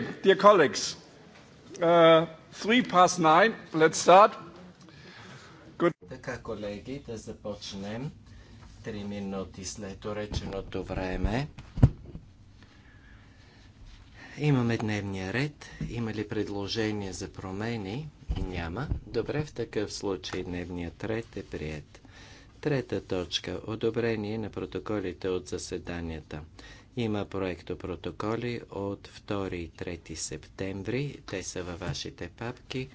Okay, dear colleagues, uh, three past nine, let's start. Good. Така, колеги, да започнем. Три минути след уреченото време. Имаме дневния ред. Има ли предложения за промени? Няма. Добре, в такъв случай дневният ред е прият. Трета точка. Одобрение на протоколите от заседанията. Има проектопротоколи от 2 и 3 септември. Те са във вашите папки.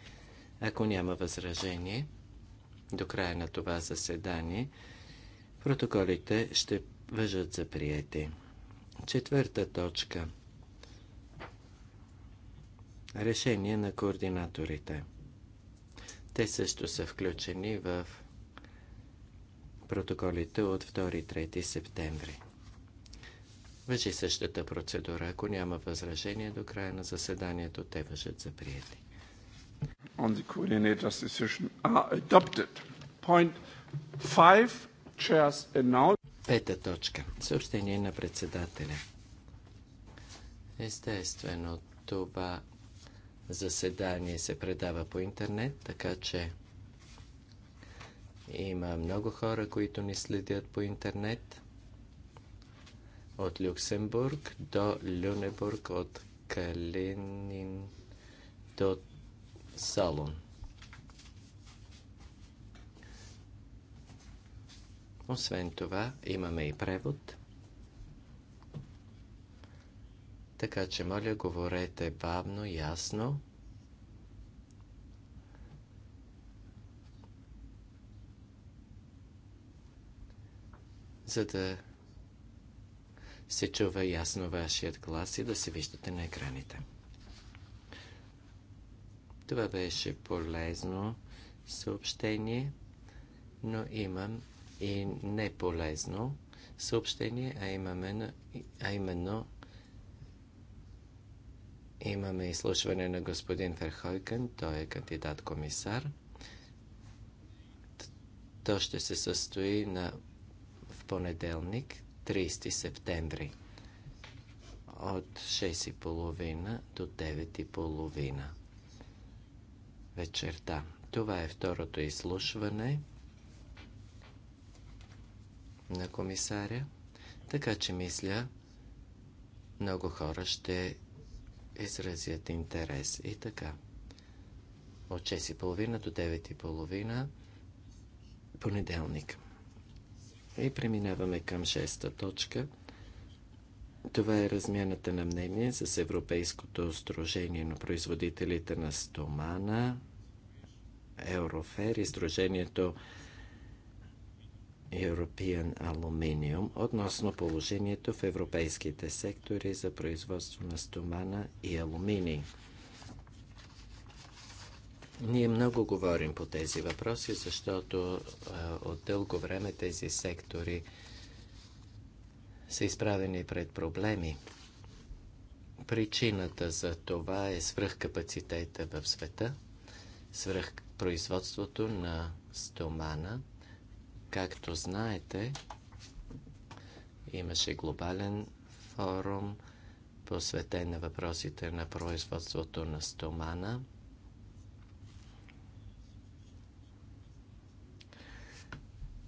Ако няма възражение до края на това заседание, протоколите ще въжат за приети. Четвърта точка. Решение на координаторите. Те също са включени в протоколите от 2-3 септември. Въжи същата процедура. Ако няма възражение до края на заседанието, те въжат за приети. On the coordinator's decision are adopted. Point five, chairs announced. Пета точка. Съобщение на председателя. Естествено, това заседание се предава по интернет, така че има много хора, които ни следят по интернет от Люксембург до Люнебург, от Калинин до Салон. Освен това, имаме и превод. Така че, моля, говорете бавно, ясно. За да се чува ясно вашият глас и да се виждате на екраните. Това беше полезно съобщение, но имам и неполезно съобщение, а, имаме, а именно имаме изслушване на господин Ферхойкен, той е кандидат-комисар. То ще се състои на, в понеделник, 30 септември от 6.30 до 9.30 вечерта. Това е второто изслушване на комисаря, така че мисля, много хора ще изразят интерес. И така, от 6.30 до 9.30 понеделник. И преминаваме към шеста точка. Това е размяната на мнение с Европейското сдружение на производителите на стомана, Еврофер и сдружението European Aluminium относно положението в европейските сектори за производство на стомана и алуминий. Ние много говорим по тези въпроси, защото а, от дълго време тези сектори са изправени пред проблеми. Причината за това е свръхкапацитета в света, свръхпроизводството на стомана. Както знаете, имаше глобален форум, посветен на въпросите на производството на стомана –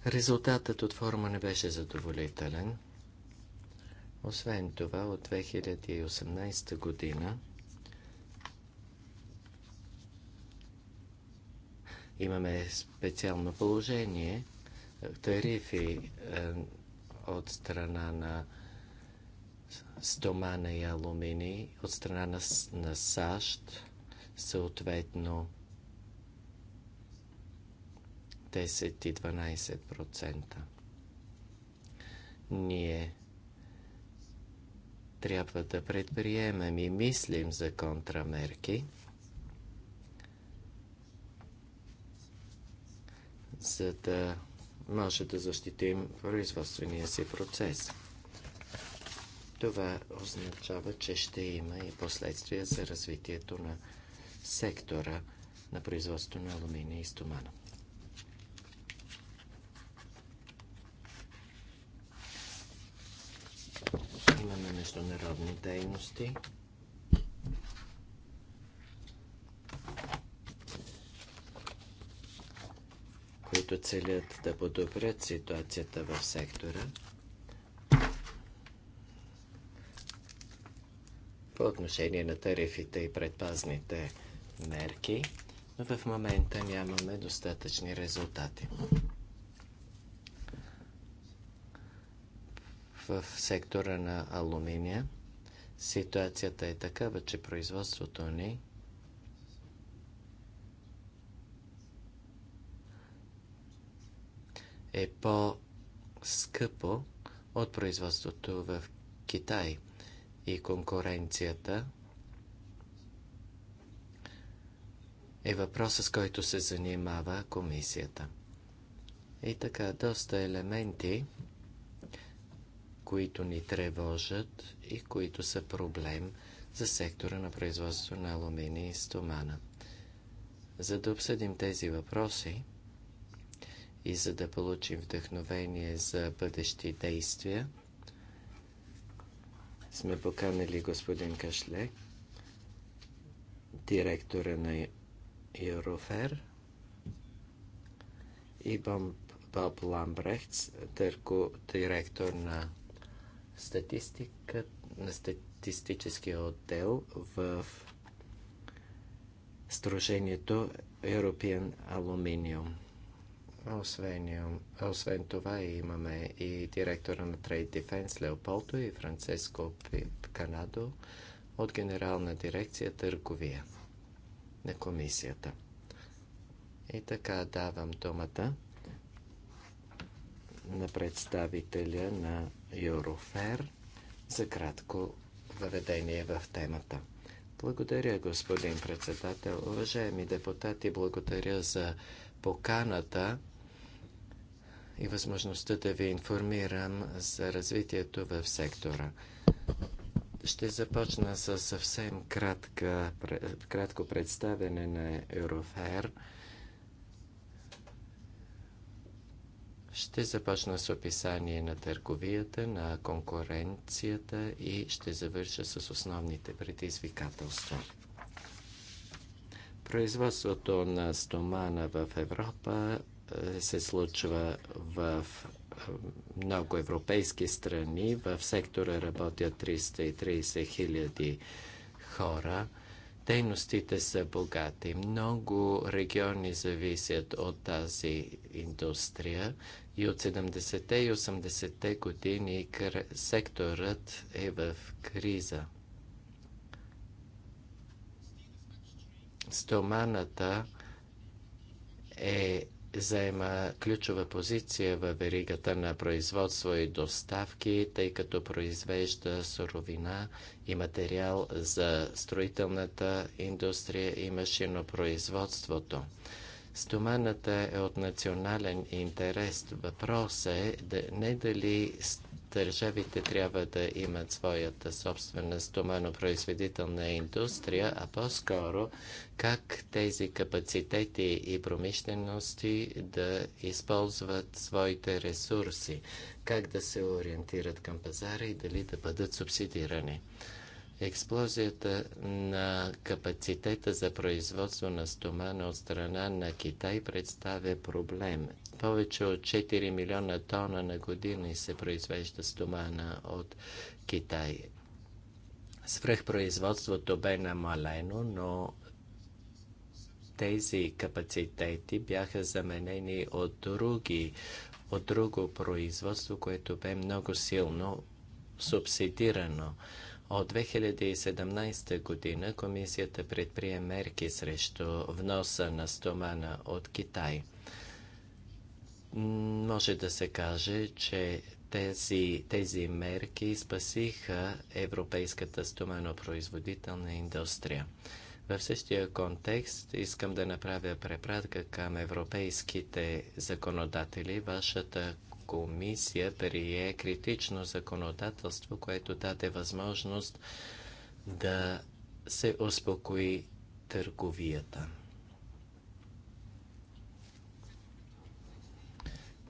Резултатът от форума не беше задоволителен. Освен това, от 2018 година имаме специално положение, тарифи е, от страна на стомана и алумини, от страна на, на САЩ, съответно 10 и 12%. Ние трябва да предприемем и мислим за контрамерки, за да може да защитим производствения си процес. Това означава, че ще има и последствия за развитието на сектора на производство на алуминия и стомана. международни дейности. които целят да подобрят ситуацията в сектора. По отношение на тарифите и предпазните мерки, но в момента нямаме достатъчни резултати. в сектора на алуминия ситуацията е такава, че производството ни е по-скъпо от производството в Китай и конкуренцията е въпросът, с който се занимава комисията. И така, доста елементи които ни тревожат и които са проблем за сектора на производство на алумини и стомана. За да обсъдим тези въпроси и за да получим вдъхновение за бъдещи действия, сме поканили господин Кашле, директора на Юрофер и Боб Ламбрехтс, директор на статистика, статистическия отдел в Сдружението European Aluminium. Освен, освен това имаме и директора на Trade Defense Леополдо и Франциско Канадо от Генерална дирекция Търговия на комисията. И така давам думата на представителя на Юрофер за кратко въведение в темата. Благодаря, господин председател. Уважаеми депутати, благодаря за поканата и възможността да ви информирам за развитието в сектора. Ще започна с съвсем кратка, кратко представяне на Eurofair – Ще започна с описание на търговията, на конкуренцията и ще завърша с основните предизвикателства. Производството на стомана в Европа е, се случва в е, много европейски страни. В сектора работят 330 хиляди хора. Дейностите са богати. Много региони зависят от тази индустрия. И от 70-те и 80-те години секторът е в криза. Стоманата е заема ключова позиция във веригата на производство и доставки, тъй като произвежда суровина и материал за строителната индустрия и машинопроизводството. Стоманата е от национален интерес. Въпрос е да, не дали държавите трябва да имат своята собствена стоманопроизведителна индустрия, а по-скоро как тези капацитети и промишлености да използват своите ресурси, как да се ориентират към пазара и дали да бъдат субсидирани. Експлозията на капацитета за производство на стомана от страна на Китай представя проблем. Повече от 4 милиона тона на години се произвежда стомана от Китай. Свръхпроизводството бе намалено, но тези капацитети бяха заменени от, други, от друго производство, което бе много силно субсидирано. От 2017 година комисията предприе мерки срещу вноса на стомана от Китай. Може да се каже, че тези, тези мерки спасиха европейската стоманопроизводителна индустрия. В същия контекст искам да направя препратка към европейските законодатели. Вашата комисия прие критично законодателство, което даде възможност да се успокои търговията.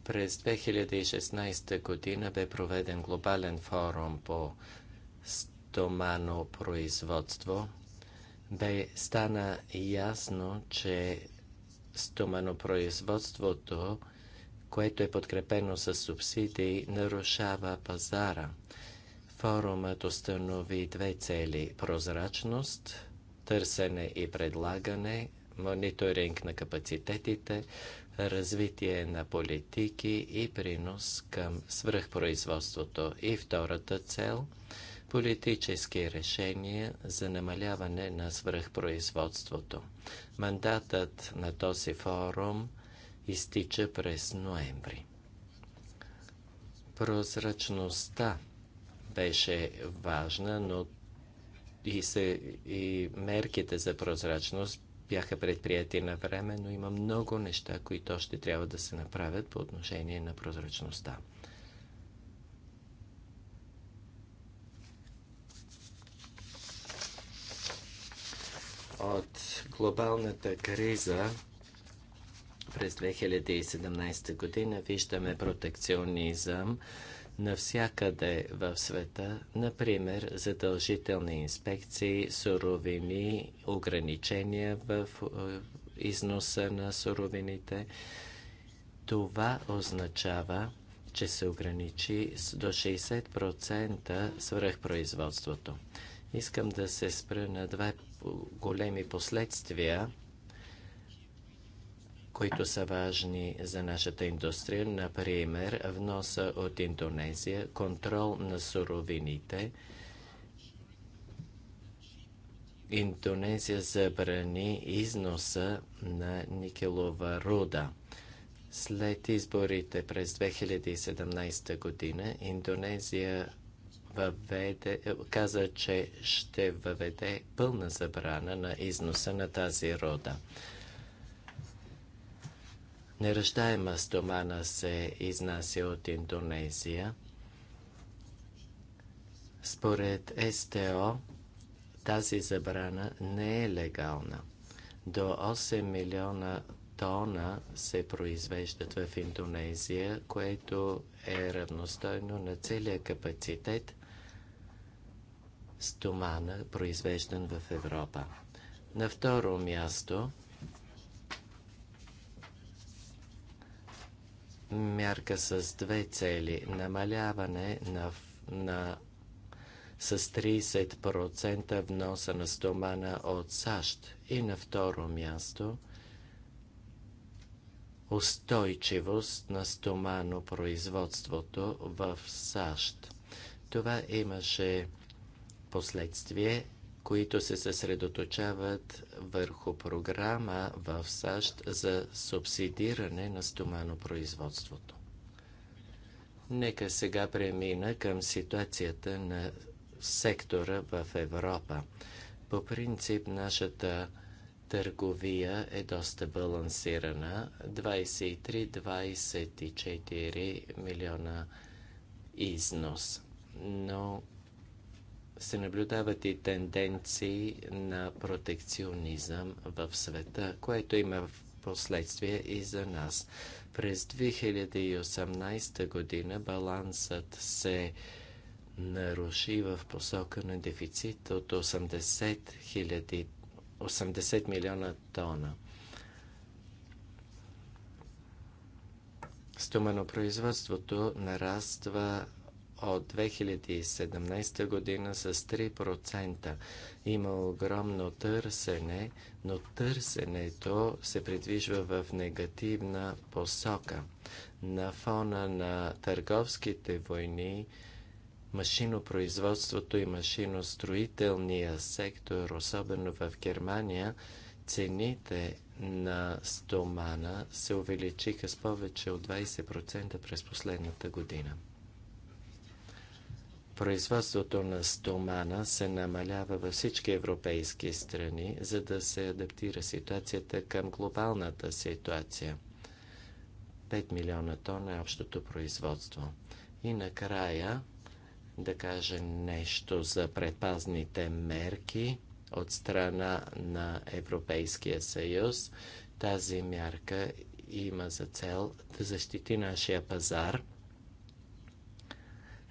През 2016 година бе проведен глобален форум по стомано производство. Бе стана ясно, че стоманопроизводството производството което е подкрепено с субсидии, нарушава пазара. Форумът установи две цели – прозрачност, търсене и предлагане, мониторинг на капацитетите, развитие на политики и принос към свръхпроизводството. И втората цел – политически решения за намаляване на свръхпроизводството. Мандатът на този форум изтича през ноември. Прозрачността беше важна, но и, се, и мерките за прозрачност бяха предприяти на време, но има много неща, които още трябва да се направят по отношение на прозрачността. От глобалната криза през 2017 година виждаме протекционизъм навсякъде в света, например задължителни инспекции, суровини, ограничения в е, износа на суровините. Това означава, че се ограничи до 60% свръхпроизводството. Искам да се спра на два големи последствия които са важни за нашата индустрия, например вноса от Индонезия, контрол на суровините. Индонезия забрани износа на никелова руда. След изборите през 2017 година Индонезия въведе, каза, че ще въведе пълна забрана на износа на тази рода. Неръщаема стомана се изнася от Индонезия. Според СТО, тази забрана не е легална. До 8 милиона тона се произвеждат в Индонезия, което е равностойно на целия капацитет стомана, произвеждан в Европа. На второ място мярка с две цели. Намаляване на, на с 30% вноса на стомана от САЩ и на второ място устойчивост на стомано производството в САЩ. Това имаше последствие които се съсредоточават върху програма в САЩ за субсидиране на стоманопроизводството. Нека сега премина към ситуацията на сектора в Европа. По принцип нашата търговия е доста балансирана. 23-24 милиона износ. Но се наблюдават и тенденции на протекционизъм в света, което има последствие и за нас. През 2018 година балансът се наруши в посока на дефицит от 80, 000, 80 милиона тона. Стоманопроизводството нараства от 2017 година с 3%. Има огромно търсене, но търсенето се придвижва в негативна посока. На фона на търговските войни, машинопроизводството и машиностроителния сектор, особено в Германия, цените на стомана се увеличиха с повече от 20% през последната година производството на стомана се намалява във всички европейски страни, за да се адаптира ситуацията към глобалната ситуация. 5 милиона тона е общото производство. И накрая да кажа нещо за предпазните мерки от страна на Европейския съюз. Тази мярка има за цел да защити нашия пазар –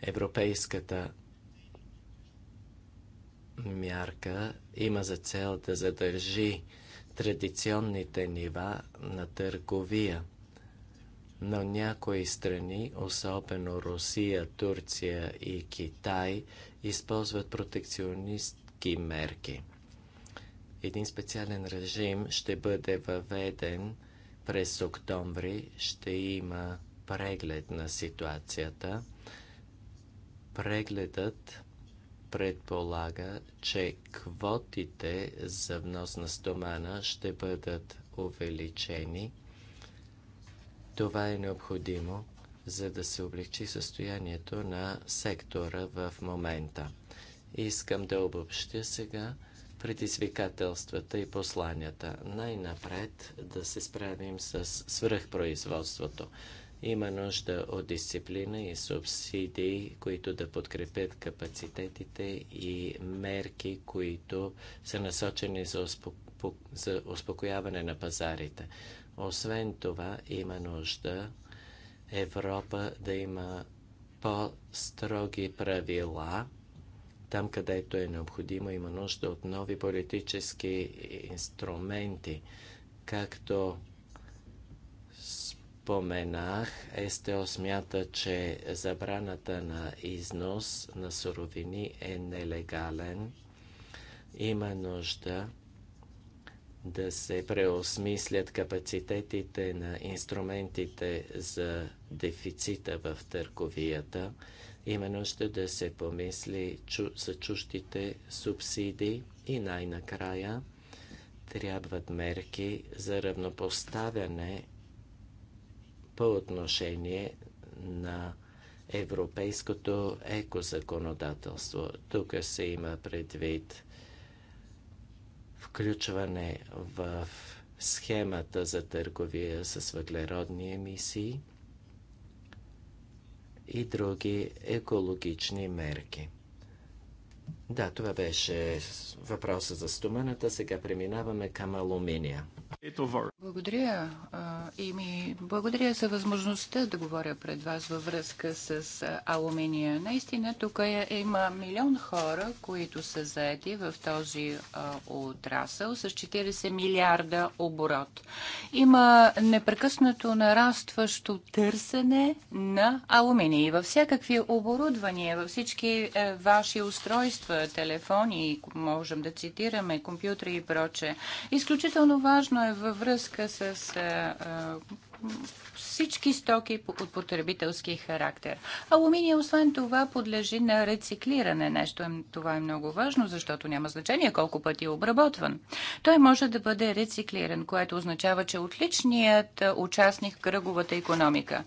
Европейската мярка има за цел да задържи традиционните нива на търговия. Но някои страни, особено Русия, Турция и Китай, използват протекционистки мерки. Един специален режим ще бъде въведен през октомври. Ще има преглед на ситуацията – Прегледът предполага, че квотите за внос на стомана ще бъдат увеличени. Това е необходимо, за да се облегчи състоянието на сектора в момента. Искам да обобщя сега предизвикателствата и посланията. Най-напред да се справим с свръхпроизводството. Има нужда от дисциплина и субсидии, които да подкрепят капацитетите и мерки, които са насочени за, успоко... за успокояване на пазарите. Освен това, има нужда Европа да има по-строги правила. Там, където е необходимо, има нужда от нови политически инструменти, както споменах, Естео смята, че забраната на износ на суровини е нелегален. Има нужда да се преосмислят капацитетите на инструментите за дефицита в търговията. Има нужда да се помисли за чуждите субсидии и най-накрая трябват мерки за равнопоставяне по отношение на европейското екозаконодателство. Тук се има предвид включване в схемата за търговия с въглеродни емисии и други екологични мерки. Да, това беше въпроса за стоманата. Сега преминаваме към алуминия. Благодаря. И ми благодаря за възможността да говоря пред вас във връзка с алуминия. Наистина тук е, има милион хора, които са заети в този отрасъл с 40 милиарда оборот. Има непрекъснато нарастващо търсене на алуминий във всякакви оборудвания, във всички е, ваши устройства, телефони, можем да цитираме, компютри и проче. Изключително важно точно е във връзка с всички стоки от потребителски характер. Алуминия, освен това, подлежи на рециклиране. Нещо е, това е много важно, защото няма значение колко пъти е обработван. Той може да бъде рециклиран, което означава, че отличният участник в кръговата економика.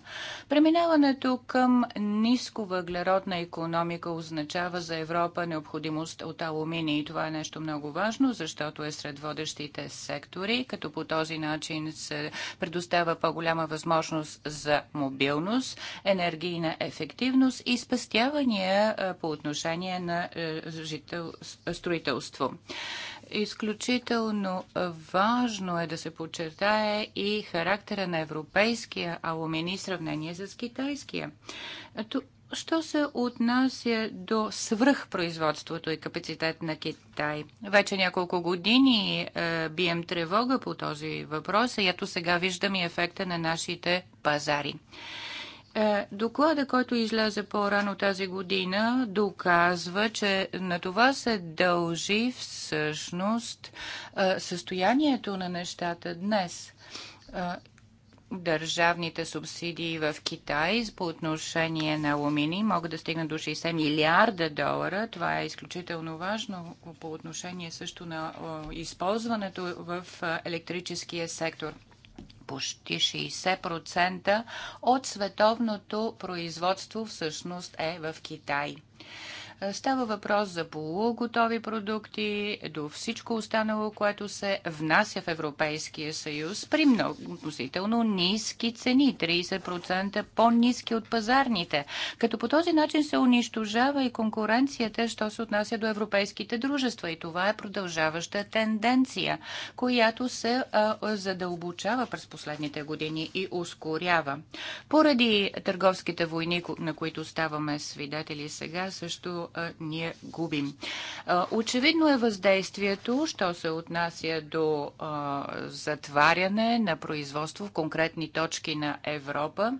Преминаването към ниско въглеродна економика означава за Европа необходимост от алуминия. И това е нещо много важно, защото е сред водещите сектори, като по този начин се предоставя по-голяма възможност възможност за мобилност, енергийна ефективност и спестявания по отношение на е, жител... строителство изключително важно е да се подчертае и характера на европейския алуминий в сравнение с китайския. Що се отнася до свръхпроизводството и капацитет на Китай? Вече няколко години е, бием тревога по този въпрос и ето сега виждам и ефекта на нашите пазари. Е, доклада, който излезе по-рано тази година, доказва, че на това се дължи всъщност е, състоянието на нещата днес е, държавните субсидии в Китай по отношение на алумини могат да стигнат до 60 милиарда долара. Това е изключително важно по отношение също на използването в електрическия сектор почти 60% от световното производство всъщност е в Китай. Става въпрос за полуготови продукти, до всичко останало, което се внася в Европейския съюз при много относително ниски цени, 30% по-ниски от пазарните. Като по този начин се унищожава и конкуренцията, що се отнася до европейските дружества. И това е продължаваща тенденция, която се а, задълбочава през последните години и ускорява. Поради търговските войни, на които ставаме свидетели сега, също а, ние губим. А, очевидно е въздействието, що се отнася до а, затваряне на производство в конкретни точки на Европа.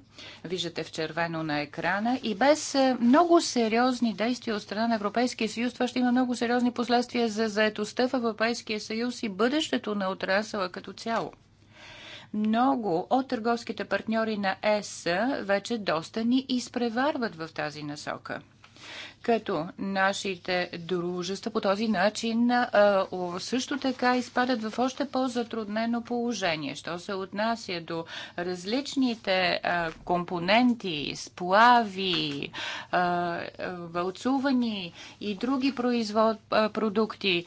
Виждате в червено на екрана. И без много сериозни действия от страна на Европейския съюз, това ще има много сериозни последствия за заетостта в Европейския съюз и бъдещето на отрасъла като цяло много от търговските партньори на ЕС вече доста ни изпреварват в тази насока като нашите дружества по този начин също така изпадат в още по-затруднено положение. Що се отнася до различните компоненти, сплави, вълцувани и други производ, продукти,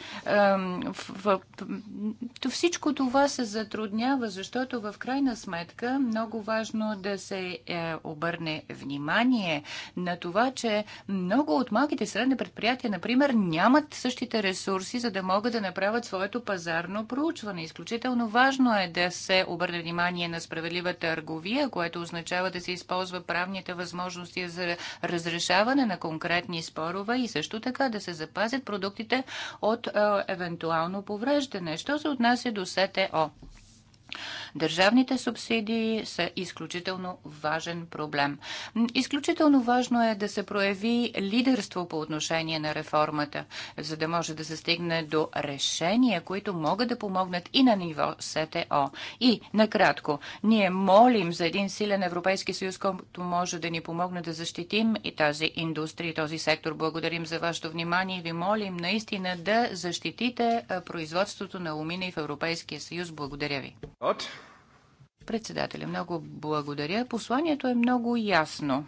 всичко това се затруднява, защото в крайна сметка много важно да се е, обърне внимание на това, че много от малките и средни предприятия, например, нямат същите ресурси, за да могат да направят своето пазарно проучване. Изключително важно е да се обърне внимание на справедлива търговия, което означава да се използва правните възможности за разрешаване на конкретни спорове и също така да се запазят продуктите от евентуално повреждане. Що се отнася до СТО? Държавните субсидии са изключително важен проблем. Изключително важно е да се прояви лидерство по отношение на реформата, за да може да се стигне до решения, които могат да помогнат и на ниво СТО. И, накратко, ние молим за един силен Европейски съюз, който може да ни помогне да защитим и тази индустрия, и този сектор. Благодарим за вашето внимание и ви молим наистина да защитите производството на алуминий в Европейския съюз. Благодаря ви. Председателя, много благодаря. Посланието е много ясно.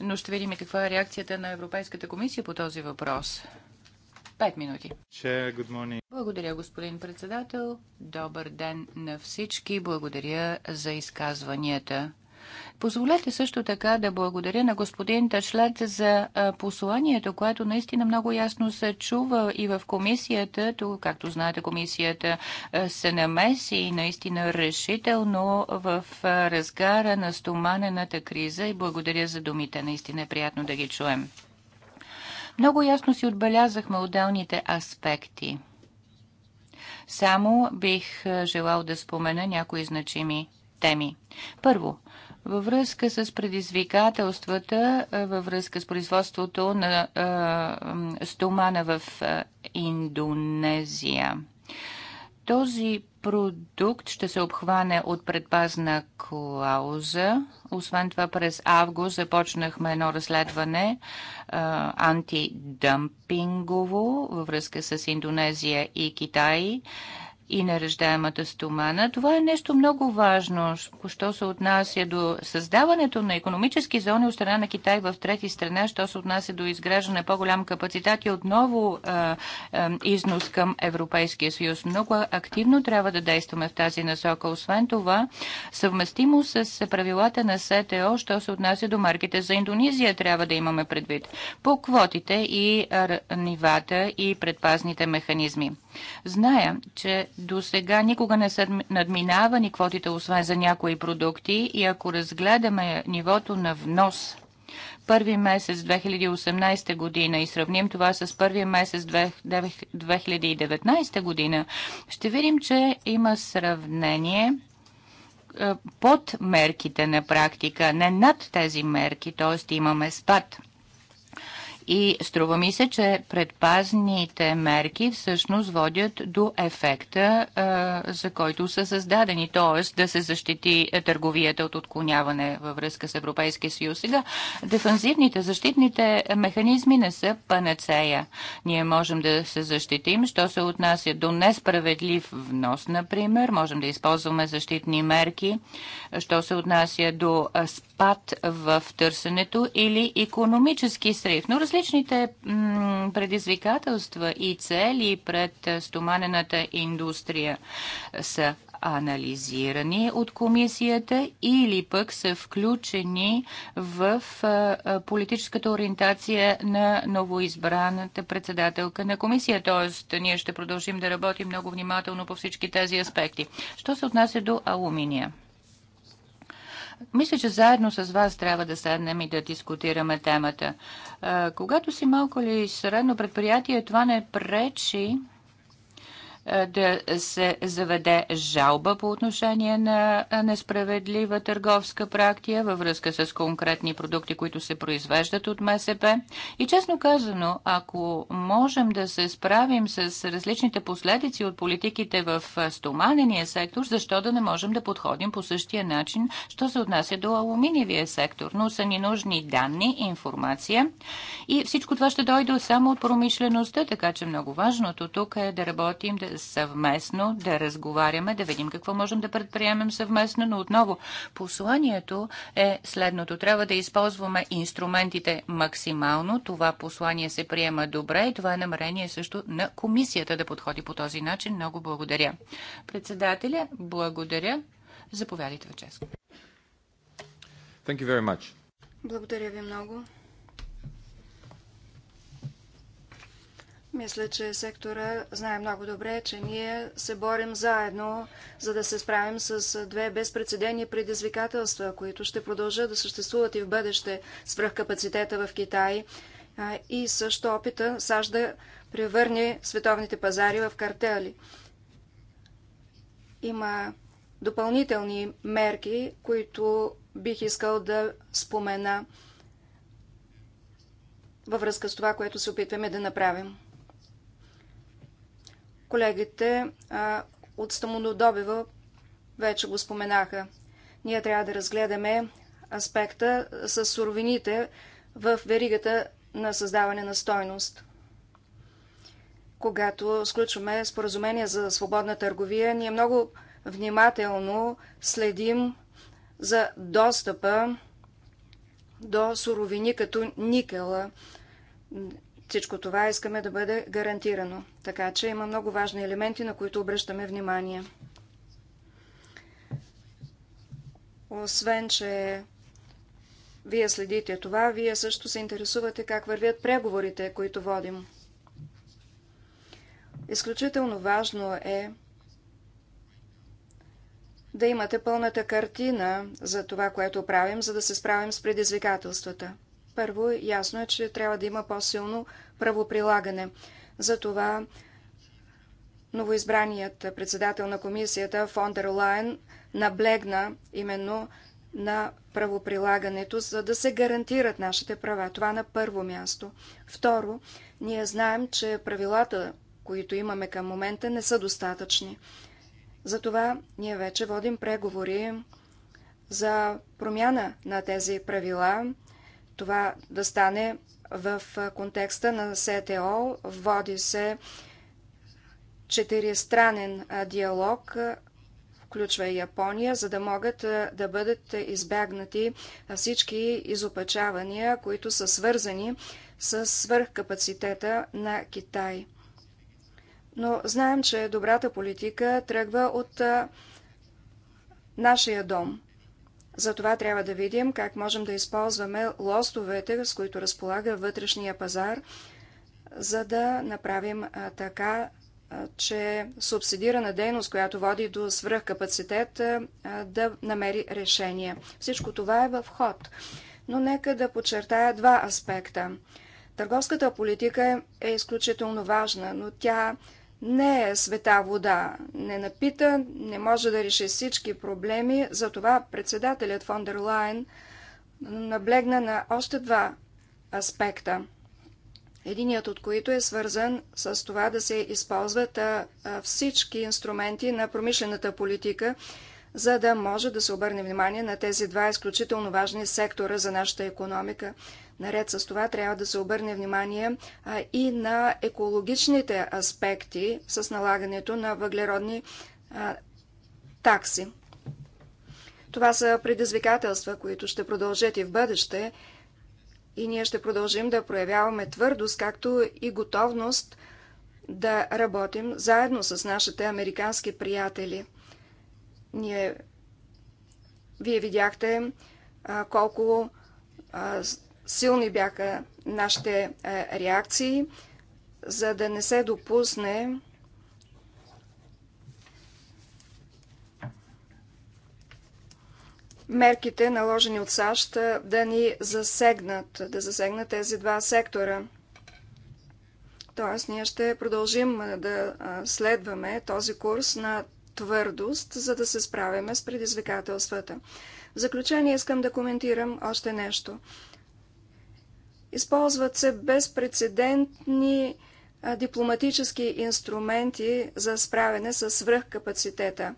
Но ще видим и каква е реакцията на Европейската комисия по този въпрос. Пет минути. Благодаря, господин председател. Добър ден на всички. Благодаря за изказванията. Позволете също така да благодаря на господин Ташлет за посланието, което наистина много ясно се чува и в комисията. То, както знаете, комисията се намеси и наистина решително в разгара на стоманената криза и благодаря за думите. Наистина е приятно да ги чуем. Много ясно си отбелязахме отделните аспекти. Само бих желал да спомена някои значими теми. Първо, във връзка с предизвикателствата, във връзка с производството на е, стомана в Индонезия. Този продукт ще се обхване от предпазна клауза. Освен това, през август започнахме едно разследване е, антидъмпингово във връзка с Индонезия и Китай и нареждаемата стомана. Това е нещо много важно, що се отнася до създаването на економически зони от страна на Китай в трети страна, що се отнася до изграждане по-голям капацитет и отново а, а, износ към Европейския съюз. Много активно трябва да действаме в тази насока. Освен това, съвместимо с правилата на СТО, що се отнася до марките за Индонезия, трябва да имаме предвид по квотите и нивата и предпазните механизми. Зная, че до сега никога не са надминавани квотите, освен за някои продукти. И ако разгледаме нивото на внос първи месец 2018 година и сравним това с първи месец 2019 година, ще видим, че има сравнение е, под мерките на практика, не над тези мерки, т.е. имаме спад. И струва ми се, че предпазните мерки всъщност водят до ефекта, за който са създадени, т.е. да се защити е, търговията от отклоняване във връзка с Европейския съюз. Сега, дефанзивните, защитните механизми не са панацея. Ние можем да се защитим, що се отнася до несправедлив внос, например. Можем да използваме защитни мерки, що се отнася до спад в търсенето или економически срив. Но различните предизвикателства и цели пред стоманената индустрия са анализирани от комисията или пък са включени в политическата ориентация на новоизбраната председателка на комисия. Тоест, ние ще продължим да работим много внимателно по всички тези аспекти. Що се отнася до алуминия? Мисля, че заедно с вас трябва да седнем и да дискутираме темата. Когато си малко ли средно предприятие, това не пречи да се заведе жалба по отношение на несправедлива търговска практика във връзка с конкретни продукти, които се произвеждат от МСП. И честно казано, ако можем да се справим с различните последици от политиките в стоманения сектор, защо да не можем да подходим по същия начин, що се отнася до алуминиевия сектор? Но са ни нужни данни, информация и всичко това ще дойде само от промишлеността, така че много важното тук е да работим съвместно, да разговаряме, да видим какво можем да предприемем съвместно, но отново посланието е следното. Трябва да използваме инструментите максимално. Това послание се приема добре и това е намерение също на комисията да подходи по този начин. Много благодаря. Председателя, благодаря. Заповядайте, Ваческо. Благодаря ви много. Мисля, че сектора знае много добре, че ние се борим заедно, за да се справим с две безпредседени предизвикателства, които ще продължат да съществуват и в бъдеще свръхкапацитета в Китай и също опита САЩ да превърне световните пазари в картели. Има допълнителни мерки, които бих искал да спомена във връзка с това, което се опитваме да направим. Колегите а, от стамонодобива вече го споменаха. Ние трябва да разгледаме аспекта с суровините в веригата на създаване на стойност. Когато сключваме споразумение за свободна търговия, ние много внимателно следим за достъпа до суровини като никела, всичко това искаме да бъде гарантирано. Така че има много важни елементи, на които обръщаме внимание. Освен, че вие следите това, вие също се интересувате как вървят преговорите, които водим. Изключително важно е да имате пълната картина за това, което правим, за да се справим с предизвикателствата. Първо, ясно е, че трябва да има по-силно правоприлагане. Затова новоизбраният председател на комисията Фондер Лайн наблегна именно на правоприлагането, за да се гарантират нашите права. Това на първо място. Второ, ние знаем, че правилата, които имаме към момента, не са достатъчни. Затова ние вече водим преговори за промяна на тези правила, това да стане в контекста на СТО. Води се четиристранен диалог, включва и Япония, за да могат да бъдат избягнати всички изопачавания, които са свързани с свърхкапацитета на Китай. Но знаем, че добрата политика тръгва от нашия дом. Затова трябва да видим как можем да използваме лостовете, с които разполага вътрешния пазар, за да направим така, че субсидирана дейност, която води до свръхкапацитет, да намери решение. Всичко това е в ход. Но нека да подчертая два аспекта. Търговската политика е изключително важна, но тя не е света вода, не напита, не може да реши всички проблеми, затова председателят фон дер Лайн наблегна на още два аспекта. Единият от които е свързан с това да се използват всички инструменти на промишлената политика, за да може да се обърне внимание на тези два изключително важни сектора за нашата економика. Наред с това трябва да се обърне внимание а, и на екологичните аспекти с налагането на въглеродни а, такси. Това са предизвикателства, които ще продължат и в бъдеще и ние ще продължим да проявяваме твърдост, както и готовност да работим заедно с нашите американски приятели. Ние, вие видяхте а, колко а, Силни бяха нашите е, реакции, за да не се допусне мерките, наложени от САЩ, е, да ни засегнат, да засегнат тези два сектора. Тоест, ние ще продължим е, да следваме този курс на твърдост, за да се справяме с предизвикателствата. В заключение искам да коментирам още нещо. Използват се безпредседентни дипломатически инструменти за справяне с свръхкапацитета.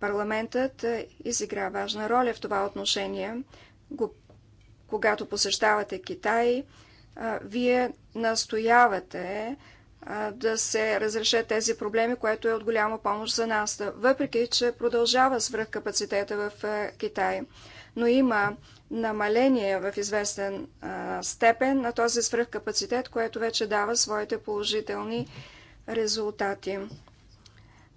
Парламентът изигра важна роля в това отношение. Когато посещавате Китай, вие настоявате да се разрешат тези проблеми, което е от голяма помощ за нас, въпреки че продължава свръхкапацитета в Китай. Но има намаление в известен а, степен на този свръхкапацитет, което вече дава своите положителни резултати.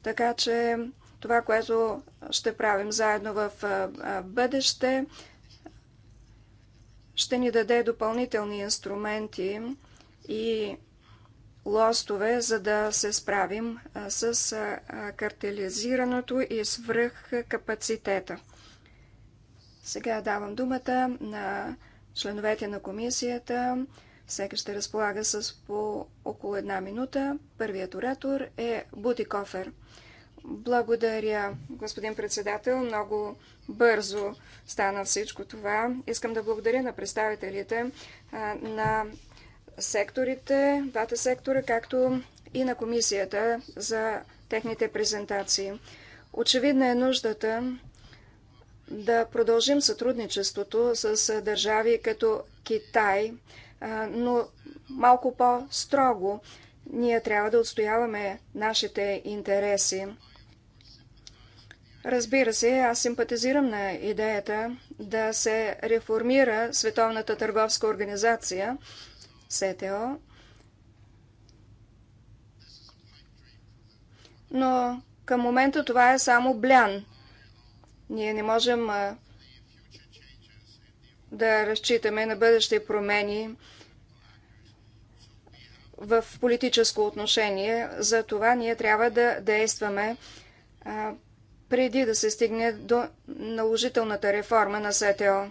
Така че това, което ще правим заедно в бъдеще, ще ни даде допълнителни инструменти и лостове, за да се справим с картелизирането и свръхкапацитета. Сега давам думата на членовете на комисията. Всеки ще разполага с по около една минута. Първият оратор е Бути Кофер. Благодаря, господин председател. Много бързо стана всичко това. Искам да благодаря на представителите на секторите, двата сектора, както и на комисията за техните презентации. Очевидна е нуждата да продължим сътрудничеството с държави като Китай, но малко по-строго. Ние трябва да отстояваме нашите интереси. Разбира се, аз симпатизирам на идеята да се реформира Световната търговска организация, СТО, но към момента това е само блян ние не можем да разчитаме на бъдещи промени в политическо отношение. За това ние трябва да действаме преди да се стигне до наложителната реформа на СТО.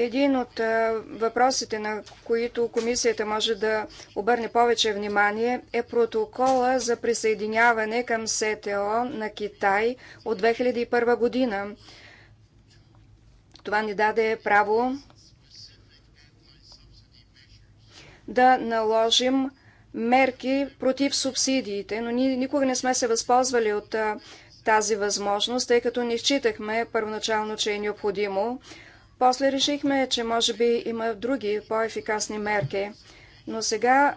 Един от въпросите, на които комисията може да обърне повече внимание, е протокола за присъединяване към СТО на Китай от 2001 година. Това ни даде право да наложим мерки против субсидиите, но ние никога не сме се възползвали от тази възможност, тъй като не считахме първоначално, че е необходимо. После решихме, че може би има други по-ефикасни мерки. Но сега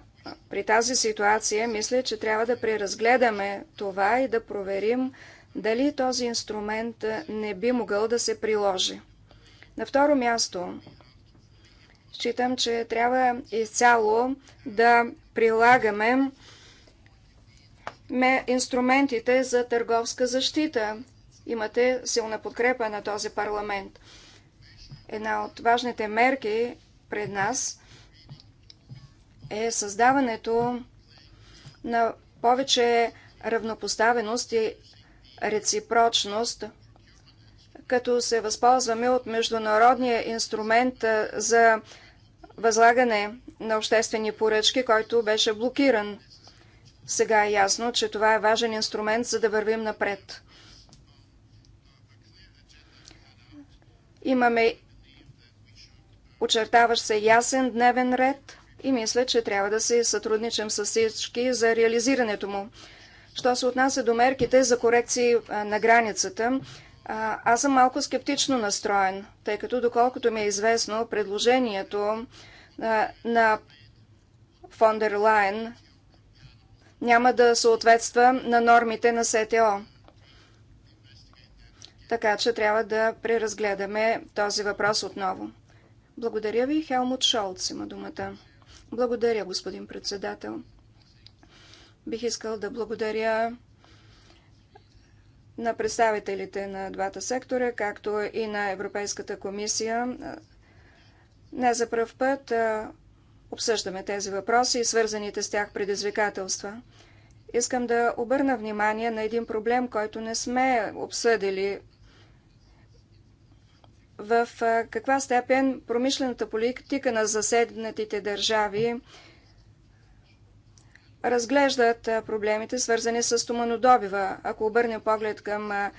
при тази ситуация мисля, че трябва да преразгледаме това и да проверим дали този инструмент не би могъл да се приложи. На второ място, считам, че трябва изцяло да прилагаме инструментите за търговска защита. Имате силна подкрепа на този парламент. Една от важните мерки пред нас е създаването на повече равнопоставеност и реципрочност, като се възползваме от международния инструмент за възлагане на обществени поръчки, който беше блокиран. Сега е ясно, че това е важен инструмент, за да вървим напред. Имаме очертаваш се ясен дневен ред и мисля, че трябва да се сътрудничам с всички за реализирането му. Що се отнася до мерките за корекции на границата, аз съм малко скептично настроен, тъй като, доколкото ми е известно, предложението на Фондер Лайн няма да съответства на нормите на СТО. Така че трябва да преразгледаме този въпрос отново. Благодаря ви. Хелмут Шолц има думата. Благодаря, господин председател. Бих искал да благодаря на представителите на двата сектора, както и на Европейската комисия. Не за пръв път обсъждаме тези въпроси и свързаните с тях предизвикателства. Искам да обърна внимание на един проблем, който не сме обсъдили в каква степен промишлената политика на заседнатите държави разглеждат проблемите, свързани с туманодобива. Ако обърнем поглед към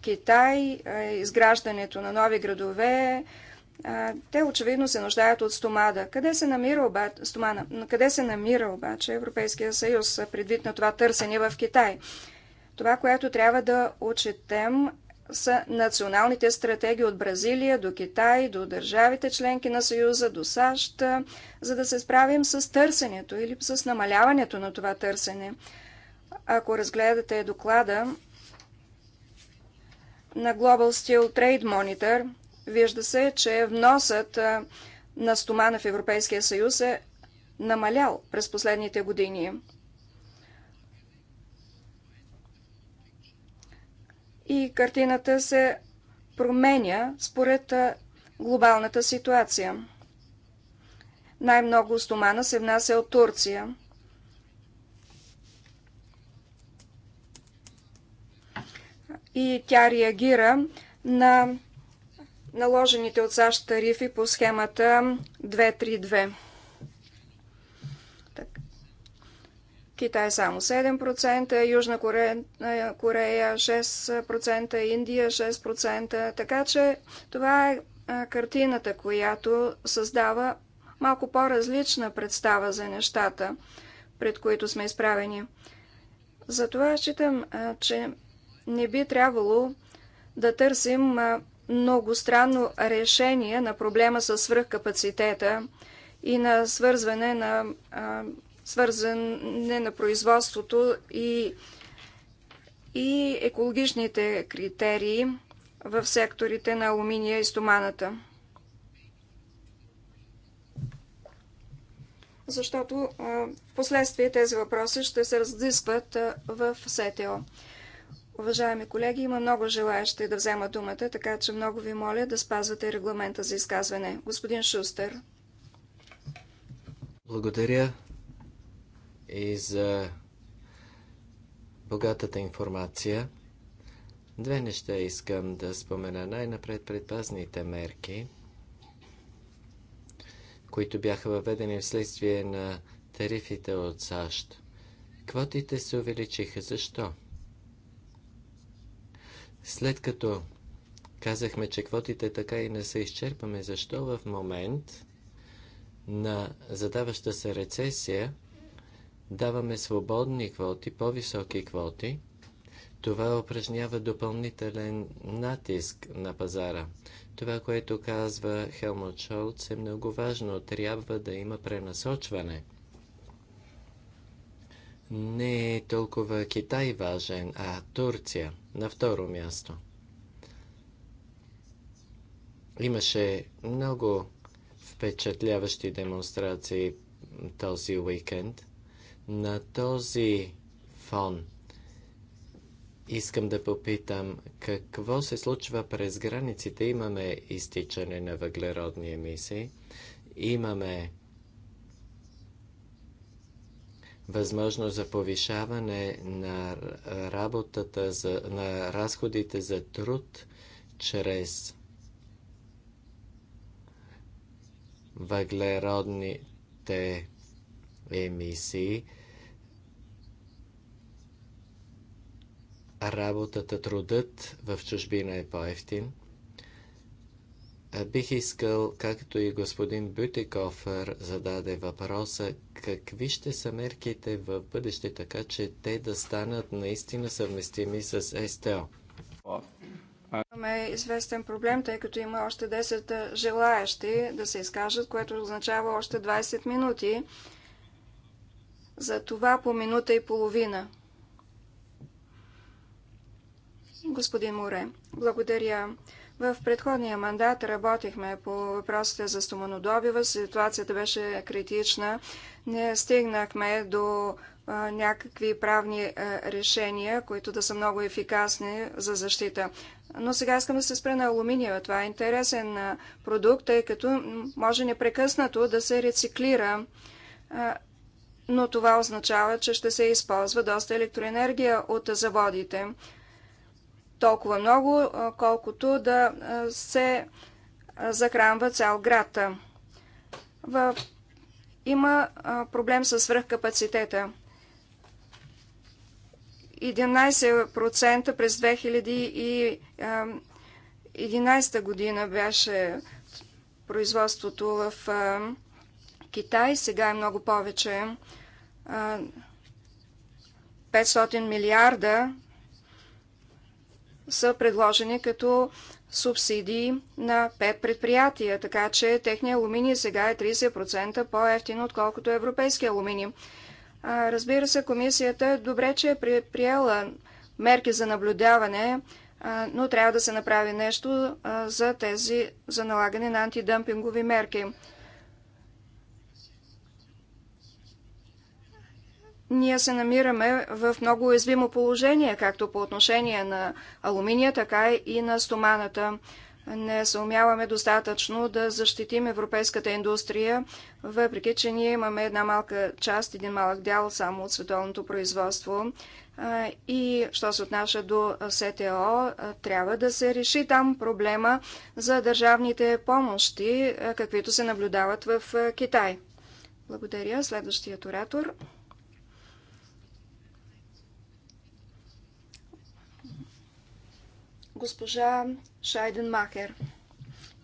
Китай, изграждането на нови градове, те очевидно се нуждаят от стомада. Къде се намира обаче, стомана, къде се намира обаче Европейския съюз предвид на това търсене в Китай? Това, което трябва да отчетем са националните стратегии от Бразилия до Китай, до държавите членки на Съюза, до САЩ, за да се справим с търсенето или с намаляването на това търсене. Ако разгледате доклада на Global Steel Trade Monitor, вижда се, че вносът на стомана в Европейския съюз е намалял през последните години. и картината се променя според глобалната ситуация. Най-много стомана се внася от Турция. И тя реагира на наложените от САЩ тарифи по схемата 232. Китай само 7%, Южна Корея, Корея 6%, Индия 6%. Така че това е картината, която създава малко по-различна представа за нещата, пред които сме изправени. Затова считам, че не би трябвало да търсим много странно решение на проблема с свръхкапацитета и на свързване на свързане на производството и, и екологичните критерии в секторите на алуминия и стоманата. Защото в последствие тези въпроси ще се разискват в СТО. Уважаеми колеги, има много желаящи да взема думата, така че много ви моля да спазвате регламента за изказване. Господин Шустер. Благодаря и за богатата информация. Две неща искам да спомена. Най-напред предпазните мерки, които бяха въведени вследствие на тарифите от САЩ. Квотите се увеличиха. Защо? След като казахме, че квотите така и не се изчерпаме, защо в момент на задаваща се рецесия – даваме свободни квоти, по-високи квоти, това упражнява допълнителен натиск на пазара. Това, което казва Хелмут Шолц е много важно. Трябва да има пренасочване. Не е толкова Китай важен, а Турция на второ място. Имаше много впечатляващи демонстрации този уикенд – на този фон искам да попитам какво се случва през границите. Имаме изтичане на въглеродни емисии, имаме възможност за повишаване на работата, за, на разходите за труд чрез въглеродните емисии. а работата, трудът в чужбина е по-ефтин. Бих искал, както и господин Бютикофър зададе въпроса, какви ще са мерките в бъдеще, така че те да станат наистина съвместими с СТО. Имаме известен проблем, тъй като има още 10 желаящи да се изкажат, което означава още 20 минути. За това по минута и половина. Господин Море, благодаря. В предходния мандат работихме по въпросите за стоманодобива. Ситуацията беше критична. Не стигнахме до някакви правни решения, които да са много ефикасни за защита. Но сега искам да се спра на алуминия. Това е интересен продукт, тъй като може непрекъснато да се рециклира. но това означава, че ще се използва доста електроенергия от заводите толкова много, колкото да се захранва цял град. В... Има проблем с свръхкапацитета. 11% през 2011 година беше производството в Китай, сега е много повече. 500 милиарда са предложени като субсидии на 5 предприятия, така че техният алуминий сега е 30% по-ефтин, отколкото европейския алуминий. Разбира се, комисията добре, че е предприела мерки за наблюдаване, но трябва да се направи нещо за тези, за налагане на антидъмпингови мерки. ние се намираме в много уязвимо положение, както по отношение на алуминия, така и на стоманата. Не съумяваме достатъчно да защитим европейската индустрия, въпреки че ние имаме една малка част, един малък дял само от световното производство. И що се отнася до СТО, трябва да се реши там проблема за държавните помощи, каквито се наблюдават в Китай. Благодаря. Следващият оратор. госпожа Шайден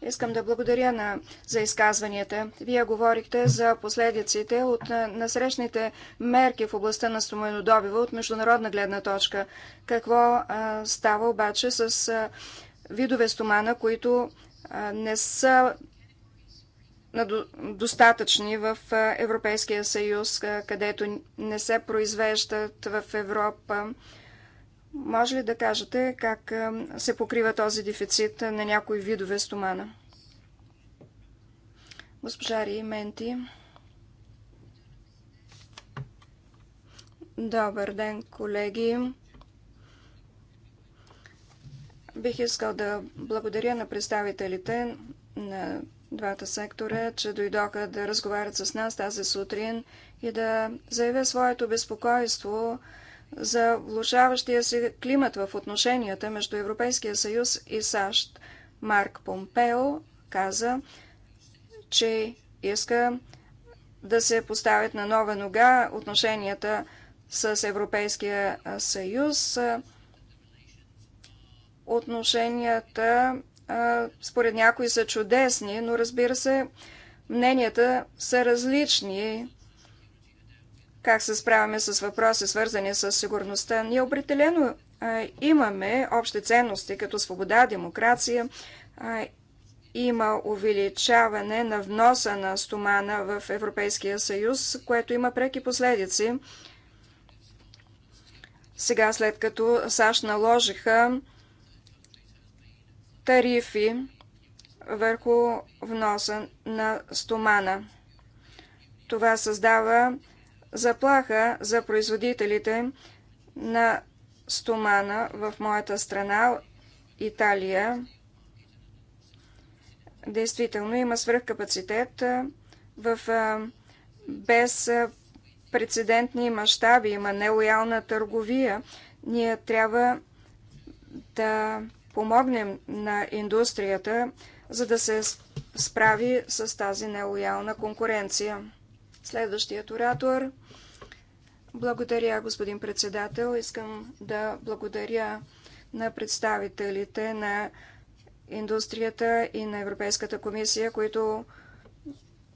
Искам да благодаря на, за изказванията. Вие говорихте за последиците от насрещните мерки в областта на стоманодобива от международна гледна точка. Какво а, става обаче с а, видове стомана, които а, не са достатъчни в Европейския съюз, където не се произвеждат в Европа? Може ли да кажете как е, се покрива този дефицит на някои видове стомана? Госпожа Менти. Добър ден, колеги. Бих искал да благодаря на представителите на двата сектора, че дойдоха да разговарят с нас тази сутрин и да заявя своето безпокойство за влушаващия се климат в отношенията между Европейския съюз и САЩ. Марк Помпео каза, че иска да се поставят на нова нога отношенията с Европейския съюз. Отношенията според някои са чудесни, но разбира се, мненията са различни как се справяме с въпроси, свързани с сигурността. Ние определено имаме общи ценности, като свобода, демокрация. Има увеличаване на вноса на стомана в Европейския съюз, което има преки последици. Сега, след като САЩ наложиха тарифи върху вноса на стомана, това създава заплаха за производителите на стомана в моята страна, Италия. Действително има свръхкапацитет в прецедентни мащаби, има нелоялна търговия. Ние трябва да помогнем на индустрията, за да се справи с тази нелоялна конкуренция. Следващият оратор – благодаря, господин председател. Искам да благодаря на представителите на индустрията и на Европейската комисия, които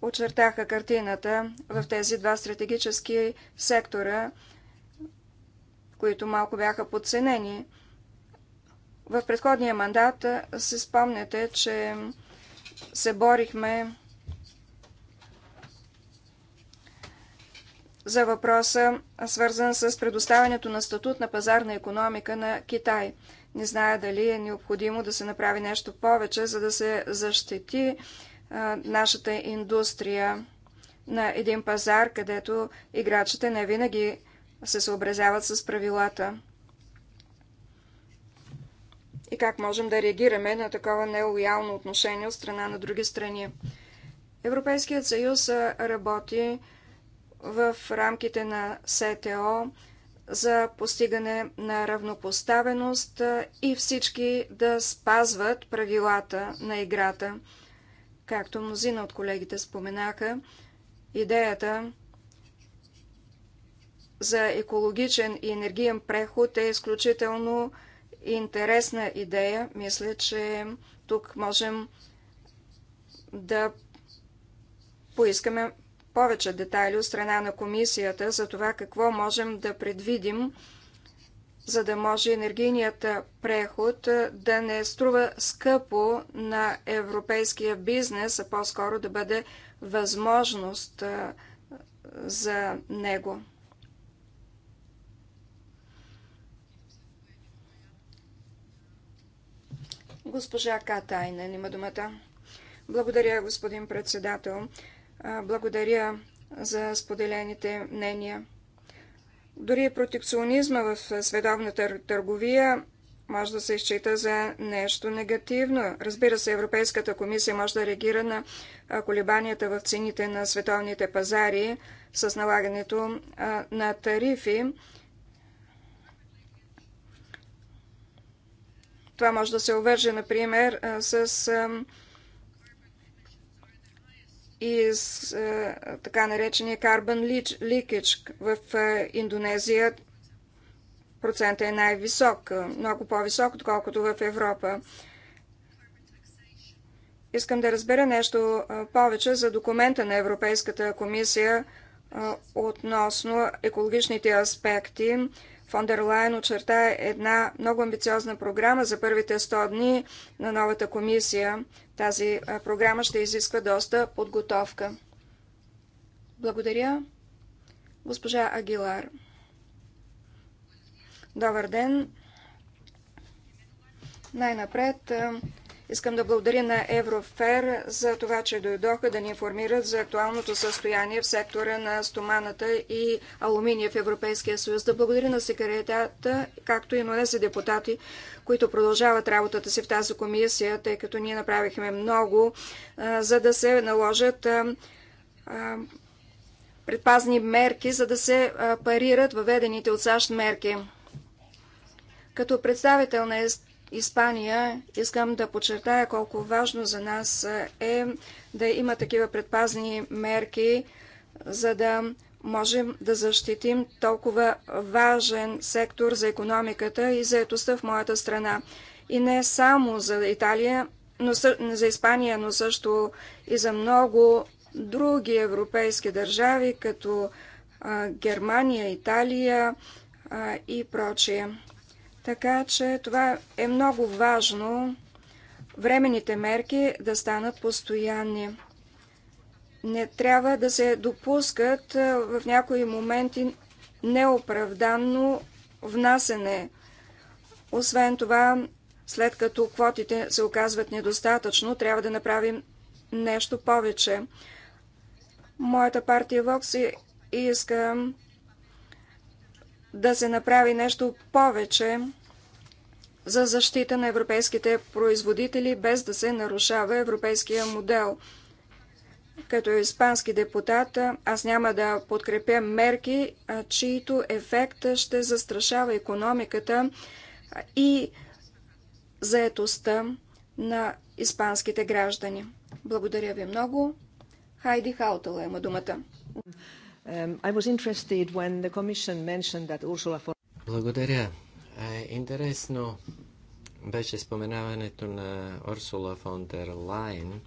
очертаха картината в тези два стратегически сектора, които малко бяха подценени. В предходния мандат се спомняте, че се борихме за въпроса, свързан с предоставянето на статут на пазарна економика на Китай. Не зная дали е необходимо да се направи нещо повече, за да се защити а, нашата индустрия на един пазар, където играчите не винаги се съобразяват с правилата. И как можем да реагираме на такова нелоялно отношение от страна на други страни. Европейският съюз работи в рамките на СТО за постигане на равнопоставеност и всички да спазват правилата на играта. Както мнозина от колегите споменаха, идеята за екологичен и енергиен преход е изключително интересна идея. Мисля, че тук можем да поискаме повече детайли от страна на комисията за това какво можем да предвидим, за да може енергийният преход да не струва скъпо на европейския бизнес, а по-скоро да бъде възможност за него. Госпожа Катайна има думата. Благодаря, господин председател. Благодаря за споделените мнения. Дори протекционизма в световната търговия може да се изчита за нещо негативно. Разбира се, Европейската комисия може да реагира на колебанията в цените на световните пазари с налагането на тарифи. Това може да се увърже, например, с и с е, така наречения carbon ликич в е, Индонезия процента е най-висок, е, много по-висок, отколкото в Европа. Искам да разбера нещо повече за документа на Европейската комисия относно екологичните аспекти Фондер Лайен очерта една много амбициозна програма за първите 100 дни на новата комисия. Тази програма ще изисква доста подготовка. Благодаря. Госпожа Агилар. Добър ден. Най-напред Искам да благодаря на Еврофер за това, че дойдоха да ни информират за актуалното състояние в сектора на стоманата и алуминия в Европейския съюз. Да благодаря на секретарята, както и на тези депутати, които продължават работата си в тази комисия, тъй като ние направихме много, за да се наложат предпазни мерки, за да се парират въведените от САЩ мерки. Като представител на Испания, искам да подчертая колко важно за нас е да има такива предпазни мерки, за да можем да защитим толкова важен сектор за економиката и заетостта в моята страна. И не само за Италия, но за Испания, но също и за много други европейски държави, като Германия, Италия и прочие. Така че това е много важно времените мерки да станат постоянни. Не трябва да се допускат в някои моменти неоправданно внасене. Освен това, след като квотите се оказват недостатъчно, трябва да направим нещо повече. Моята партия ВОКС иска да се направи нещо повече за защита на европейските производители, без да се нарушава европейския модел. Като испански депутат, аз няма да подкрепя мерки, чието ефект ще застрашава економиката и заетостта на испанските граждани. Благодаря ви много. Хайди Хаутала има думата. Um, I was interested when the Commission mentioned that Ursula von... Благодаря. Е, интересно беше споменаването на Урсула фон дер Лайн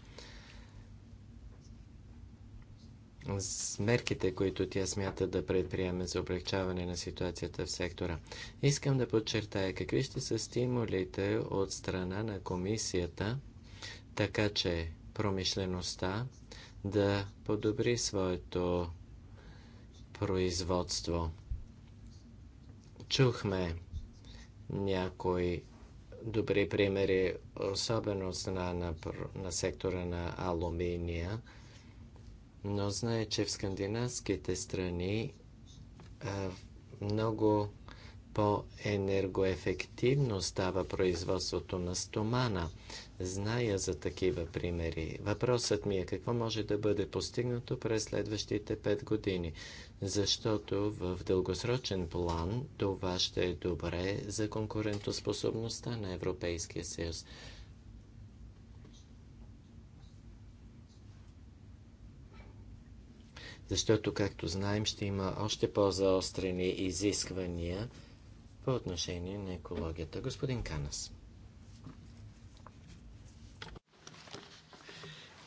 с мерките, които тя смята да предприеме за облегчаване на ситуацията в сектора. Искам да подчертая какви ще са стимулите от страна на комисията, така че промишлеността да подобри своето производство. Чухме някои добри примери, особено на, на, на сектора на алуминия, но знае, че в скандинавските страни а, много по-енергоефективно става производството на стомана. Зная за такива примери. Въпросът ми е какво може да бъде постигнато през следващите 5 години, защото в дългосрочен план това ще е добре за конкурентоспособността на Европейския съюз. Защото, както знаем, ще има още по-заострени изисквания – по отношение на екологията. Господин Канас.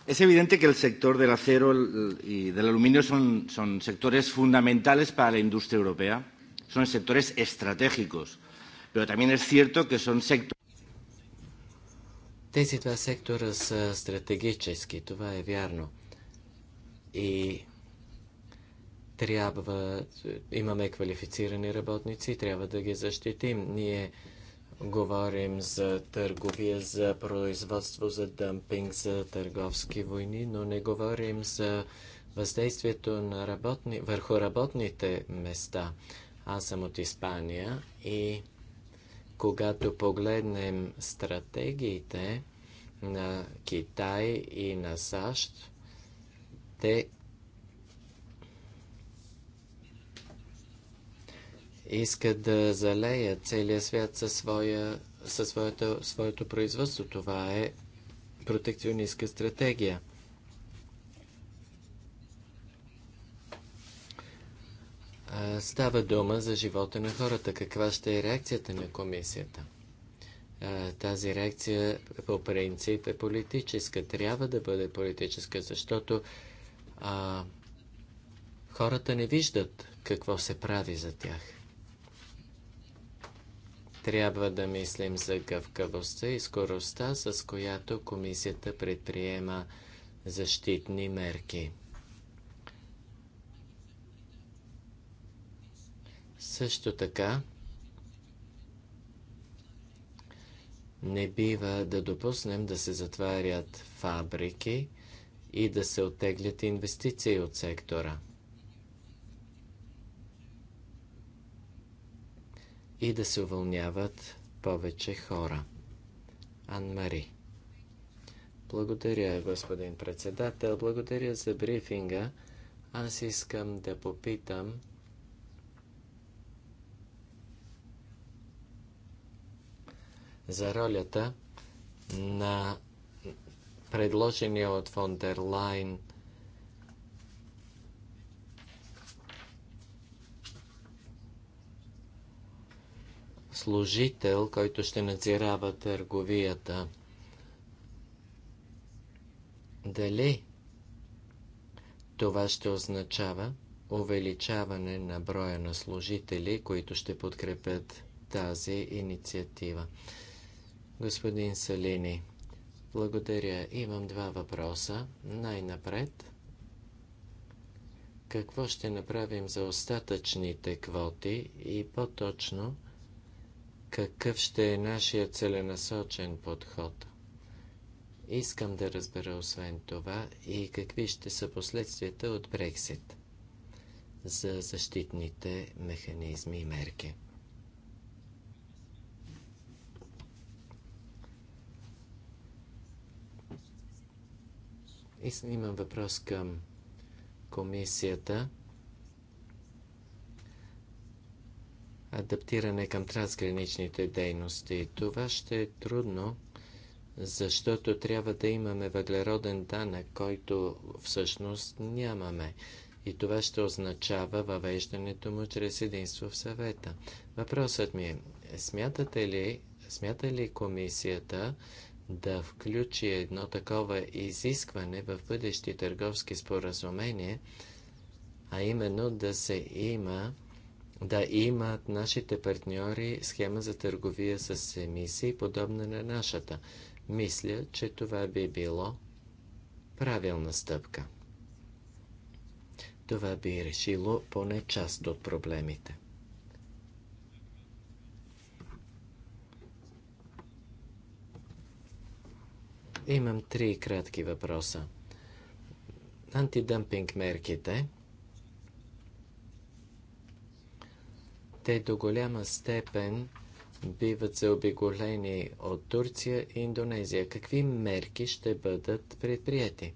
Es evidente que el sector del acero y del aluminio son, son sectores fundamentales para la industria europea, son sectores estratégicos, pero también es cierto que son sectores. Тези два сектора са стратегически, това е вярно. И трябва, имаме квалифицирани работници, трябва да ги защитим. Ние говорим за търговия, за производство, за дъмпинг, за търговски войни, но не говорим за въздействието на работни, върху работните места. Аз съм от Испания и когато погледнем стратегиите на Китай и на САЩ, те искат да залеят целия свят със, своя, със своята, своето производство. Това е протекционистка стратегия. Става дума за живота на хората. Каква ще е реакцията на комисията? Тази реакция по принцип е политическа. Трябва да бъде политическа, защото а, хората не виждат какво се прави за тях. Трябва да мислим за гъвкавостта и скоростта, с която комисията предприема защитни мерки. Също така, не бива да допуснем да се затварят фабрики и да се оттеглят инвестиции от сектора – и да се уволняват повече хора. Ан-Мари. Благодаря, господин председател. Благодаря за брифинга. Аз искам да попитам за ролята на предложения от Фондерлайн Лайн служител, който ще надзирава търговията. Дали това ще означава увеличаване на броя на служители, които ще подкрепят тази инициатива? Господин Салини, благодаря. Имам два въпроса. Най-напред. Какво ще направим за остатъчните квоти и по-точно – какъв ще е нашия целенасочен подход. Искам да разбера освен това и какви ще са последствията от Брексит за защитните механизми и мерки. И имам въпрос към комисията. адаптиране към трансграничните дейности. Това ще е трудно, защото трябва да имаме въглероден данък, който всъщност нямаме. И това ще означава въвеждането му чрез единство в съвета. Въпросът ми е, смятате ли, смята ли комисията да включи едно такова изискване в бъдещи търговски споразумения, а именно да се има да имат нашите партньори схема за търговия с емисии, подобна на нашата. Мисля, че това би било правилна стъпка. Това би решило поне част от проблемите. Имам три кратки въпроса. Антидъмпинг мерките – Те до голяма степен биват заобиколени от Турция и Индонезия. Какви мерки ще бъдат предприяти?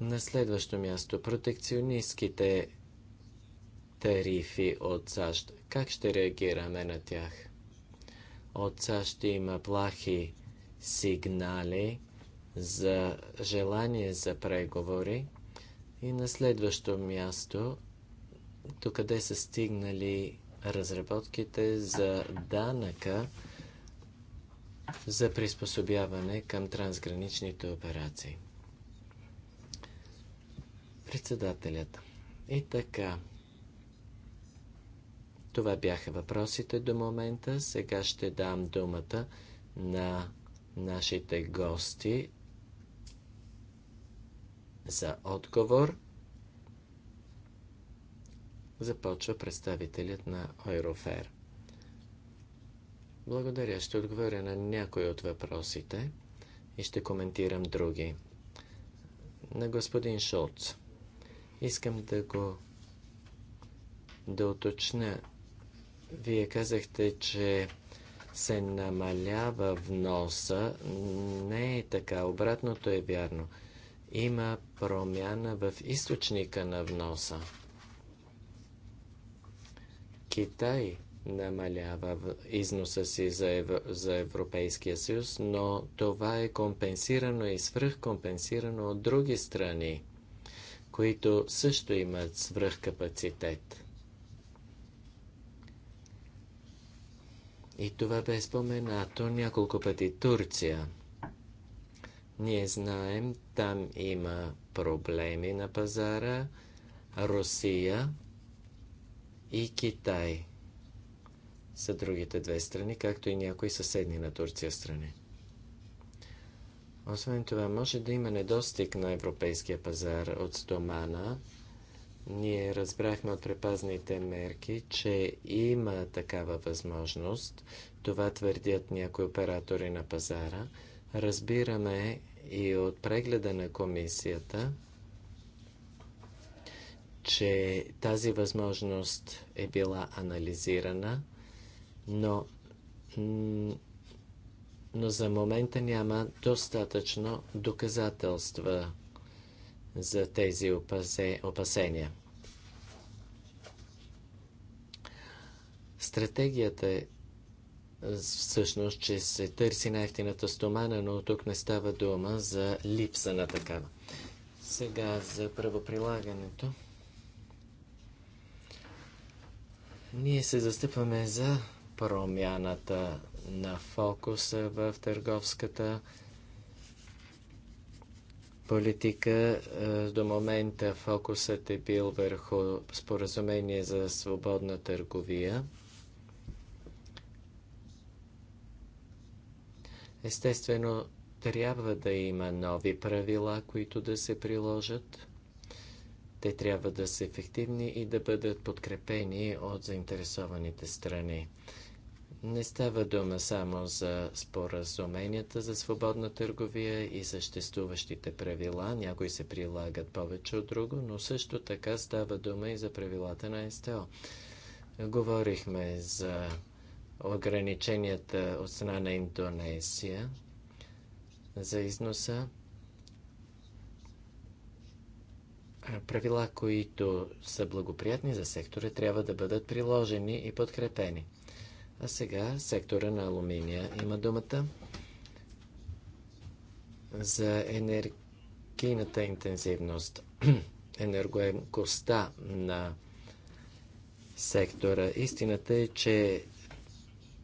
На следващо място, протекционистските тарифи от САЩ. Как ще реагираме на тях? От САЩ има плахи сигнали за желание за преговори. И на следващо място къде са стигнали разработките за данъка за приспособяване към трансграничните операции. Председателят. И така. Това бяха въпросите до момента. Сега ще дам думата на нашите гости за отговор започва представителят на Ойрофер. Благодаря, ще отговоря на някои от въпросите и ще коментирам други. На господин Шолц. Искам да го да уточня. Вие казахте, че се намалява вноса. Не е така. Обратното е вярно. Има промяна в източника на вноса. Китай намалява износа си за, Ев... за Европейския съюз, но това е компенсирано и свръхкомпенсирано от други страни, които също имат свръхкапацитет. И това бе споменато няколко пъти Турция. Ние знаем, там има проблеми на пазара. Русия и Китай са другите две страни, както и някои съседни на Турция страни. Освен това, може да има недостиг на европейския пазар от стомана. Ние разбрахме от препазните мерки, че има такава възможност. Това твърдят някои оператори на пазара. Разбираме и от прегледа на комисията – че тази възможност е била анализирана, но, но за момента няма достатъчно доказателства за тези опасения. Стратегията е всъщност, че се търси най-ефтината стомана, но тук не става дума за липса на такава. Сега за правоприлагането. Ние се застъпваме за промяната на фокуса в търговската политика. Е, до момента фокусът е бил върху споразумение за свободна търговия. Естествено, трябва да има нови правила, които да се приложат. Те трябва да са ефективни и да бъдат подкрепени от заинтересованите страни. Не става дума само за споразуменията за свободна търговия и съществуващите правила. Някои се прилагат повече от друго, но също така става дума и за правилата на СТО. Говорихме за ограниченията от страна на Индонезия за износа. правила, които са благоприятни за сектора, трябва да бъдат приложени и подкрепени. А сега сектора на алуминия има думата за енергийната интензивност, енергоемкостта на сектора. Истината е, че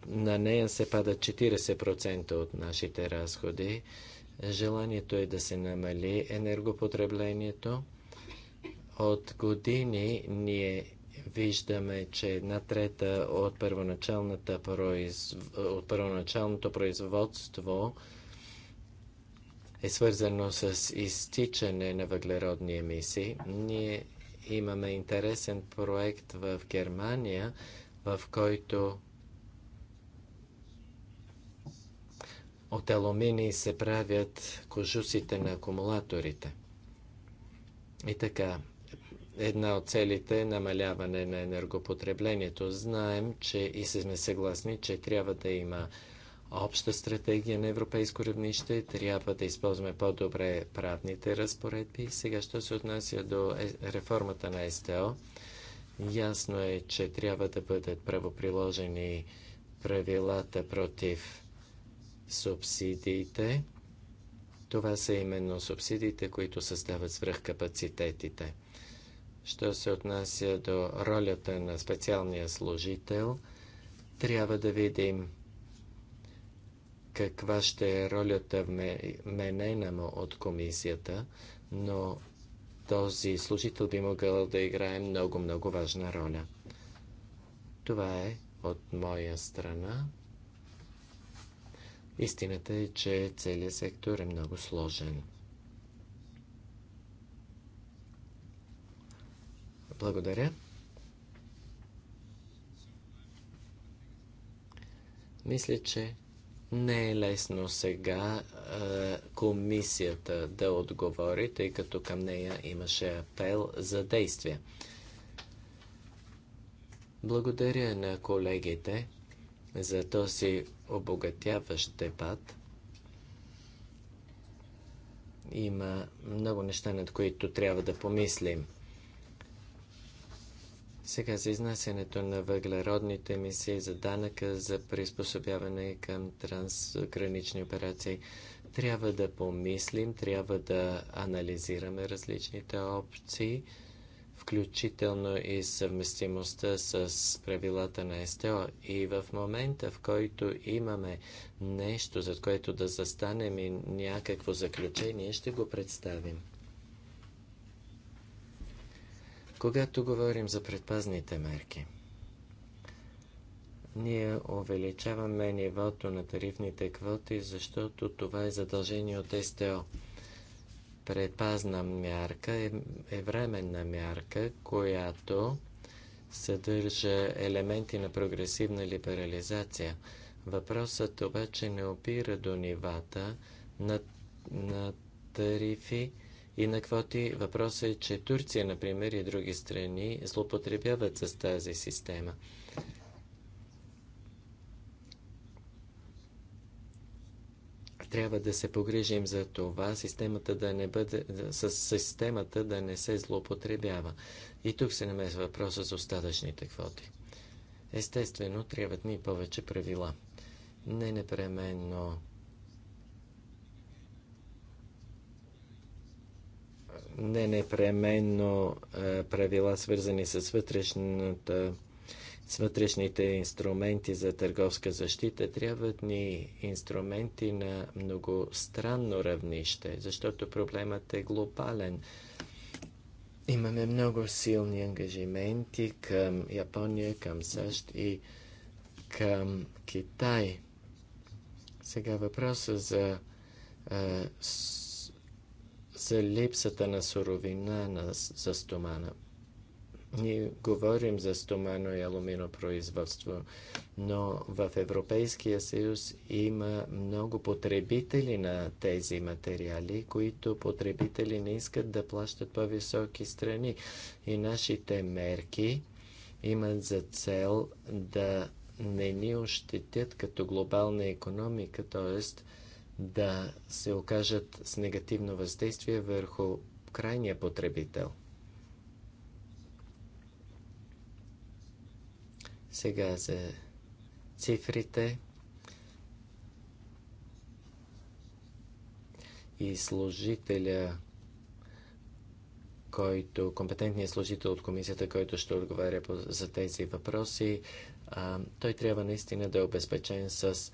на нея се падат 40% от нашите разходи. Желанието е да се намали енергопотреблението от години ние виждаме, че една трета от, първоначалната от първоначалното производство е свързано с изтичане на въглеродни емисии. Ние имаме интересен проект в Германия, в който от алуминий се правят кожусите на акумулаторите. И така, Една от целите е намаляване на енергопотреблението. Знаем, че и сме съгласни, че трябва да има обща стратегия на европейско равнище, трябва да използваме по-добре правните разпоредби. Сега, що се отнася до е, реформата на СТО, ясно е, че трябва да бъдат правоприложени правилата против субсидиите. Това са именно субсидиите, които създават свръхкапацитетите. Що се отнася до ролята на специалния служител, трябва да видим каква ще е ролята мене му от комисията, но този служител би могъл да играе много-много важна роля. Това е от моя страна. Истината е, че целият сектор е много сложен. Благодаря. Мисля, че не е лесно сега е, комисията да отговори, тъй като към нея имаше апел за действие. Благодаря на колегите за този обогатяващ дебат. Има много неща, над които трябва да помислим. Сега за изнасянето на въглеродните емисии, за данъка, за приспособяване към трансгранични операции, трябва да помислим, трябва да анализираме различните опции, включително и съвместимостта с правилата на СТО. И в момента, в който имаме нещо, за което да застанем и някакво заключение, ще го представим. Когато говорим за предпазните мерки, ние увеличаваме нивото на тарифните квоти, защото това е задължение от СТО. Предпазна мярка е, е временна мярка, която съдържа елементи на прогресивна либерализация. Въпросът обаче не опира до нивата на, на тарифи, и на квоти. Въпросът е, че Турция, например, и други страни злоупотребяват с тази система. Трябва да се погрижим за това, системата да не бъде, с системата да не се злоупотребява. И тук се намесва въпроса за остатъчните квоти. Естествено, трябват ни повече правила. Не непременно не непременно е, правила, свързани с вътрешната с вътрешните инструменти за търговска защита трябват ни инструменти на многостранно равнище, защото проблемът е глобален. Имаме много силни ангажименти към Япония, към САЩ и към Китай. Сега въпроса за а, е, за липсата на суровина на, за стомана. Ние говорим за стомано и алуминопроизводство, но в Европейския съюз има много потребители на тези материали, които потребители не искат да плащат по-високи страни. И нашите мерки имат за цел да не ни ощетят като глобална економика, т.е да се окажат с негативно въздействие върху крайния потребител. Сега за цифрите и служителя, който, компетентният служител от комисията, който ще отговаря за тези въпроси, той трябва наистина да е обезпечен с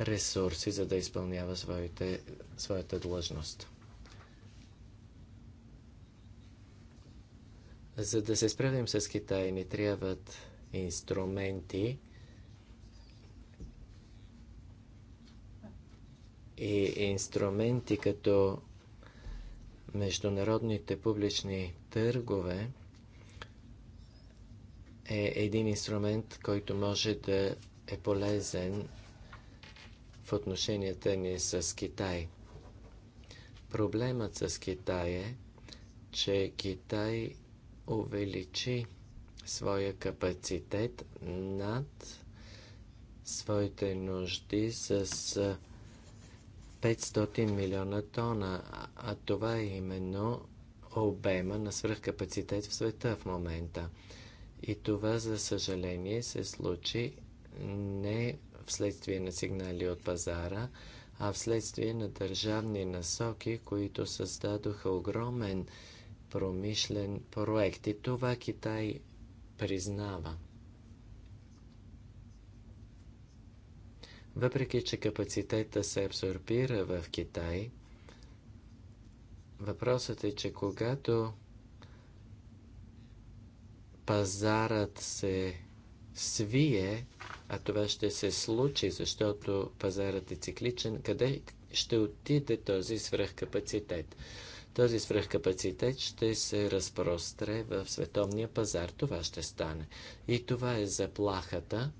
ресурси, за да изпълнява своите, своята длъжност. За да се справим с Китай, ни трябват инструменти и инструменти като международните публични търгове е един инструмент, който може да е полезен в отношенията ни с Китай. Проблемът с Китай е, че Китай увеличи своя капацитет над своите нужди с 500 милиона тона, а това е именно обема на свръхкапацитет в света в момента. И това, за съжаление, се случи не вследствие на сигнали от пазара, а вследствие на държавни насоки, които създадоха огромен промишлен проект. И това Китай признава. Въпреки, че капацитета се абсорбира в Китай, въпросът е, че когато пазарът се свие, а това ще се случи, защото пазарът е цикличен, къде ще отиде този свръхкапацитет? Този свръхкапацитет ще се разпростре в световния пазар. Това ще стане. И това е заплахата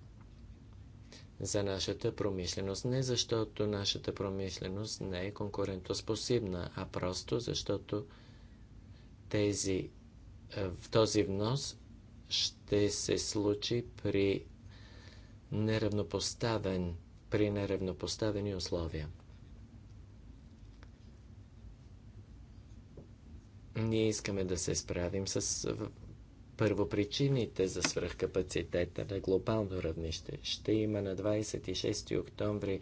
за нашата промишленост. Не защото нашата промишленост не е конкурентоспособна, а просто защото тези, този внос ще се случи при неравнопоставен, при неравнопоставени условия. Ние искаме да се справим с първопричините за свръхкапацитета на глобално равнище. Ще има на 26 октомври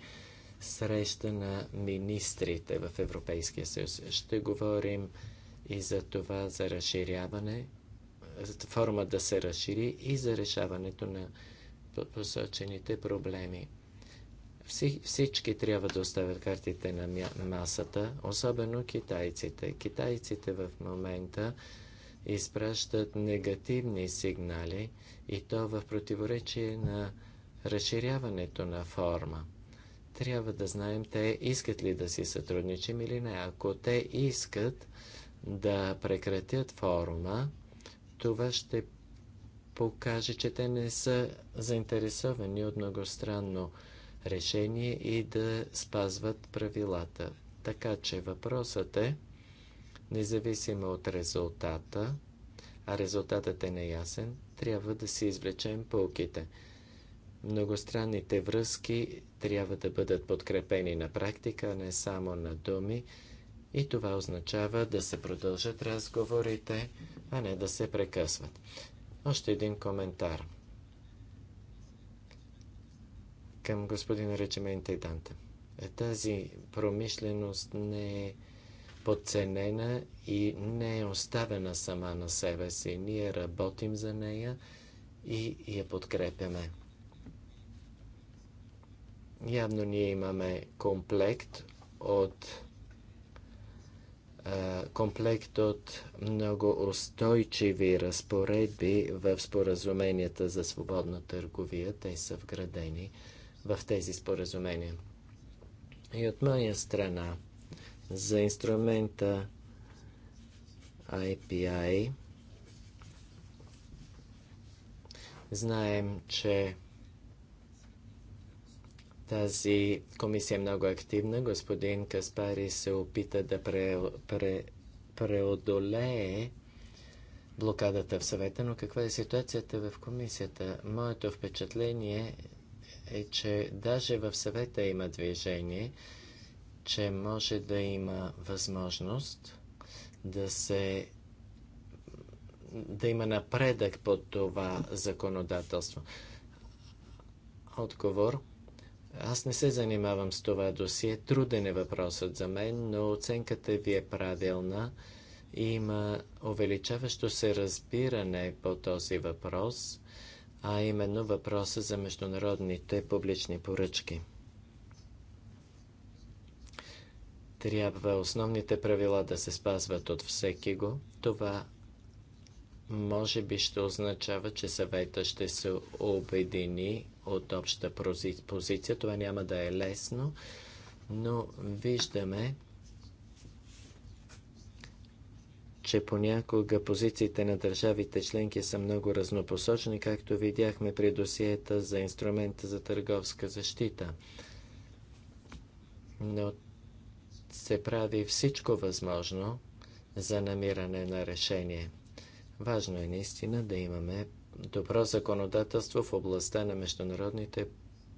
среща на министрите в Европейския съюз. Ще говорим и за това за разширяване форма да се разшири и за решаването на посочените проблеми. Всички трябва да оставят картите на масата, особено китайците. Китайците в момента изпращат негативни сигнали и то в противоречие на разширяването на форма. Трябва да знаем те искат ли да си сътрудничим или не. Ако те искат да прекратят форума, това ще покаже, че те не са заинтересовани от многостранно решение и да спазват правилата. Така че въпросът е, независимо от резултата, а резултатът е неясен, трябва да си извлечем полките. Многостранните връзки трябва да бъдат подкрепени на практика, не само на думи. И това означава да се продължат разговорите, а не да се прекъсват. Още един коментар към господин Речеме и е, Тази промишленост не е подценена и не е оставена сама на себе си. Ние работим за нея и я подкрепяме. Явно ние имаме комплект от комплект от много устойчиви разпоредби в споразуменията за свободна търговия. Те са вградени в тези споразумения. И от моя страна за инструмента IPI знаем, че тази комисия е много активна. Господин Каспари се опита да пре, пре, преодолее блокадата в съвета, но каква е ситуацията в комисията? Моето впечатление е, че даже в съвета има движение, че може да има възможност да се да има напредък под това законодателство. Отговор – аз не се занимавам с това досие. Труден е въпросът за мен, но оценката ви е правилна. Има увеличаващо се разбиране по този въпрос, а именно въпроса за международните публични поръчки. Трябва основните правила да се спазват от всеки го. Това може би ще означава, че съвета ще се обедини от общата позиция. Това няма да е лесно, но виждаме, че понякога позициите на държавите членки са много разнопосочни, както видяхме при досиета за инструмента за търговска защита. Но се прави всичко възможно за намиране на решение. Важно е наистина да имаме добро законодателство в областта на международните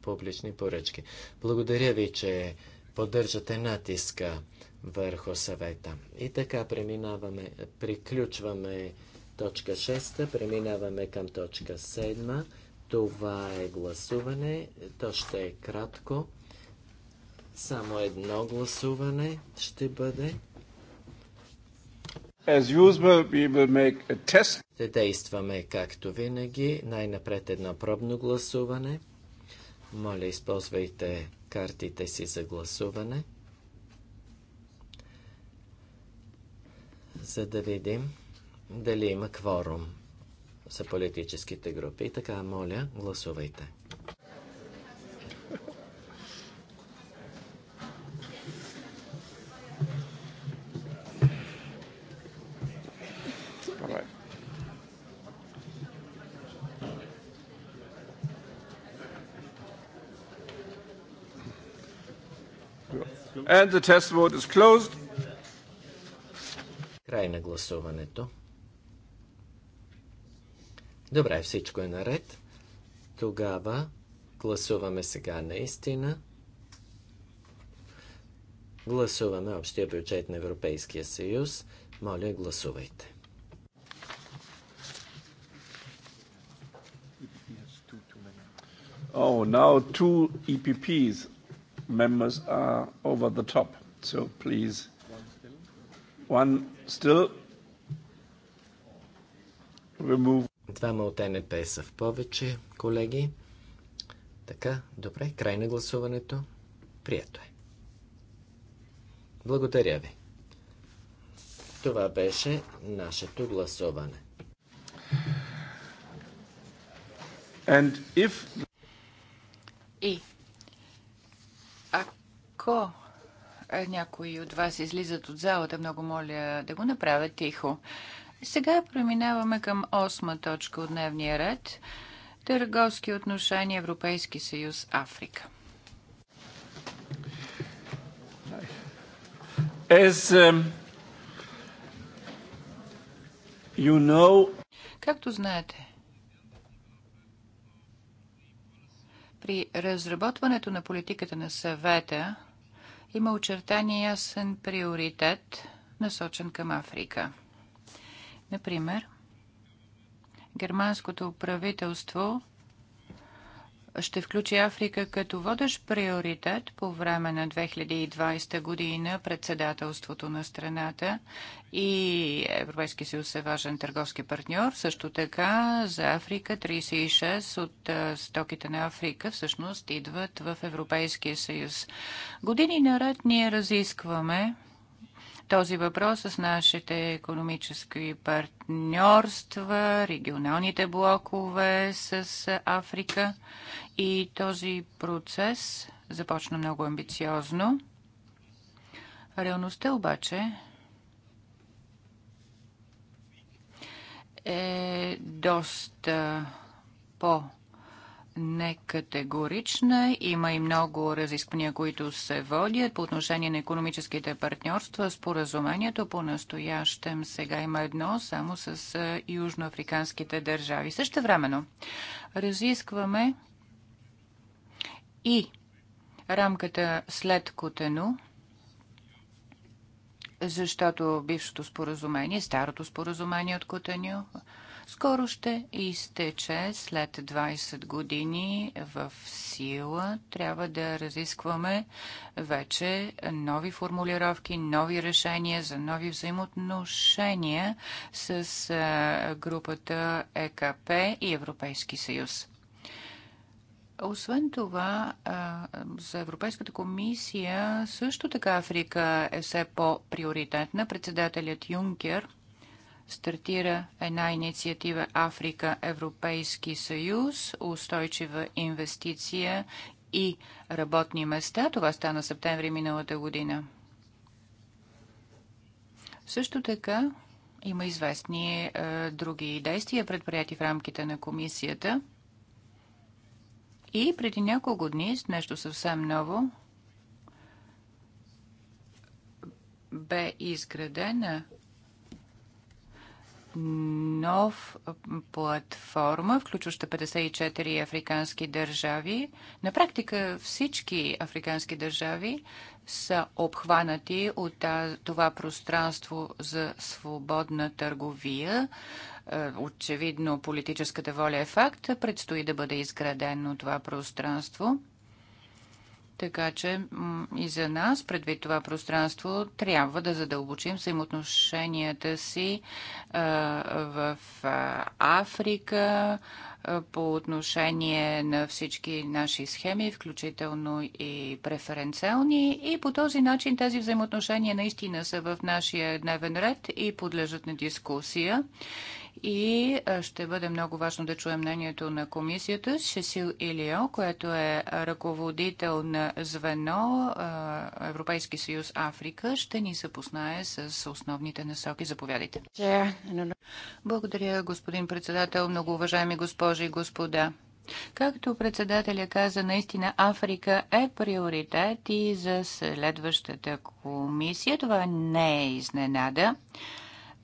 публични поръчки. Благодаря ви, че поддържате натиска върху съвета. И така преминаваме, приключваме точка 6, преминаваме към точка 7. Това е гласуване, то ще е кратко. Само едно гласуване ще бъде. Usual, Ще действаме както винаги. Най-напред едно пробно гласуване. Моля, използвайте картите си за гласуване. За да видим дали има кворум за политическите групи. така, моля, гласувайте. And the test vote is closed. Край на гласуването. Добре, всичко е наред. Тогава гласуваме сега наистина. Гласуваме общия бюджет на Европейския съюз. Моля, гласувайте. Oh, now two EPPs members are over the top. So please, one still. Remove. Двама от НП са в повече, колеги. Така, добре, край на гласуването. Прието е. Благодаря ви. Това беше нашето гласуване. And if... И ако е, някои от вас излизат от залата, много моля да го направят тихо. Сега преминаваме към осма точка от дневния ред. Търговски отношения Европейски съюз Африка. As, um, you know... Както знаете, при разработването на политиката на съвета има очертания ясен приоритет, насочен към Африка. Например, германското правителство ще включи Африка като водещ приоритет по време на 2020 година председателството на страната и Европейски съюз е важен търговски партньор. Също така за Африка 36 от стоките на Африка всъщност идват в Европейския съюз. Години наред ние разискваме този въпрос с нашите економически партньорства, регионалните блокове с Африка. И този процес започна много амбициозно. Реалността обаче е доста по-добре некатегорична. Има и много разисквания, които се водят по отношение на економическите партньорства. Споразумението по настоящем сега има едно само с южноафриканските държави. Също времено разискваме и рамката след Котену, защото бившото споразумение, старото споразумение от Котеню, скоро ще изтече след 20 години в сила. Трябва да разискваме вече нови формулировки, нови решения за нови взаимоотношения с групата ЕКП и Европейски съюз. Освен това, за Европейската комисия също така Африка е все по-приоритетна. Председателят Юнкер – стартира една инициатива Африка Европейски съюз, устойчива инвестиция и работни места. Това стана септември миналата година. Също така има известни е, други действия, предприяти в рамките на комисията. И преди няколко дни, нещо съвсем ново, бе изградена нов платформа, включваща 54 африкански държави. На практика всички африкански държави са обхванати от това пространство за свободна търговия. Е, очевидно политическата воля е факт. Предстои да бъде изградено това пространство. Така че и за нас, предвид това пространство, трябва да задълбочим взаимоотношенията си в Африка по отношение на всички наши схеми, включително и преференциални. И по този начин тези взаимоотношения наистина са в нашия дневен ред и подлежат на дискусия и ще бъде много важно да чуем мнението на комисията. Сесил Илио, което е ръководител на звено Европейски съюз Африка, ще ни запознае с основните насоки. Заповядайте. Благодаря, господин председател, много уважаеми госпожи и господа. Както председателя каза, наистина Африка е приоритет и за следващата комисия. Това не е изненада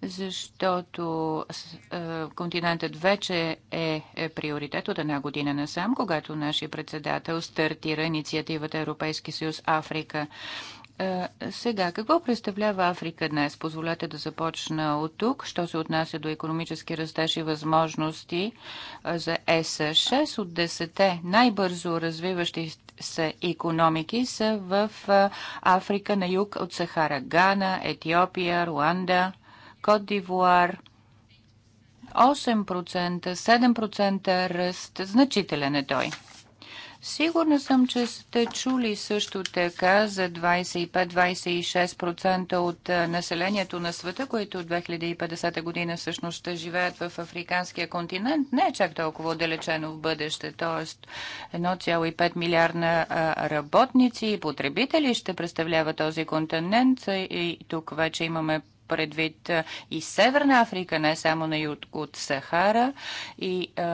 защото е, континентът вече е, е приоритет от една година насам, когато нашия председател стартира инициативата Европейски съюз Африка. Е, сега, какво представлява Африка днес? Позволете да започна от тук, що се отнася до економически растеж и възможности за ЕС. 6 от 10 най-бързо развиващи се економики са в Африка на юг от Сахара. Гана, Етиопия, Руанда, Кот Дивуар 8%, 7% ръст. Значителен е той. Сигурна съм, че сте чули също така за 25-26% от населението на света, които от 2050 година всъщност ще живеят в африканския континент. Не е чак толкова отдалечено в бъдеще, т.е. 1,5 милиарда работници и потребители ще представлява този континент и тук вече имаме предвид и Северна Африка, не само на юг от Сахара. И е,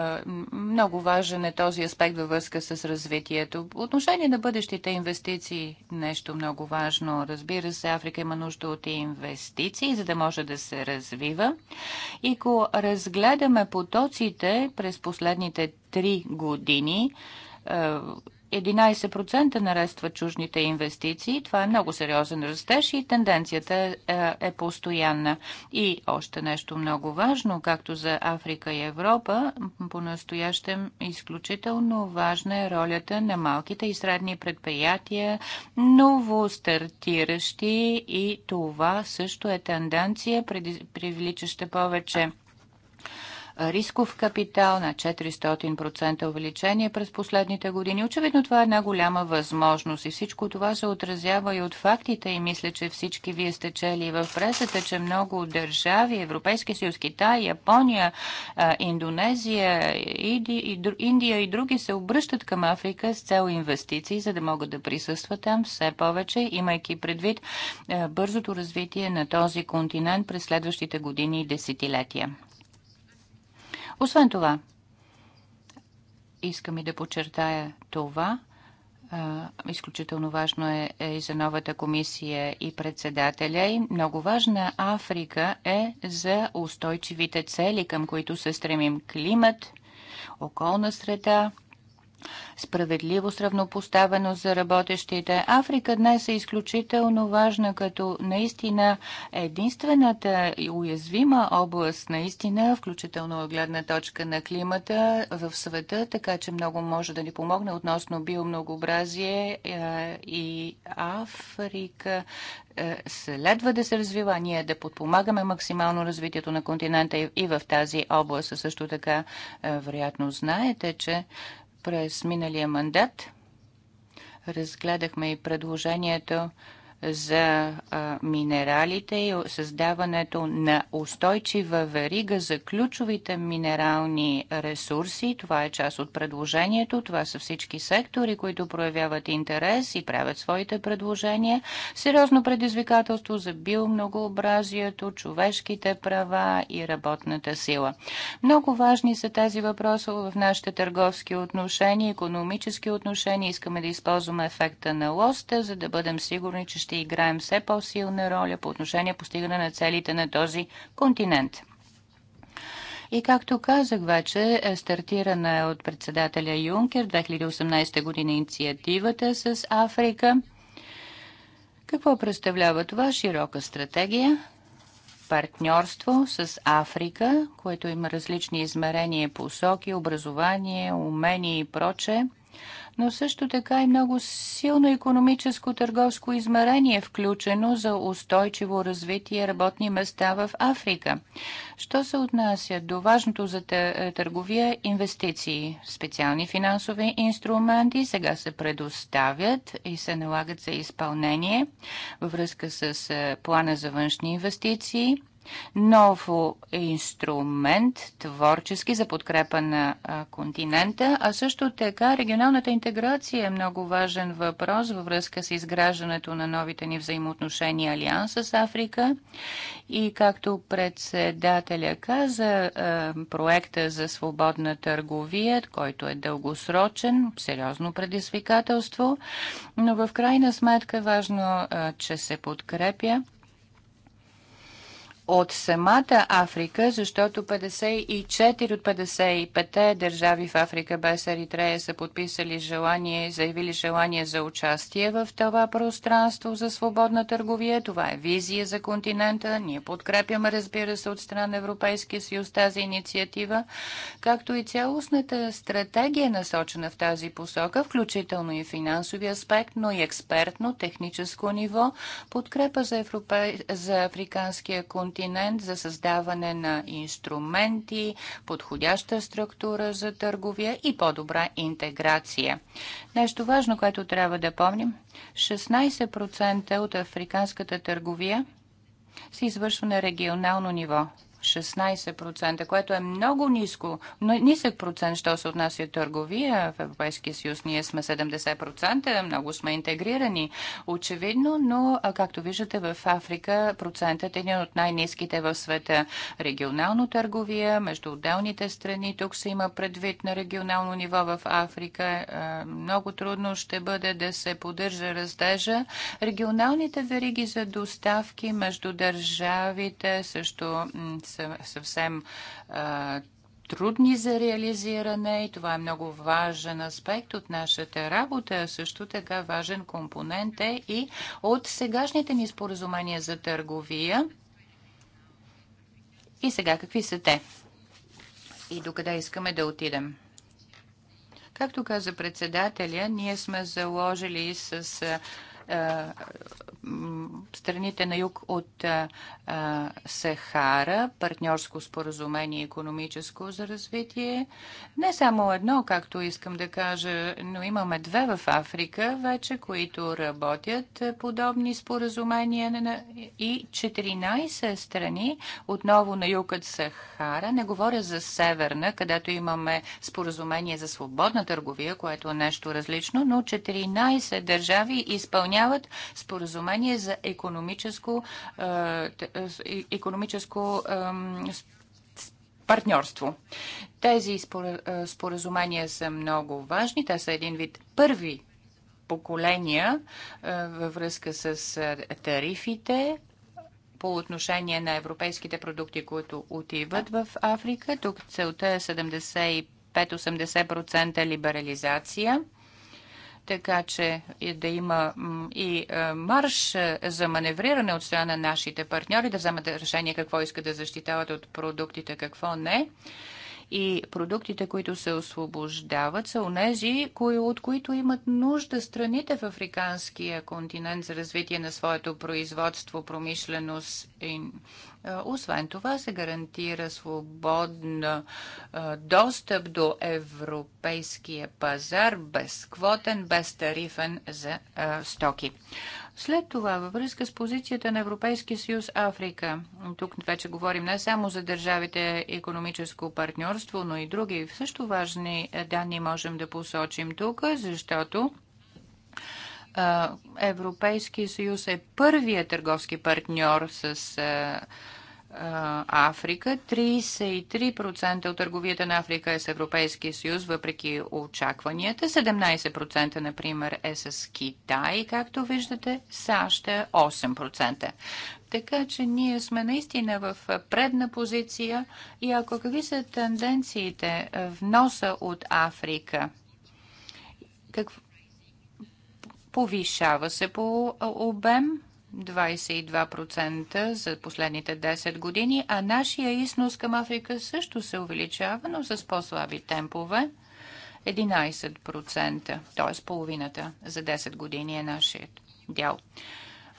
много важен е този аспект във връзка с развитието. Отношение на бъдещите инвестиции, нещо много важно. Разбира се, Африка има нужда от инвестиции, за да може да се развива. И ако разгледаме потоците през последните три години, 11% нараства чужните инвестиции. Това е много сериозен растеж и тенденцията е, е постоянна. И още нещо много важно, както за Африка и Европа, по-настоящем изключително важна е ролята на малките и средни предприятия, новостартиращи и това също е тенденция, привличаща повече рисков капитал на 400% увеличение през последните години. Очевидно това е една голяма възможност и всичко това се отразява и от фактите и мисля, че всички вие сте чели в пресата, че много държави, Европейски съюз, Китай, Япония, Индонезия, Индия и други се обръщат към Африка с цел инвестиции, за да могат да присъстват там все повече, имайки предвид бързото развитие на този континент през следващите години и десетилетия. Освен това, искам и да подчертая това, изключително важно е, е, и за новата комисия и председателя. И много важна Африка е за устойчивите цели, към които се стремим климат, околна среда, справедливост, равнопоставеност за работещите. Африка днес е изключително важна като наистина единствената и уязвима област, наистина, включително от гледна точка на климата в света, така че много може да ни помогне относно биомногообразие е, и Африка е, следва да се развива, ние да подпомагаме максимално развитието на континента и в тази област. Също така, е, вероятно знаете, че през миналия мандат разгледахме и предложението за минералите и създаването на устойчива верига за ключовите минерални ресурси. Това е част от предложението. Това са всички сектори, които проявяват интерес и правят своите предложения. Сериозно предизвикателство за биомногообразието, човешките права и работната сила. Много важни са тези въпроси в нашите търговски отношения, економически отношения. Искаме да използваме ефекта на лоста, за да бъдем сигурни, че ще ще играем все по-силна роля по отношение постигане на целите на този континент. И както казах вече, е стартирана е от председателя Юнкер 2018 година инициативата с Африка. Какво представлява това? Широка стратегия, партньорство с Африка, което има различни измерения, посоки, образование, умения и прочее но също така и много силно економическо търговско измерение, включено за устойчиво развитие работни места в Африка. Що се отнася до важното за е, търговия инвестиции? Специални финансови инструменти сега се предоставят и се налагат за изпълнение във връзка с е, плана за външни инвестиции. Ново инструмент, творчески, за подкрепа на континента, а също така регионалната интеграция е много важен въпрос във връзка с изграждането на новите ни взаимоотношения Алианса с Африка. И както председателя каза, проекта за свободна търговия, който е дългосрочен, сериозно предизвикателство, но в крайна сметка е важно, че се подкрепя от самата Африка, защото 54 от 55 те държави в Африка без Еритрея са подписали желание, заявили желание за участие в това пространство за свободна търговия. Това е визия за континента. Ние подкрепяме, разбира се, от страна Европейския съюз тази инициатива, както и цялостната стратегия насочена в тази посока, включително и финансови аспект, но и експертно, техническо ниво, подкрепа за, европей... за африканския континент континент за създаване на инструменти, подходяща структура за търговия и по-добра интеграция. Нещо важно, което трябва да помним, 16% от африканската търговия се извършва на регионално ниво. 16%, което е много ниско, но нисък процент, що се отнася търговия в Европейския съюз. Ние сме 70%, много сме интегрирани, очевидно, но, както виждате, в Африка процентът е един от най-низките в света. Регионално търговия между отделните страни, тук се има предвид на регионално ниво в Африка. Много трудно ще бъде да се поддържа раздежа. Регионалните вериги за доставки между държавите също съвсем трудни за реализиране и това е много важен аспект от нашата работа. а Също така важен компонент е и от сегашните ни споразумения за търговия. И сега какви са те? И докъде искаме да отидем? Както каза председателя, ние сме заложили с е, страните на юг от е, е, Сахара, партньорско споразумение и економическо за развитие. Не само едно, както искам да кажа, но имаме две в Африка вече, които работят подобни споразумения и 14 страни, отново на юг от Сахара. Не говоря за Северна, където имаме споразумение за свободна търговия, което е нещо различно, но 14 държави изпълняват изпълняват споразумение за економическо, е, е, економическо партньорство. Тези е, споразумения са много важни. Те са един вид първи поколения във връзка с тарифите, по отношение на европейските продукти, които отиват в Африка. Тук целта е 75-80% либерализация така че и да има и е, марш е, за маневриране от страна на нашите партньори, да вземат решение какво искат да защитават от продуктите, какво не и продуктите, които се освобождават, са онези, кои, от които имат нужда страните в африканския континент за развитие на своето производство, промишленост. И, е, освен това се гарантира свободен достъп до европейския пазар, без квотен, без тарифен за а, е, стоки. След това, във връзка с позицията на Европейския съюз Африка, тук вече говорим не само за държавите економическо партньорство, но и други също важни е, данни можем да посочим тук, защото Европейския съюз е първият търговски партньор с Африка. 33% от търговията на Африка е с Европейския съюз, въпреки очакванията. 17% например е с Китай, както виждате, САЩ е 8%. Така че ние сме наистина в предна позиция и ако какви са тенденциите в носа от Африка, как... повишава се по обем, 22% за последните 10 години, а нашия износ към Африка също се увеличава, но с по-слаби темпове. 11%, т.е. половината за 10 години е нашият дял.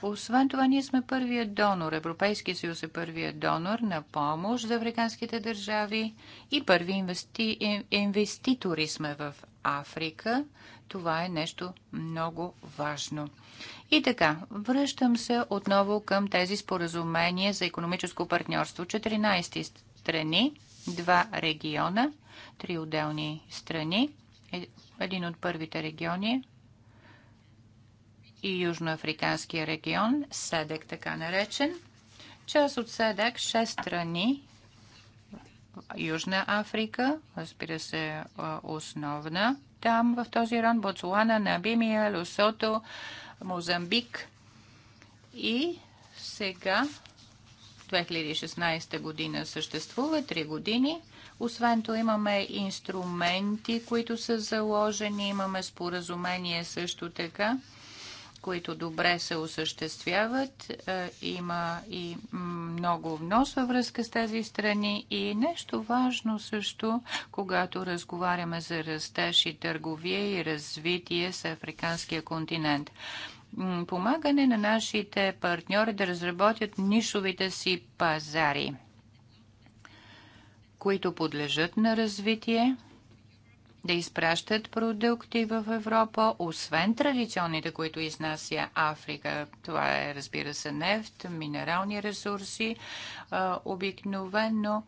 Освен това, ние сме първият донор. Европейски съюз е първият донор на помощ за африканските държави и първи инвести... инвеститори сме в Африка това е нещо много важно. И така, връщам се отново към тези споразумения за економическо партньорство. 14 страни, два региона, три отделни страни. Е, един от първите региони и Южноафриканския регион, СЕДЕК така наречен. Част от СЕДЕК, 6 страни, Южна Африка, разбира се, основна там в този район, Боцуана, Набимия, Лусото, Мозамбик. И сега, 2016 година съществува, 3 години. Освен това имаме инструменти, които са заложени, имаме споразумение също така които добре се осъществяват. Е, има и много внос във връзка с тези страни. И нещо важно също, когато разговаряме за растеж и търговия и развитие с африканския континент. Помагане на нашите партньори да разработят нишовите си пазари, които подлежат на развитие да изпращат продукти в Европа, освен традиционните, които изнася Африка. Това е, разбира се, нефт, минерални ресурси. Обикновено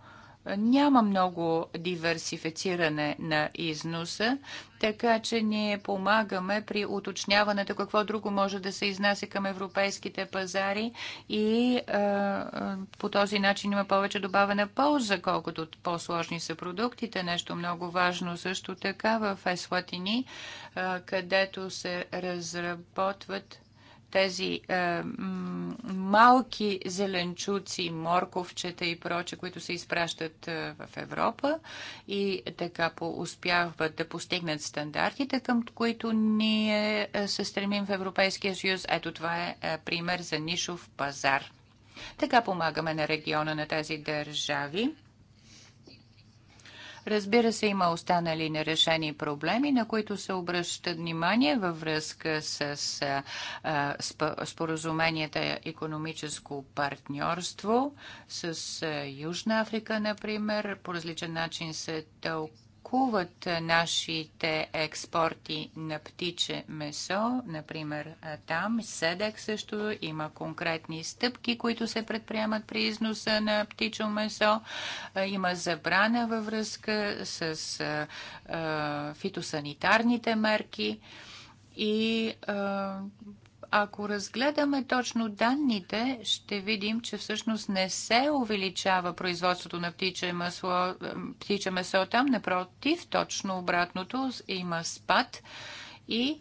няма много диверсифициране на износа, така че ние помагаме при уточняването какво друго може да се изнася към европейските пазари и а, а, по този начин има повече добавена полза, колкото по-сложни са продуктите. Нещо много важно също така в Есватини, където се разработват тези е, малки зеленчуци, морковчета и проче, които се изпращат е, в Европа и така по успяват да постигнат стандартите, към които ние е, се стремим в Европейския съюз. Ето това е, е пример за нишов пазар. Така помагаме на региона на тези държави Разбира се, има останали нерешени проблеми, на които се обръща внимание във връзка с споразуменията економическо партньорство с Южна Африка, например. По различен начин се тълкува атакуват нашите експорти на птиче месо, например там, СЕДЕК също има конкретни стъпки, които се предприемат при износа на птичо месо. Има забрана във връзка с фитосанитарните мерки и ако разгледаме точно данните, ще видим, че всъщност не се увеличава производството на птиче, масло, птиче месо там. Напротив, точно обратното има спад и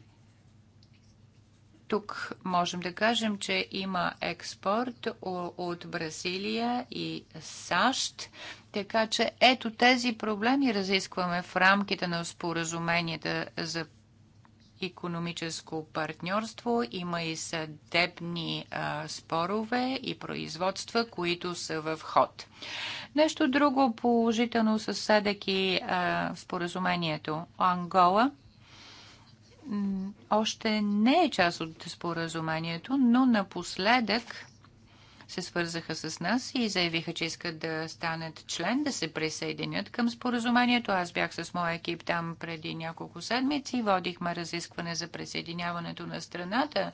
тук можем да кажем, че има експорт от Бразилия и САЩ. Така че ето тези проблеми разискваме в рамките на споразуменията за економическо партньорство. Има и съдебни а, спорове и производства, които са в ход. Нещо друго положително със САДЕК и а, споразумението Ангола още не е част от споразумението, но напоследък се свързаха с нас и заявиха, че искат да станат член, да се присъединят към споразумението. Аз бях с моя екип там преди няколко седмици, водихме разискване за присъединяването на страната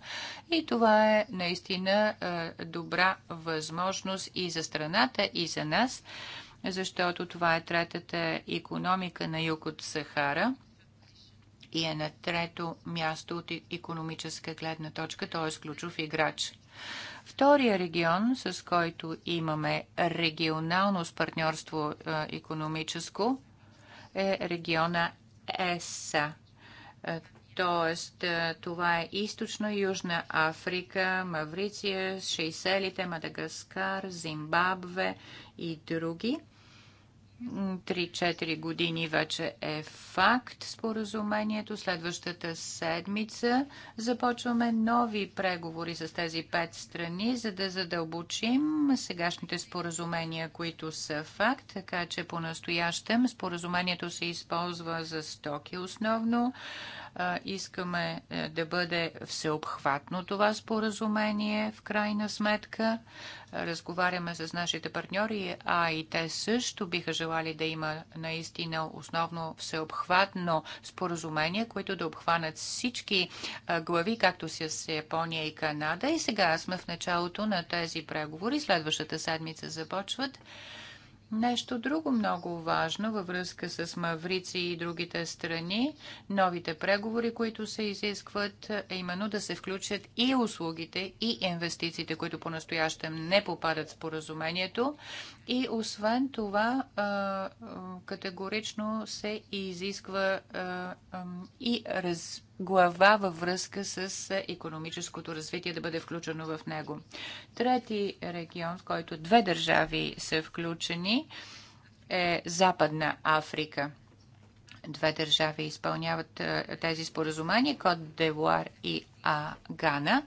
и това е наистина е, добра възможност и за страната, и за нас, защото това е третата економика на юг от Сахара и е на трето място от економическа гледна точка, т.е. ключов играч. Втория регион, с който имаме регионално с партньорство економическо, е региона ЕСА. Е, тоест, е, това е източно Южна Африка, Мавриция, Шейселите, Мадагаскар, Зимбабве и други. 3-4 години вече е факт споразумението. Следващата седмица започваме нови преговори с тези пет страни, за да задълбочим сегашните споразумения, които са факт. Така че по-настоящем споразумението се използва за стоки основно Искаме е, да бъде всеобхватно това споразумение в крайна сметка. Разговаряме с нашите партньори, а и те също биха желали да има наистина основно всеобхватно споразумение, което да обхванат всички глави, както с Япония и Канада. И сега сме в началото на тези преговори. Следващата седмица започват. Нещо друго много важно във връзка с Маврици и другите страни, новите преговори, които се изискват, е именно да се включат и услугите, и инвестициите, които по-настоящем не попадат в споразумението. И освен това, категорично се изисква и разбиране глава във връзка с економическото развитие да бъде включено в него. Трети регион, в който две държави са включени, е Западна Африка. Две държави изпълняват е, тези споразумения, Кот Девуар и Агана. Гана.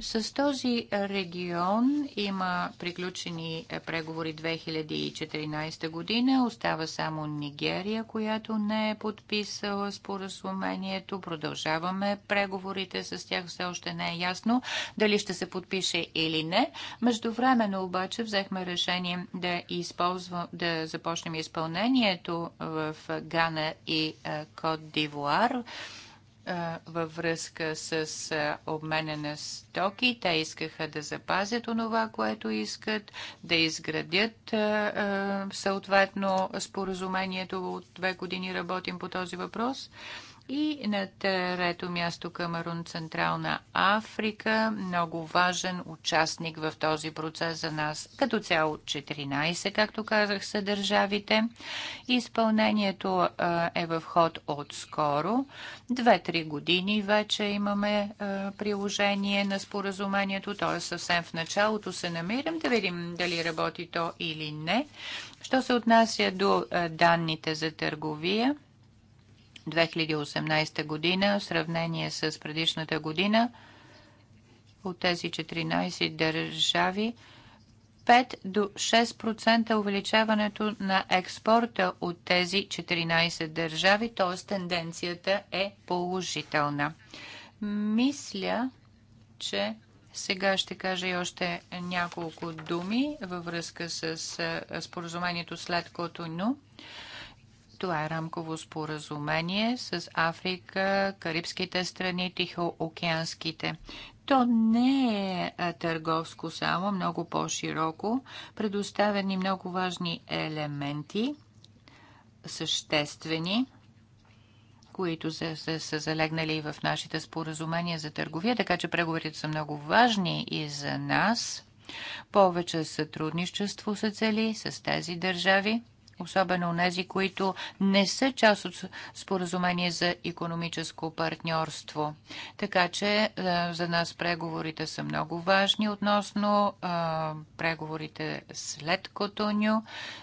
С този регион има приключени е, преговори 2014 година. Остава само Нигерия, която не е подписала споразумението. Продължаваме преговорите с тях. Все още не е ясно дали ще се подпише или не. Междувременно обаче взехме решение да, използва, да започнем изпълнението в Гана и е, Кот Дивуар във връзка с обмене на стоки. Те искаха да запазят онова, което искат, да изградят съответно споразумението. От две години работим по този въпрос. И на трето място Камерун, Централна Африка, много важен участник в този процес за нас. Като цяло 14, както казах, са държавите. Изпълнението е в ход скоро. Две-три години вече имаме приложение на споразумението, т.е. съвсем в началото се намирам да видим дали работи то или не. Що се отнася до данните за търговия, 2018 година в сравнение с предишната година. От тези 14 държави 5 до 6% увеличаването на експорта от тези 14 държави, т.е. тенденцията е положителна. Мисля, че сега ще кажа и още няколко думи във връзка с споразумението след Котону. Това е рамково споразумение с Африка, Карибските страни, Тихоокеанските. То не е търговско само, много по-широко. Предоставени много важни елементи, съществени, които са, са, са залегнали в нашите споразумения за търговия, така че преговорите са много важни и за нас. Повече сътрудничество се цели с тези държави особено нези, които не са част от споразумение за економическо партньорство. Така че е, за нас преговорите са много важни относно е, преговорите след Котоню.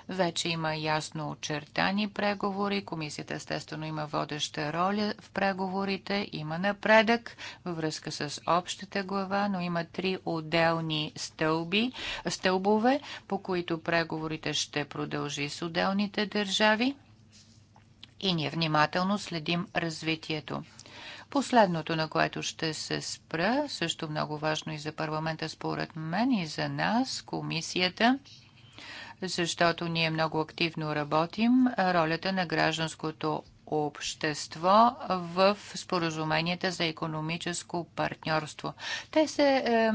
Вече има ясно очертани преговори. Комисията естествено има водеща роля в преговорите. Има напредък във връзка с общата глава, но има три отделни стълби, стълбове, по които преговорите ще продължи с отделни отделните държави и ние внимателно следим развитието. Последното, на което ще се спра, също много важно и за парламента, според мен, и за нас, комисията, защото ние много активно работим, ролята на гражданското общество в споразуменията за економическо партньорство. Те са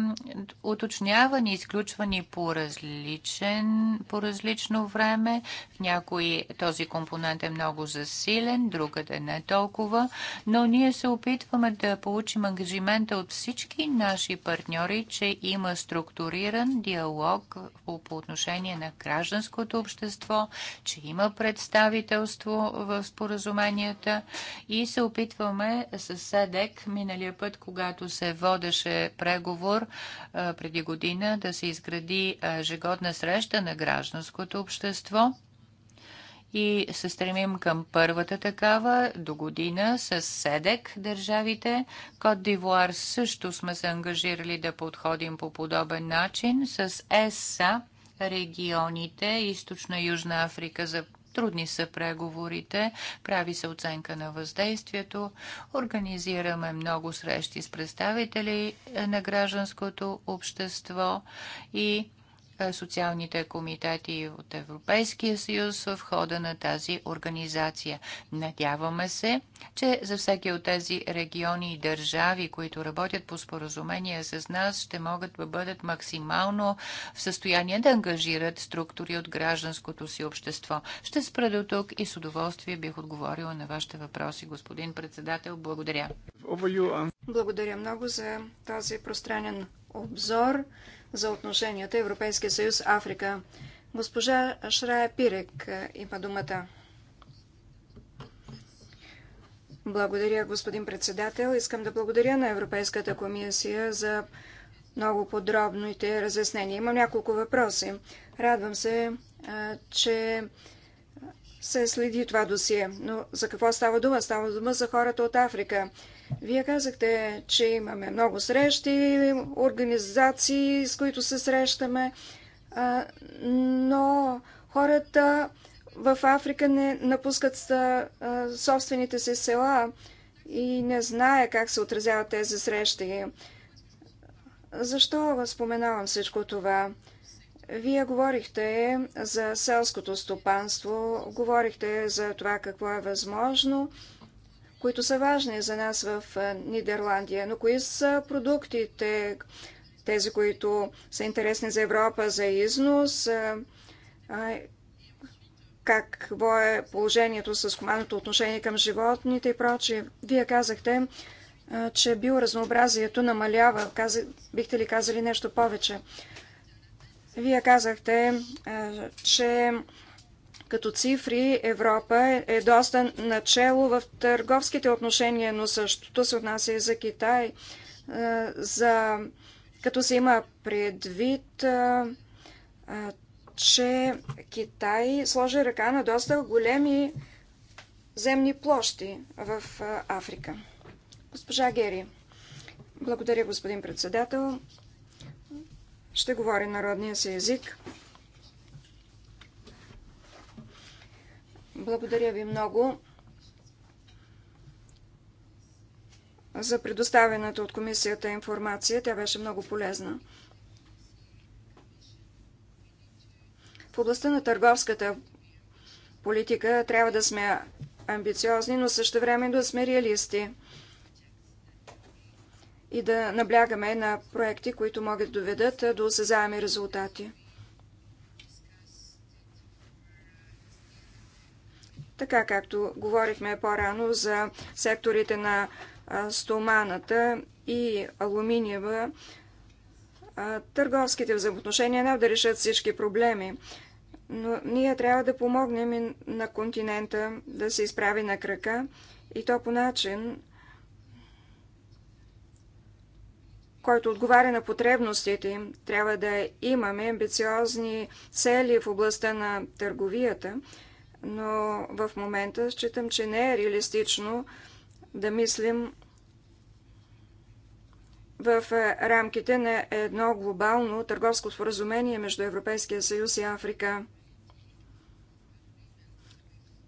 уточнявани, изключвани по, различен, по различно време. В някои този компонент е много засилен, другата не толкова, но ние се опитваме да получим ангажимента от всички наши партньори, че има структуриран диалог по, по отношение на гражданското общество, че има представителство в споразумението уменията и се опитваме с СЕДЕК миналия път, когато се водеше преговор преди година да се изгради ежегодна среща на гражданското общество и се стремим към първата такава до година с СЕДЕК държавите. Кот Дивуар също сме се ангажирали да подходим по подобен начин с ЕСА регионите, Източна и Южна Африка за Трудни са преговорите, прави се оценка на въздействието, организираме много срещи с представители на гражданското общество и е, социалните комитети от Европейския съюз в хода на тази организация. Надяваме се, че за всеки от тези региони и държави, които работят по споразумение с нас, ще могат да бъдат максимално в състояние да ангажират структури от гражданското си общество. Ще спра до тук и с удоволствие бих отговорила на вашите въпроси, господин председател. Благодаря. Благодаря много за този пространен обзор за отношенията Европейския съюз Африка. Госпожа Шрая Пирек има думата. Благодаря, господин председател. Искам да благодаря на Европейската комисия за много подробните разяснения. Имам няколко въпроси. Радвам се, че се следи това досие. Но за какво става дума? Става дума за хората от Африка. Вие казахте, че имаме много срещи, организации, с които се срещаме, но хората в Африка не напускат собствените си села и не знае как се отразяват тези срещи. Защо споменавам всичко това? Вие говорихте за селското стопанство, говорихте за това какво е възможно – които са важни за нас в Нидерландия. Но кои са продуктите, тези, които са интересни за Европа, за износ? Какво е положението с хуманното отношение към животните и прочие? Вие казахте, че биоразнообразието намалява. бихте ли казали нещо повече? Вие казахте, че като цифри Европа е, е доста начало в търговските отношения, но същото се отнася и за Китай. Е, за... Като се има предвид, е, че Китай сложи ръка на доста големи земни площи в Африка. Госпожа Гери. Благодаря, господин председател. Ще говори народния си език. Благодаря ви много за предоставената от комисията информация. Тя беше много полезна. В областта на търговската политика трябва да сме амбициозни, но също време да сме реалисти и да наблягаме на проекти, които могат да доведат до осезаеми резултати. Така както говорихме по-рано за секторите на стоманата и алуминиева, търговските взаимоотношения няма да решат всички проблеми. Но ние трябва да помогнем и на континента да се изправи на крака и то по начин, който отговаря на потребностите им. Трябва да имаме амбициозни цели в областта на търговията – но в момента считам, че не е реалистично да мислим в е, рамките на едно глобално търговско споразумение между Европейския съюз и Африка.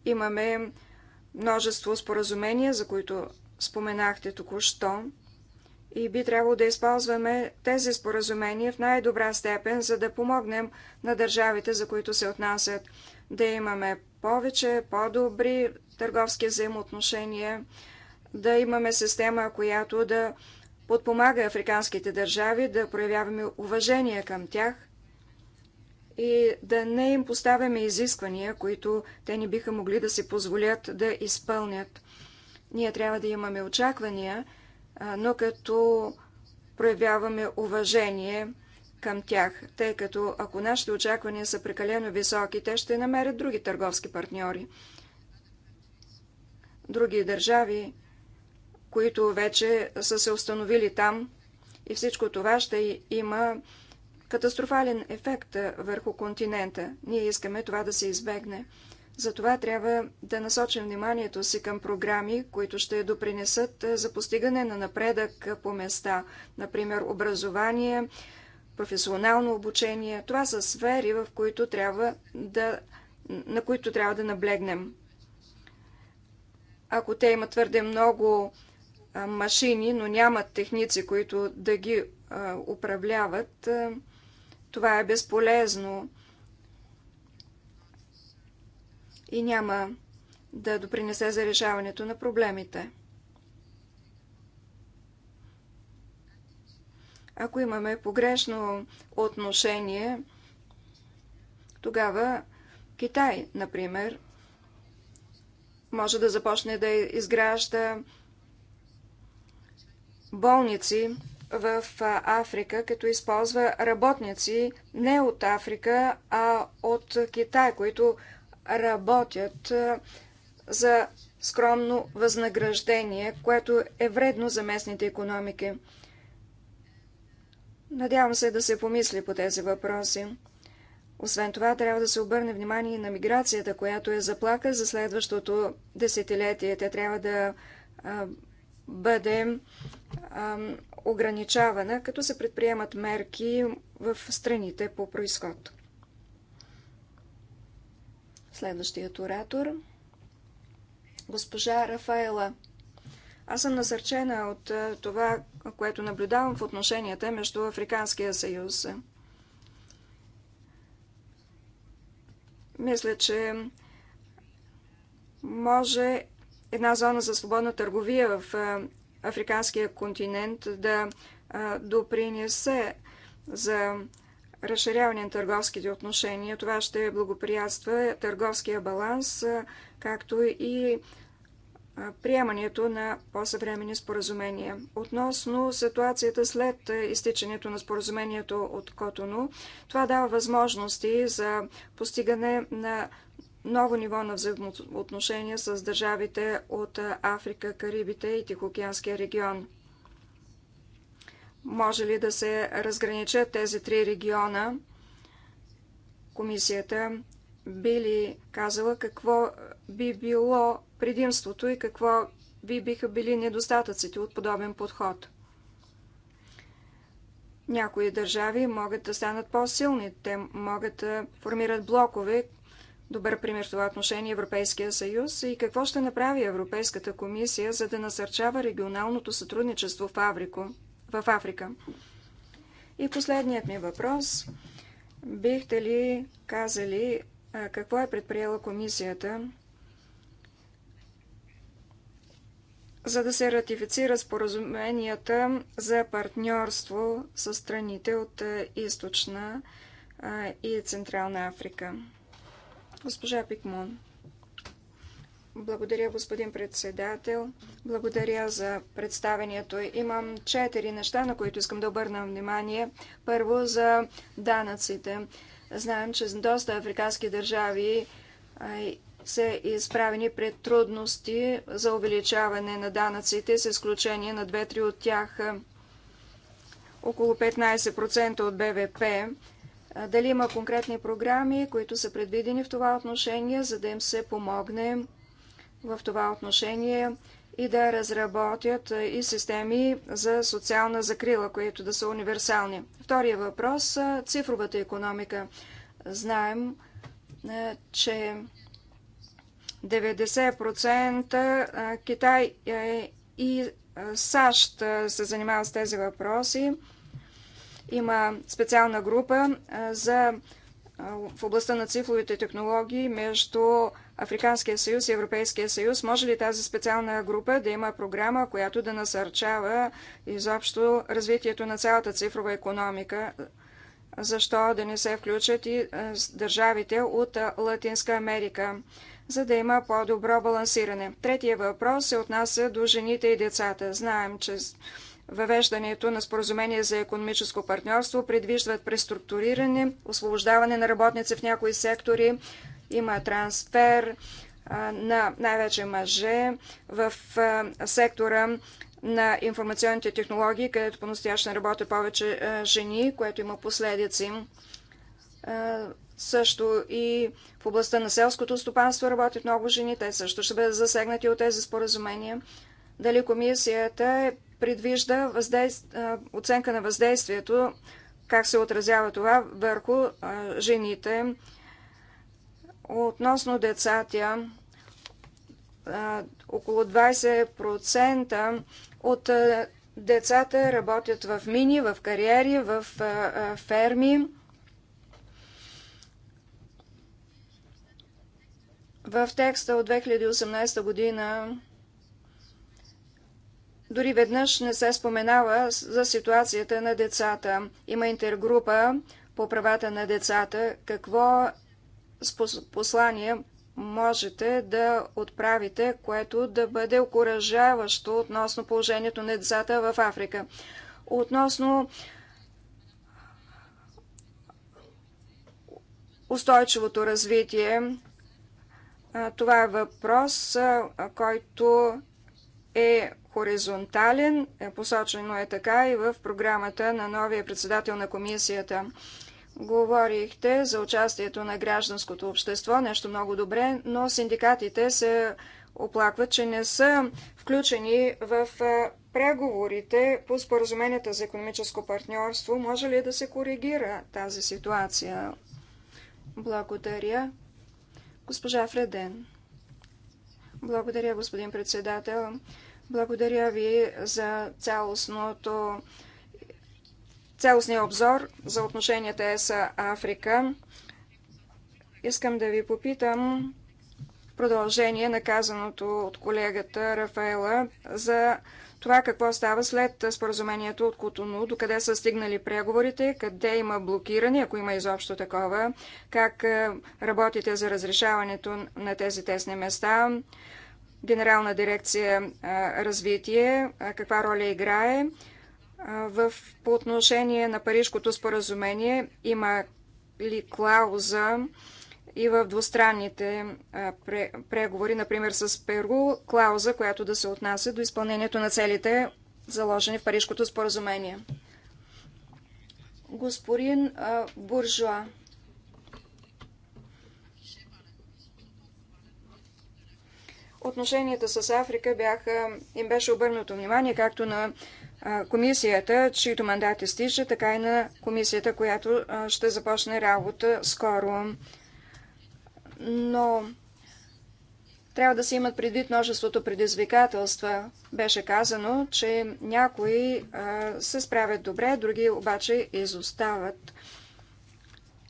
Имаме множество споразумения, за които споменахте току-що, и би трябвало да използваме тези споразумения в най-добра степен, за да помогнем на държавите, за които се отнасят, да имаме повече, по-добри търговски взаимоотношения, да имаме система, която да подпомага африканските държави, да проявяваме уважение към тях и да не им поставяме изисквания, които те не биха могли да си позволят да изпълнят. Ние трябва да имаме очаквания, но като проявяваме уважение към тях, тъй като ако нашите очаквания са прекалено високи, те ще намерят други търговски партньори. Други държави, които вече са се установили там и всичко това ще има катастрофален ефект върху континента. Ние искаме това да се избегне. Затова трябва да насочим вниманието си към програми, които ще допринесат за постигане на напредък по места, например образование, професионално обучение. Това са сфери, в които трябва да, на които трябва да наблегнем. Ако те имат твърде много машини, но нямат техници, които да ги управляват, това е безполезно и няма да допринесе за решаването на проблемите. Ако имаме погрешно отношение, тогава Китай, например, може да започне да изгражда болници в Африка, като използва работници не от Африка, а от Китай, които работят за скромно възнаграждение, което е вредно за местните економики. Надявам се да се помисли по тези въпроси. Освен това, трябва да се обърне внимание на миграцията, която е заплака за следващото десетилетие. Те трябва да а, бъде а, ограничавана, като се предприемат мерки в страните по происход. Следващият оратор. Госпожа Рафаела аз съм насърчена от е, това, което наблюдавам в отношенията между Африканския съюз. Мисля, че може една зона за свободна търговия в е, Африканския континент да е, допринесе за разширяване на търговските отношения. Това ще благоприятства търговския баланс, както и приемането на по-съвремени споразумения. Относно ситуацията след изтичането на споразумението от Котоно, това дава възможности за постигане на ново ниво на взаимоотношения с държавите от Африка, Карибите и Тихоокеанския регион. Може ли да се разграничат тези три региона? Комисията би ли казала какво би било предимството и какво ви биха били недостатъците от подобен подход. Някои държави могат да станат по-силни. Те могат да формират блокове. Добър пример в това отношение е Европейския съюз. И какво ще направи Европейската комисия, за да насърчава регионалното сътрудничество в, Африко, в Африка? И последният ми въпрос. Бихте ли казали какво е предприела комисията за да се ратифицира споразуменията за партньорство с страните от е, Източна и Централна Африка. Госпожа Пикмон. Благодаря, господин председател. Благодаря за представението. Имам четири неща, на които искам да обърна внимание. Първо за данъците. Знаем, че доста африкански държави са изправени пред трудности за увеличаване на данъците, с изключение на две-три от тях, около 15% от БВП. Дали има конкретни програми, които са предвидени в това отношение, за да им се помогне в това отношение и да разработят и системи за социална закрила, които да са универсални. Втория въпрос – цифровата економика. Знаем, че 90% Китай е, и САЩ се занимават с тези въпроси. Има специална група за в областта на цифровите технологии между Африканския съюз и Европейския съюз. Може ли тази специална група да има програма, която да насърчава изобщо развитието на цялата цифрова економика? Защо да не се включат и държавите от Латинска Америка? за да има по-добро балансиране. Третия въпрос се отнася до жените и децата. Знаем, че Въвеждането на споразумение за економическо партньорство предвиждат преструктуриране, освобождаване на работници в някои сектори, има трансфер на най-вече мъже в сектора на информационните технологии, където по-настоящен работят повече жени, което има последици. Също и в областта на селското стопанство работят много жени. Те също ще бъдат засегнати от тези споразумения. Дали комисията е предвижда оценка на въздействието, как се отразява това върху жените. Относно децата, около 20% от децата работят в мини, в кариери, в ферми. В текста от 2018 година дори веднъж не се споменава за ситуацията на децата. Има интергрупа по правата на децата. Какво послание можете да отправите, което да бъде окоръжаващо относно положението на децата в Африка? Относно устойчивото развитие, това е въпрос, който е хоризонтален. Е, посочено е така и в програмата на новия председател на комисията. Говорихте за участието на гражданското общество, нещо много добре, но синдикатите се оплакват, че не са включени в преговорите по споразуменията за економическо партньорство. Може ли да се коригира тази ситуация? Благодаря. Госпожа Фреден. Благодаря, господин председател. Благодаря ви за цялостното цялостния обзор за отношенията ЕСА-Африка. Искам да ви попитам продължение на казаното от колегата Рафаела за това какво става след споразумението от Котону, докъде са стигнали преговорите, къде има блокиране, ако има изобщо такова, как работите за разрешаването на тези тесни места, Генерална дирекция развитие, каква роля играе. В, по отношение на Парижкото споразумение има ли клауза и в двустранните преговори, например с Перу, клауза, която да се отнася до изпълнението на целите, заложени в Парижкото споразумение. Господин Буржуа. Отношенията с Африка бяха, им беше обърнато внимание както на комисията, чието мандат изтича, така и на комисията, която ще започне работа скоро но трябва да се имат предвид множеството предизвикателства. Беше казано, че някои се справят добре, други обаче изостават.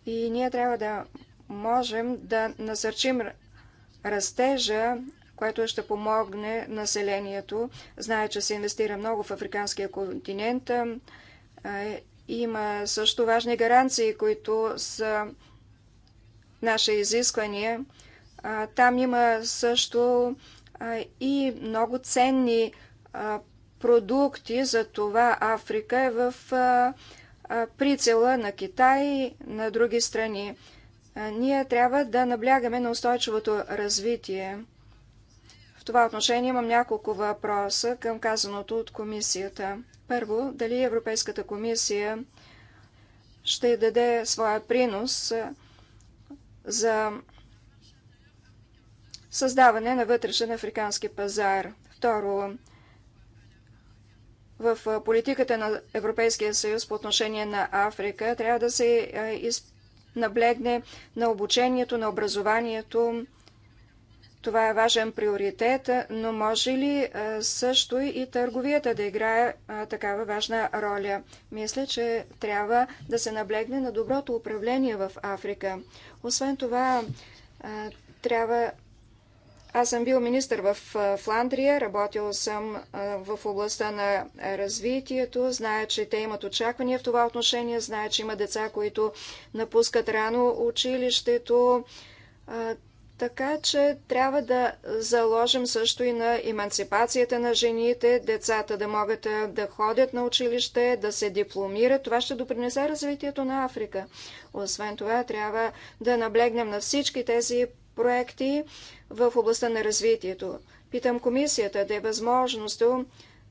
И ние трябва да можем да насърчим растежа, което ще помогне населението. Знае, че се инвестира много в африканския континент. Е, има също важни гаранции, които са Наше изисквания. Там има също и много ценни продукти, за това Африка е в прицела на Китай и на други страни. Ние трябва да наблягаме на устойчивото развитие. В това отношение имам няколко въпроса към казаното от комисията. Първо, дали Европейската комисия ще даде своя принос за създаване на вътрешен африкански пазар. Второ, в политиката на Европейския съюз по отношение на Африка трябва да се наблегне на обучението, на образованието, това е важен приоритет, но може ли е, също и търговията да играе е, такава важна роля? Мисля, че трябва да се наблегне на доброто управление в Африка. Освен това, е, трябва. Аз съм бил министр в Фландрия, работил съм в областта на развитието, Знае, че те имат очаквания в това отношение, зная, че има деца, които напускат рано училището така че трябва да заложим също и на емансипацията на жените, децата да могат да ходят на училище, да се дипломират. Това ще допринесе развитието на Африка. Освен това, трябва да наблегнем на всички тези проекти в областта на развитието. Питам комисията да е възможност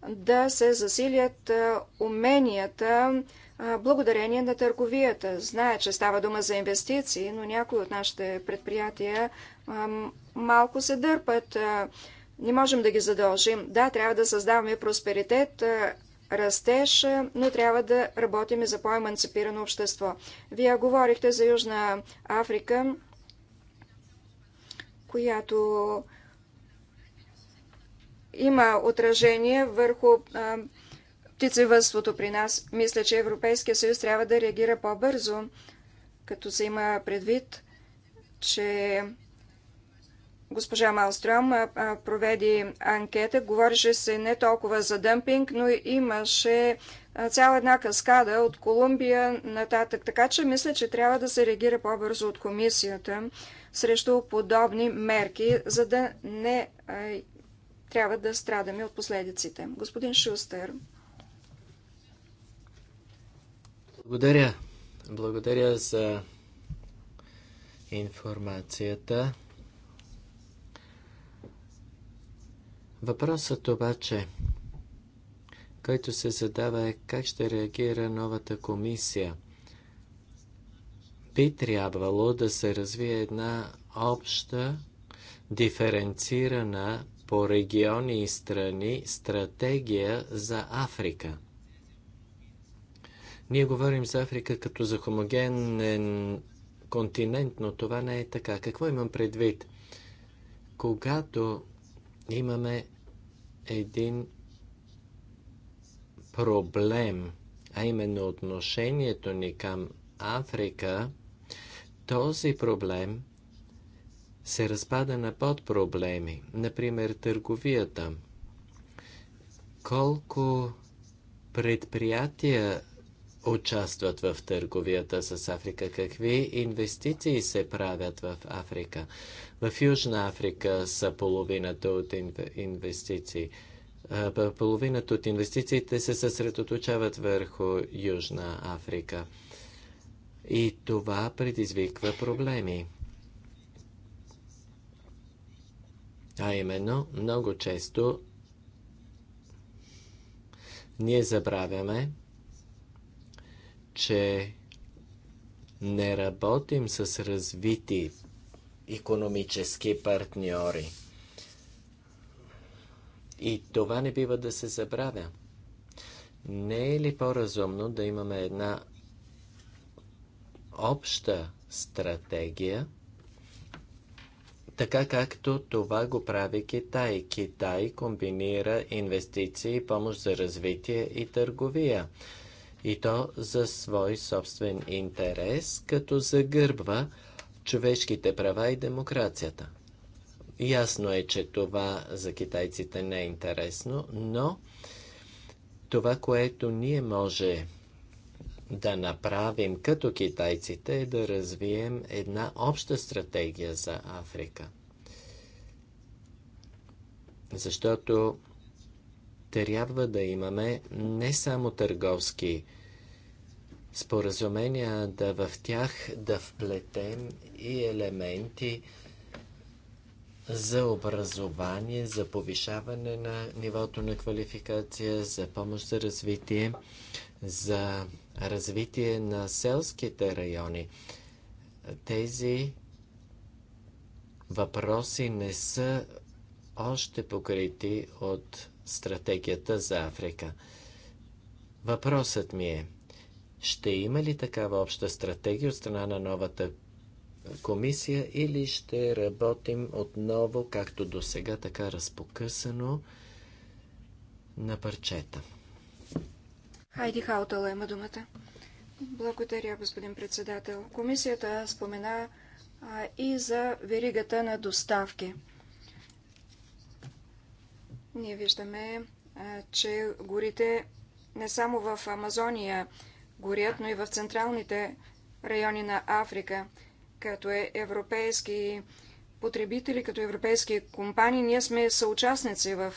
да се засилят уменията благодарение на търговията. Зная, че става дума за инвестиции, но някои от нашите предприятия малко се дърпат. Не можем да ги задължим. Да, трябва да създаваме просперитет, растеж, но трябва да работим за по-еманципирано общество. Вие говорихте за Южна Африка, която има отражение върху птицевъдството при нас. Мисля, че Европейския съюз трябва да реагира по-бързо, като се има предвид, че госпожа Малстром проведи анкета. Говореше се не толкова за дъмпинг, но имаше цяла една каскада от Колумбия нататък. Така че мисля, че трябва да се реагира по-бързо от комисията срещу подобни мерки, за да не трябва да страдаме от последиците. Господин Шустер. Благодаря. Благодаря за информацията. Въпросът обаче, който се задава е как ще реагира новата комисия. Би трябвало да се развие една обща, диференцирана по региони и страни стратегия за Африка – ние говорим за Африка като за хомогенен континент, но това не е така. Какво имам предвид? Когато имаме един проблем, а именно отношението ни към Африка, този проблем се разпада на подпроблеми, например търговията. Колко предприятия участват в търговията с Африка? Какви инвестиции се правят в Африка? В Южна Африка са половината от инвестиции. Половината от инвестициите се съсредоточават върху Южна Африка. И това предизвиква проблеми. А именно, много често ние забравяме, че не работим с развити економически партньори. И това не бива да се забравя. Не е ли по-разумно да имаме една обща стратегия, така както това го прави Китай. Китай комбинира инвестиции, помощ за развитие и търговия и то за свой собствен интерес, като загърбва човешките права и демокрацията. Ясно е, че това за китайците не е интересно, но това, което ние може да направим като китайците е да развием една обща стратегия за Африка. Защото трябва да имаме не само търговски споразумения, да в тях да вплетем и елементи за образование, за повишаване на нивото на квалификация, за помощ за развитие, за развитие на селските райони. Тези въпроси не са още покрити от стратегията за Африка. Въпросът ми е, ще има ли такава обща стратегия от страна на новата комисия или ще работим отново, както до сега, така разпокъсано на парчета? Хайди Хаутала има думата. Благодаря, господин председател. Комисията спомена а, и за веригата на доставки. Ние виждаме, че горите не само в Амазония горят, но и в централните райони на Африка. Като е европейски потребители, като европейски компании, ние сме съучастници в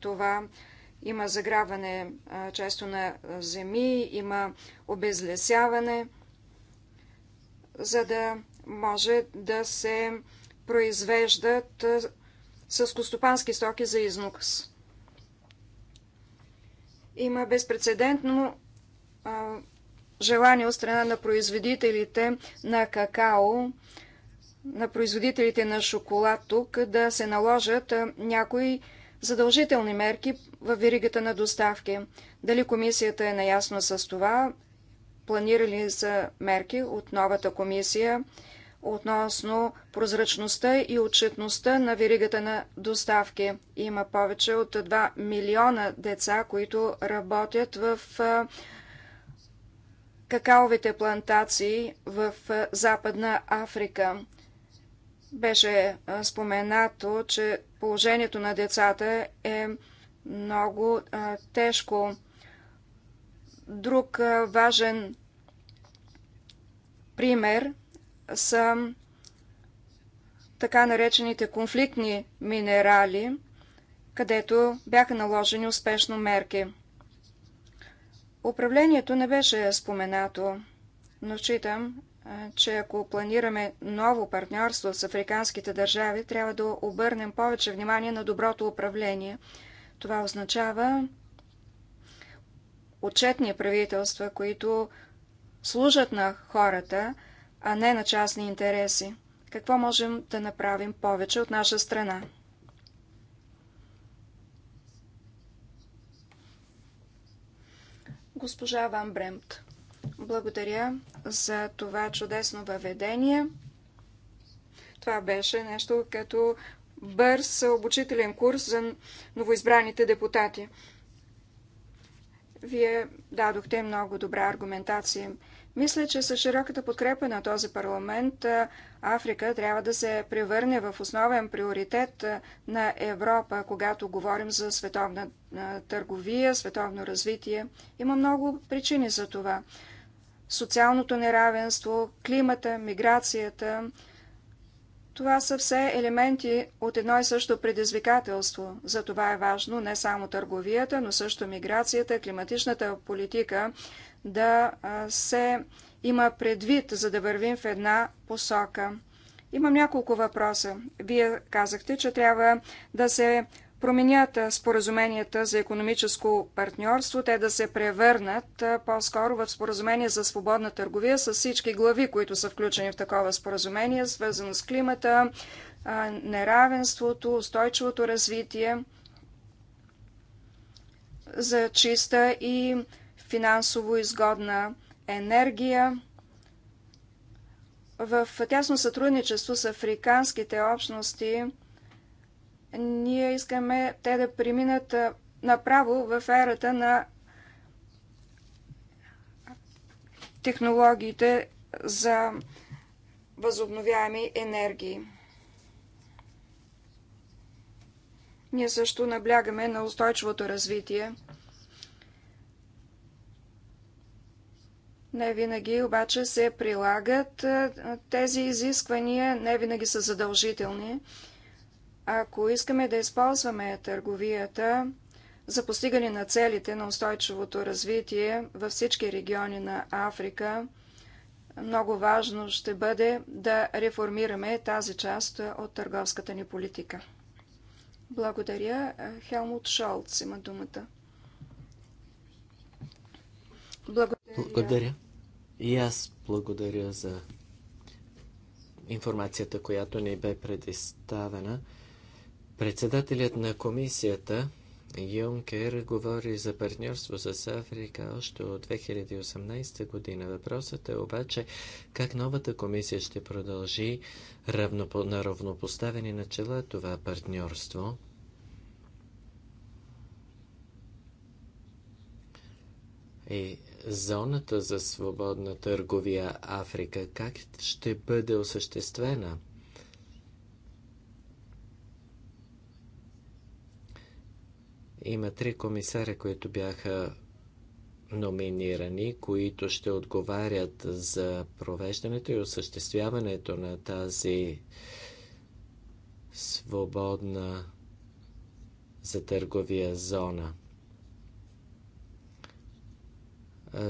това. Има заграване често на земи, има обезлесяване, за да може да се произвеждат костопански стоки за износ. Има безпредседентно желание от страна на производителите на какао, на производителите на шоколад тук да се наложат някои задължителни мерки във веригата на доставки. Дали комисията е наясно с това? Планирали са мерки от новата комисия? относно прозрачността и отчетността на веригата на доставки. Има повече от 2 милиона деца, които работят в какаовите плантации в Западна Африка. Беше споменато, че положението на децата е много тежко. Друг важен пример – са така наречените конфликтни минерали, където бяха наложени успешно мерки. Управлението не беше споменато, но читам, че ако планираме ново партньорство с африканските държави, трябва да обърнем повече внимание на доброто управление. Това означава отчетни правителства, които служат на хората, а не на частни интереси. Какво можем да направим повече от наша страна? Госпожа Ван Бремт, благодаря за това чудесно въведение. Това беше нещо като бърз обучителен курс за новоизбраните депутати. Вие дадохте много добра аргументация. Мисля, че с широката подкрепа на този парламент Африка трябва да се превърне в основен приоритет на Европа, когато говорим за световна търговия, световно развитие. Има много причини за това. Социалното неравенство, климата, миграцията. Това са все елементи от едно и също предизвикателство. За това е важно не само търговията, но също миграцията, климатичната политика да се има предвид, за да вървим в една посока. Имам няколко въпроса. Вие казахте, че трябва да се променят споразуменията за економическо партньорство, те да се превърнат по-скоро в споразумение за свободна търговия с всички глави, които са включени в такова споразумение, свързано с климата, неравенството, устойчивото развитие за чиста и финансово изгодна енергия. В тясно сътрудничество с африканските общности ние искаме те да преминат направо в ерата на технологиите за възобновяеми енергии. Ние също наблягаме на устойчивото развитие. Не винаги обаче се прилагат тези изисквания, не винаги са задължителни. Ако искаме да използваме търговията за постигане на целите на устойчивото развитие във всички региони на Африка, много важно ще бъде да реформираме тази част от търговската ни политика. Благодаря. Хелмут Шолц има думата. Благодаря. Благодаря. И аз благодаря за информацията, която ни бе предоставена. Председателят на комисията Юнкер говори за партньорство с Африка още от 2018 година. Въпросът е обаче как новата комисия ще продължи равнопо, на равнопоставени начала това партньорство. И зоната за свободна търговия Африка как ще бъде осъществена? Има три комисаря, които бяха номинирани, които ще отговарят за провеждането и осъществяването на тази свободна за търговия зона.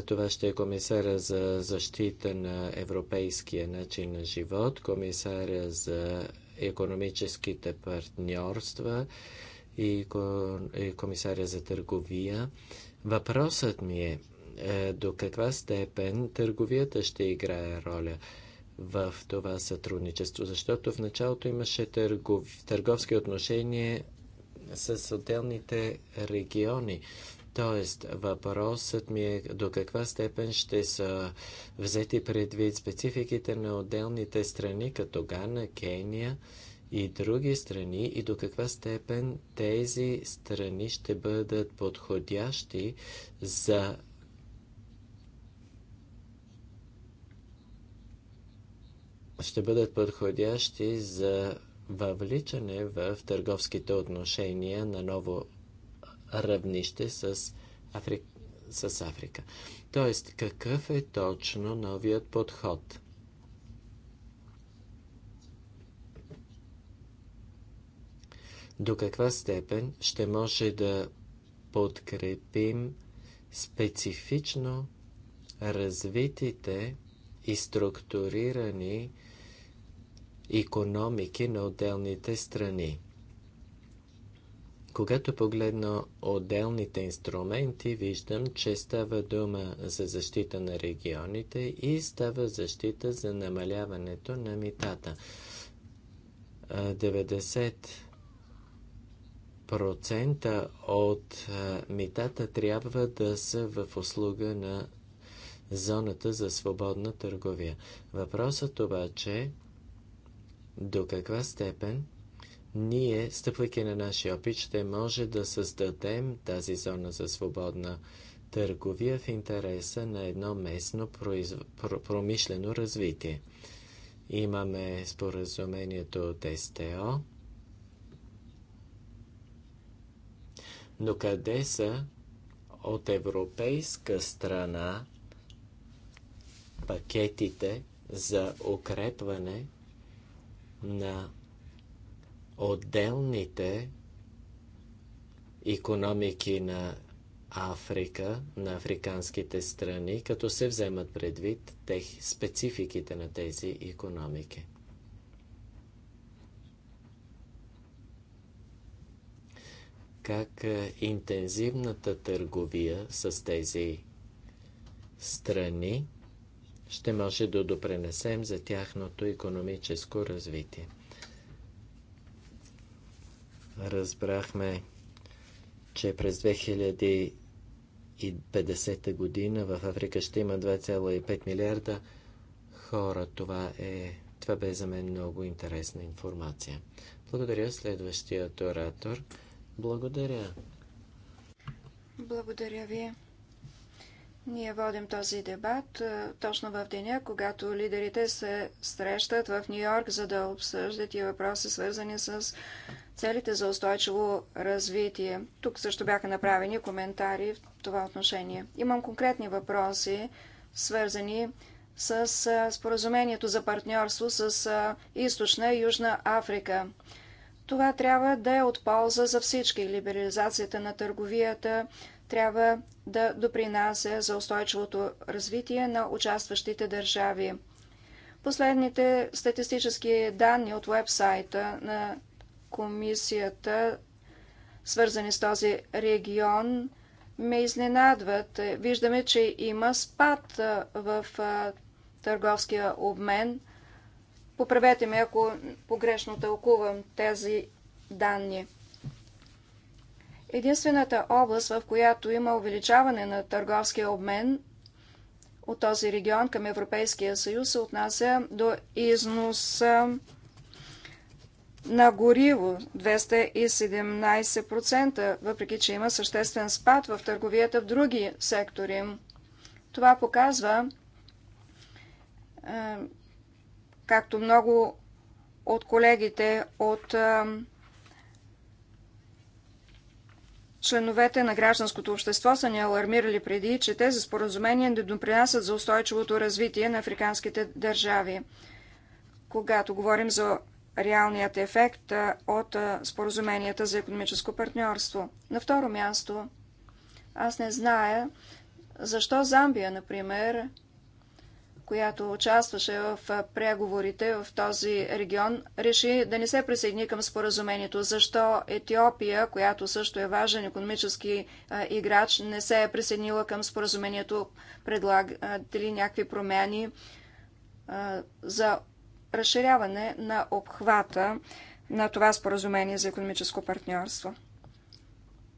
Това ще е комисаря за защита на европейския начин на живот, комисаря за економическите партньорства и комисаря за търговия. Въпросът ми е, е до каква степен търговията ще играе роля в това сътрудничество, защото в началото имаше търгов, търговски отношения с отделните региони. Тоест, въпросът ми е до каква степен ще са взети предвид спецификите на отделните страни, като Гана, Кения и други страни, и до каква степен тези страни ще бъдат подходящи за ще бъдат подходящи за въвличане в търговските отношения на ново равнище с, Афри... с Африка. Тоест, какъв е точно новият подход? До каква степен ще може да подкрепим специфично развитите и структурирани економики на отделните страни. Когато погледна отделните инструменти, виждам, че става дума за защита на регионите и става защита за намаляването на митата. 90% от митата трябва да са в услуга на зоната за свободна търговия. Въпросът обаче е до каква степен – ние, стъпвайки на нашия опит, ще може да създадем тази зона за свободна търговия в интереса на едно местно произв... промишлено развитие. Имаме споразумението от СТО. Но къде са от европейска страна пакетите за укрепване на отделните економики на Африка, на африканските страни, като се вземат предвид тех, спецификите на тези економики. Как е, интензивната търговия с тези страни ще може да допренесем за тяхното економическо развитие разбрахме, че през 2050 година в Африка ще има 2,5 милиарда хора. Това, е, това бе за мен много интересна информация. Благодаря следващият оратор. Благодаря. Благодаря ви. Ние водим този дебат точно в деня, когато лидерите се срещат в Нью Йорк, за да обсъждат и въпроси, свързани с целите за устойчиво развитие. Тук също бяха направени коментари в това отношение. Имам конкретни въпроси, свързани с споразумението за партньорство с Източна и Южна Африка. Това трябва да е от полза за всички. Либерализацията на търговията трябва да допринася за устойчивото развитие на участващите държави. Последните статистически данни от вебсайта на комисията, свързани с този регион, ме изненадват. Виждаме, че има спад в търговския обмен. Поправете ме, ако погрешно тълкувам тези данни. Единствената област, в която има увеличаване на търговския обмен от този регион към Европейския съюз, се отнася до износа на гориво 217%, въпреки че има съществен спад в търговията в други сектори. Това показва, е, както много от колегите от е, членовете на гражданското общество са ни алармирали преди, че тези споразумения не допринасят за устойчивото развитие на африканските държави. Когато говорим за реалният ефект от споразуменията за економическо партньорство. На второ място, аз не зная защо Замбия, например, която участваше в преговорите в този регион, реши да не се присъедини към споразумението. Защо Етиопия, която също е важен економически играч, не се е присъединила към споразумението, предлагат ли някакви промени за разширяване на обхвата на това споразумение за економическо партньорство.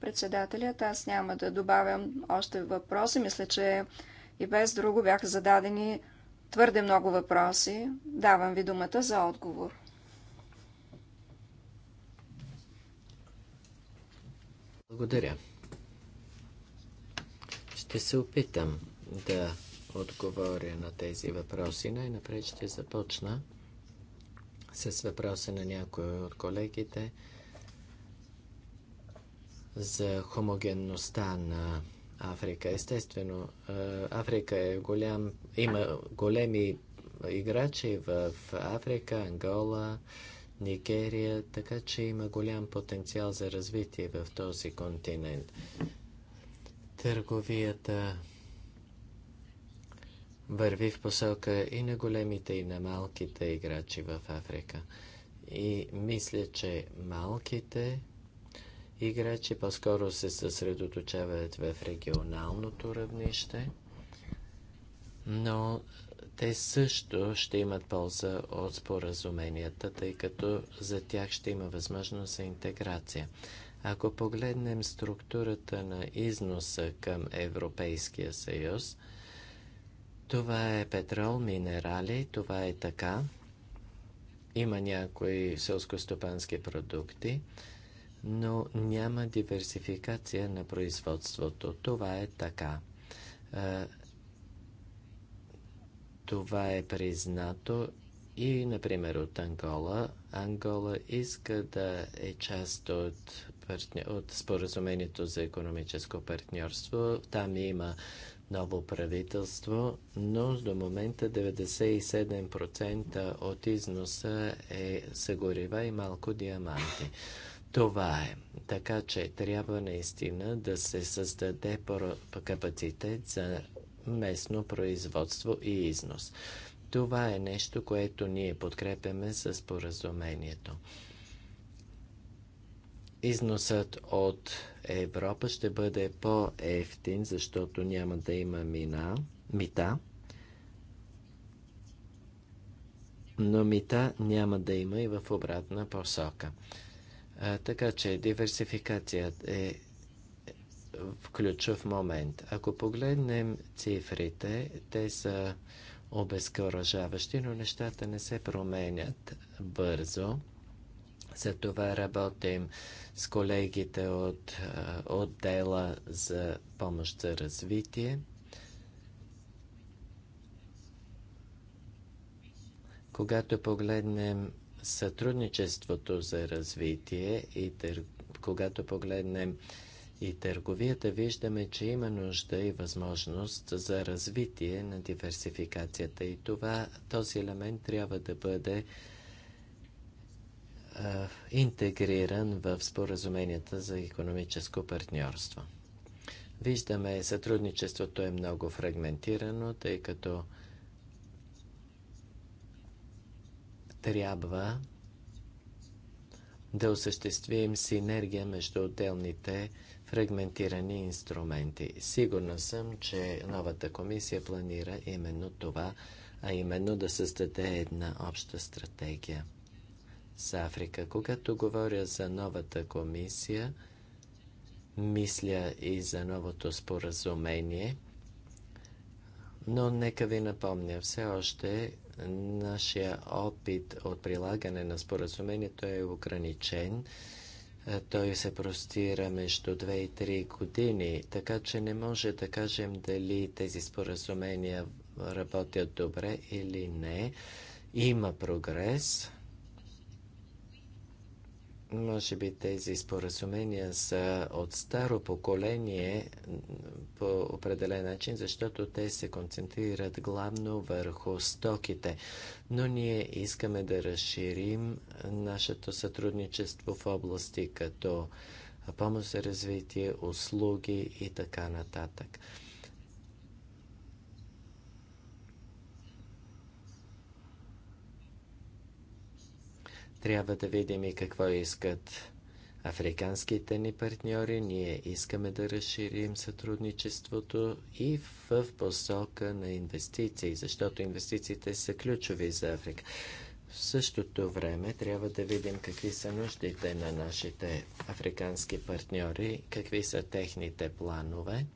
Председателят, аз няма да добавям още въпроси. Мисля, че и без друго бяха зададени твърде много въпроси. Давам ви думата за отговор. Благодаря. Ще се опитам да отговоря на тези въпроси. Най-напред ще започна с въпроса на някои от колегите за хомогенността на Африка. Естествено, Африка е голям, има големи играчи в Африка, Ангола, Нигерия, така че има голям потенциал за развитие в този континент. Търговията върви в посока и на големите, и на малките играчи в Африка. И мисля, че малките играчи по-скоро се съсредоточават в регионалното равнище, но те също ще имат полза от споразуменията, тъй като за тях ще има възможност за интеграция. Ако погледнем структурата на износа към Европейския съюз – това е петрол, минерали, това е така. Има някои селскостопански продукти, но няма диверсификация на производството. Това е така. Това е признато и, например, от Ангола. Ангола иска да е част от, партня... от споразумението за економическо партньорство. Там има ново правителство, но до момента 97% от износа е са горива и малко диаманти. Това е. Така че трябва наистина да се създаде капацитет за местно производство и износ. Това е нещо, което ние подкрепяме с поразумението. Износът от Европа ще бъде по-ефтин, защото няма да има мина, мита, но мита няма да има и в обратна посока. А, така че диверсификацията е в ключов момент. Ако погледнем цифрите, те са обезкоръжаващи, но нещата не се променят бързо. За това работим с колегите от отдела за помощ за развитие. Когато погледнем сътрудничеството за развитие и тър... когато погледнем и търговията, виждаме, че има нужда и възможност за развитие на диверсификацията. И това, този елемент трябва да бъде е, интегриран в споразуменията за економическо партньорство. Виждаме, сътрудничеството е много фрагментирано, тъй като трябва да осъществим синергия между отделните фрагментирани инструменти. Сигурна съм, че новата комисия планира именно това, а именно да създаде една обща стратегия с Африка. Когато говоря за новата комисия, мисля и за новото споразумение, но нека ви напомня, все още нашия опит от прилагане на споразумението е ограничен. Е, той се простира между 2 и 3 години, така че не може да кажем дали тези споразумения работят добре или не. Има прогрес, може би тези споразумения са от старо поколение по определен начин, защото те се концентрират главно върху стоките. Но ние искаме да разширим нашето сътрудничество в области като помощ за развитие, услуги и така нататък. Трябва да видим и какво искат африканските ни партньори. Ние искаме да разширим сътрудничеството и в посока на инвестиции, защото инвестициите са ключови за Африка. В същото време трябва да видим какви са нуждите на нашите африкански партньори, какви са техните планове.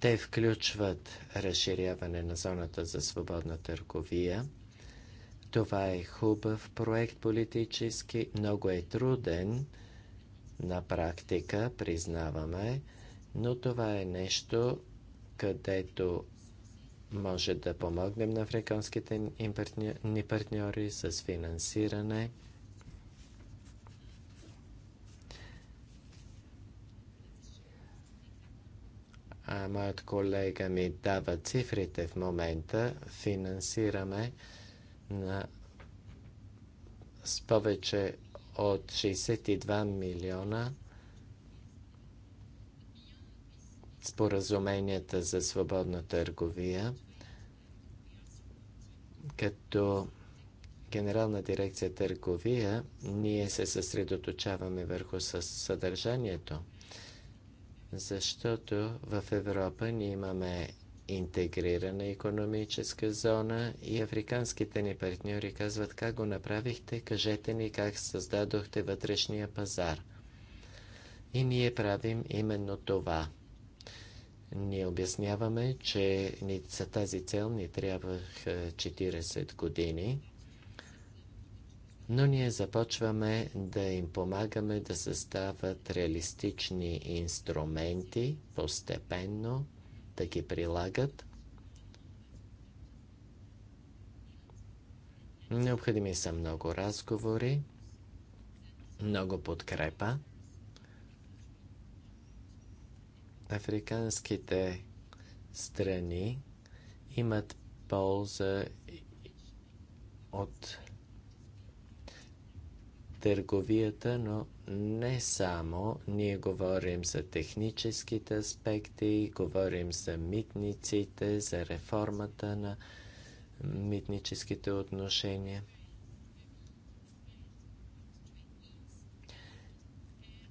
Те включват разширяване на зоната за свободна търговия – това е хубав проект политически, много е труден на практика, признаваме, но това е нещо, където може да помогнем на африканските ни партньори с финансиране. А моят колега ми дава цифрите в момента. Финансираме на с повече от 62 милиона споразуменията за свободна търговия, като Генерална дирекция търговия, ние се съсредоточаваме върху съдържанието, защото в Европа ние имаме интегрирана економическа зона и африканските ни партньори казват как го направихте, кажете ни как създадохте вътрешния пазар. И ние правим именно това. Ние обясняваме, че за тази цел ни трябва 40 години, но ние започваме да им помагаме да създават реалистични инструменти постепенно, да ги прилагат. Необходими са много разговори, много подкрепа. Африканските страни имат полза от търговията, но не само. Ние говорим за техническите аспекти, говорим за митниците, за реформата на митническите отношения.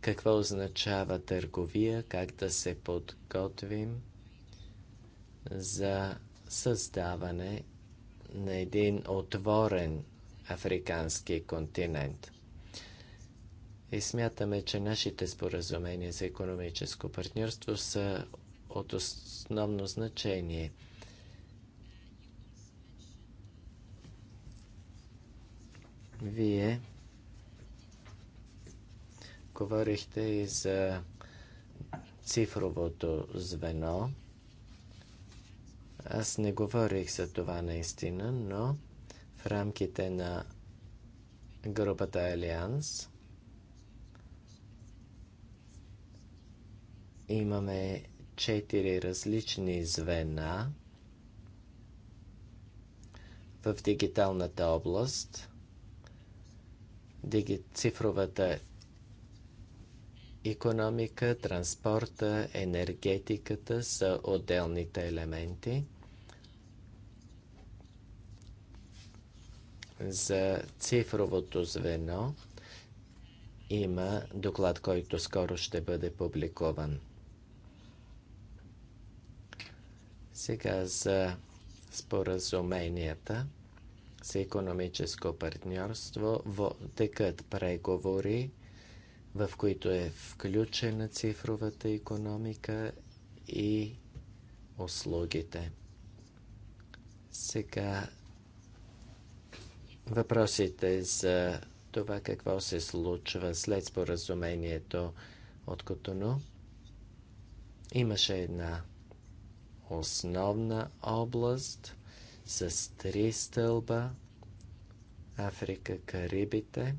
Какво означава търговия, как да се подготвим за създаване на един отворен африкански континент и смятаме, че нашите споразумения за економическо партньорство са от основно значение. Вие говорихте и за цифровото звено. Аз не говорих за това наистина, но в рамките на групата Алианс – Имаме четири различни звена в дигиталната област. Диги... Цифровата економика, транспорта, енергетиката са отделните елементи. За цифровото звено има доклад, който скоро ще бъде публикуван. Сега за споразуменията за економическо партньорство текат преговори, в които е включена цифровата економика и услугите. Сега въпросите за това какво се случва след споразумението от Котоно. Имаше една основна област с три стълба Африка, Карибите.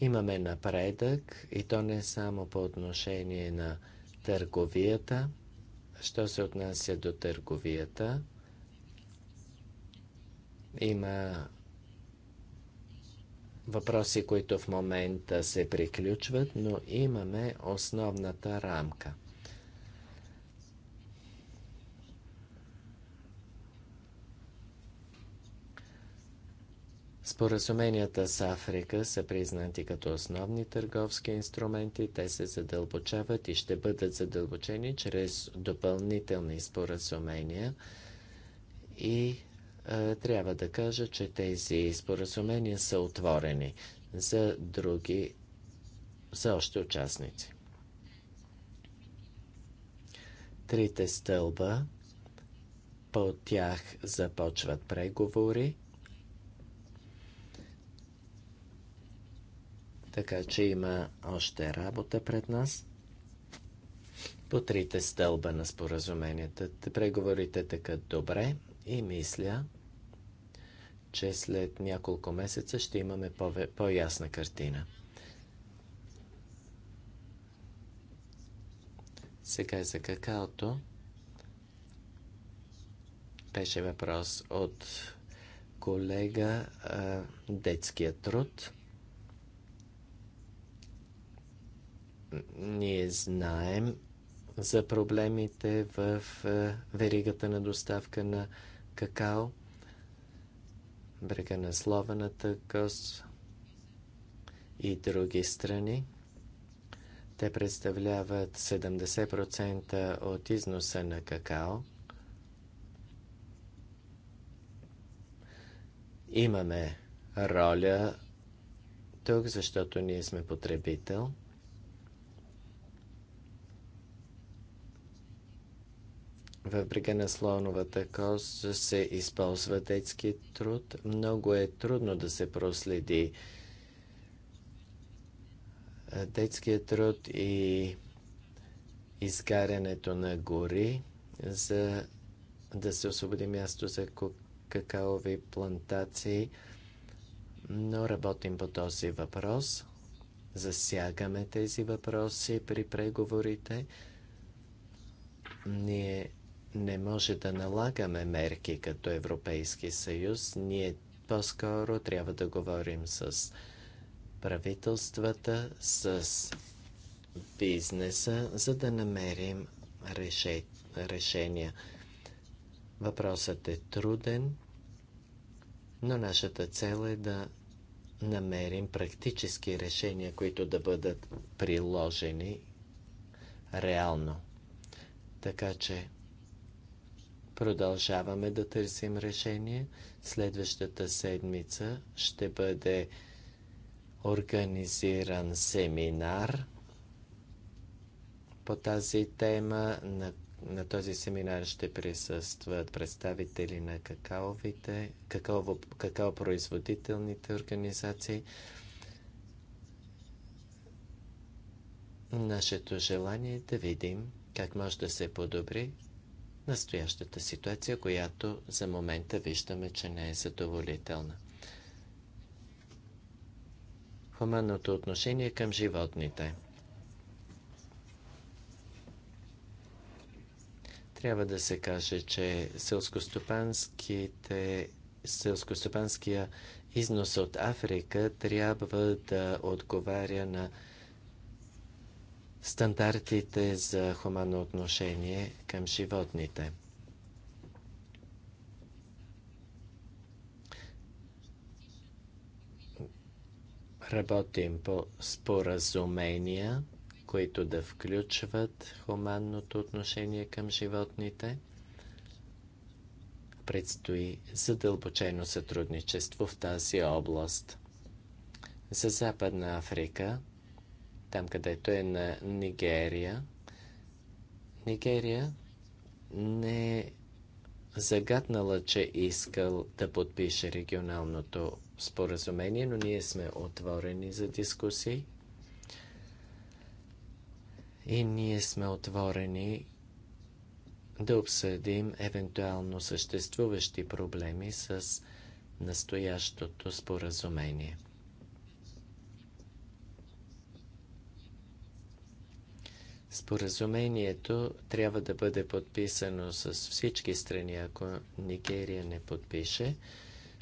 Имаме напредък и то не само по отношение на търговията. Що се отнася до търговията, има въпроси, които в момента се приключват, но имаме основната рамка. Споразуменията с Африка са признати като основни търговски инструменти. Те се задълбочават и ще бъдат задълбочени чрез допълнителни споразумения. И е, трябва да кажа, че тези споразумения са отворени за други, за още участници. Трите стълба, по тях започват преговори Така че има още работа пред нас. По трите стълба на споразуменията преговорите така добре и мисля, че след няколко месеца ще имаме по-ясна по картина. Сега за какаото беше въпрос от колега а, детския труд – Ние знаем за проблемите в е, веригата на доставка на какао, брега на Слованата кост и други страни. Те представляват 70% от износа на какао. Имаме роля тук, защото ние сме потребител – въпреки на слоновата кост се използва детски труд. Много е трудно да се проследи детският труд и изгарянето на гори, за да се освободи място за какаови плантации. Но работим по този въпрос. Засягаме тези въпроси при преговорите. Ние не може да налагаме мерки като Европейски съюз. Ние по-скоро трябва да говорим с правителствата, с бизнеса, за да намерим решения. Въпросът е труден, но нашата цел е да намерим практически решения, които да бъдат приложени реално. Така че Продължаваме да търсим решение. Следващата седмица ще бъде организиран семинар по тази тема. На, на този семинар ще присъстват представители на какаовите, какао, производителните организации. Нашето желание е да видим как може да се подобри настоящата ситуация, която за момента виждаме, че не е задоволителна. Хуманното отношение към животните. Трябва да се каже, че селскостопанските селскостопанския износ от Африка трябва да отговаря на стандартите за хуманно отношение към животните. Работим по споразумения, които да включват хуманното отношение към животните. Предстои задълбочено сътрудничество в тази област. За Западна Африка – там където е на Нигерия. Нигерия не е загаднала, че искал да подпише регионалното споразумение, но ние сме отворени за дискусии. И ние сме отворени да обсъдим евентуално съществуващи проблеми с настоящото споразумение. Споразумението трябва да бъде подписано с всички страни. Ако Нигерия не подпише,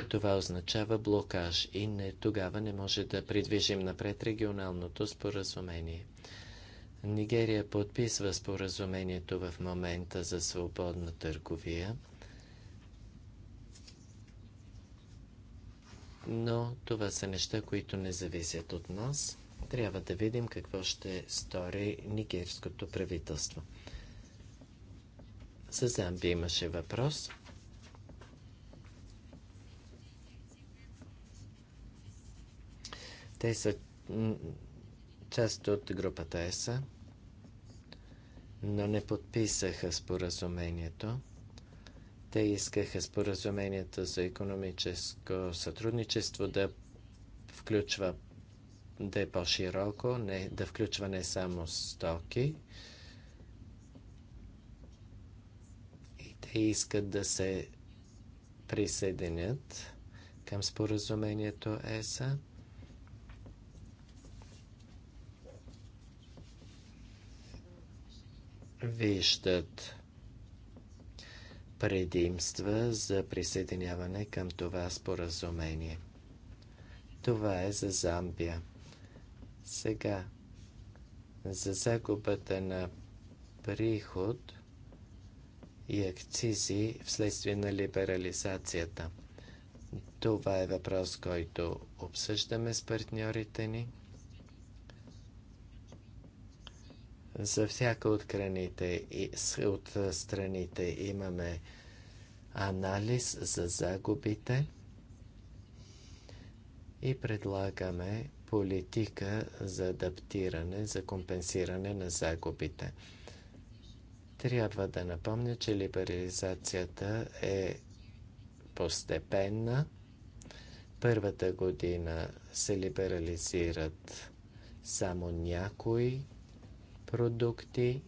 това означава блокаж и не, тогава не може да придвижим напред регионалното споразумение. Нигерия подписва споразумението в момента за свободна търговия, но това са неща, които не зависят от нас – трябва да видим какво ще стори нигерското правителство. За Замби имаше въпрос. Те са част от групата ЕСА, но не подписаха споразумението. Те искаха споразумението за економическо сътрудничество да включва да е по-широко, не, да включва не само стоки. И те искат да се присъединят към споразумението ЕСА. Виждат предимства за присъединяване към това споразумение. Това е за Замбия. Сега, за загубата на приход и акцизи вследствие на либерализацията. Това е въпрос, който обсъждаме с партньорите ни. За всяка от, и от страните имаме анализ за загубите и предлагаме политика за адаптиране, за компенсиране на загубите. Трябва да напомня, че либерализацията е постепенна. Първата година се либерализират само някои продукти.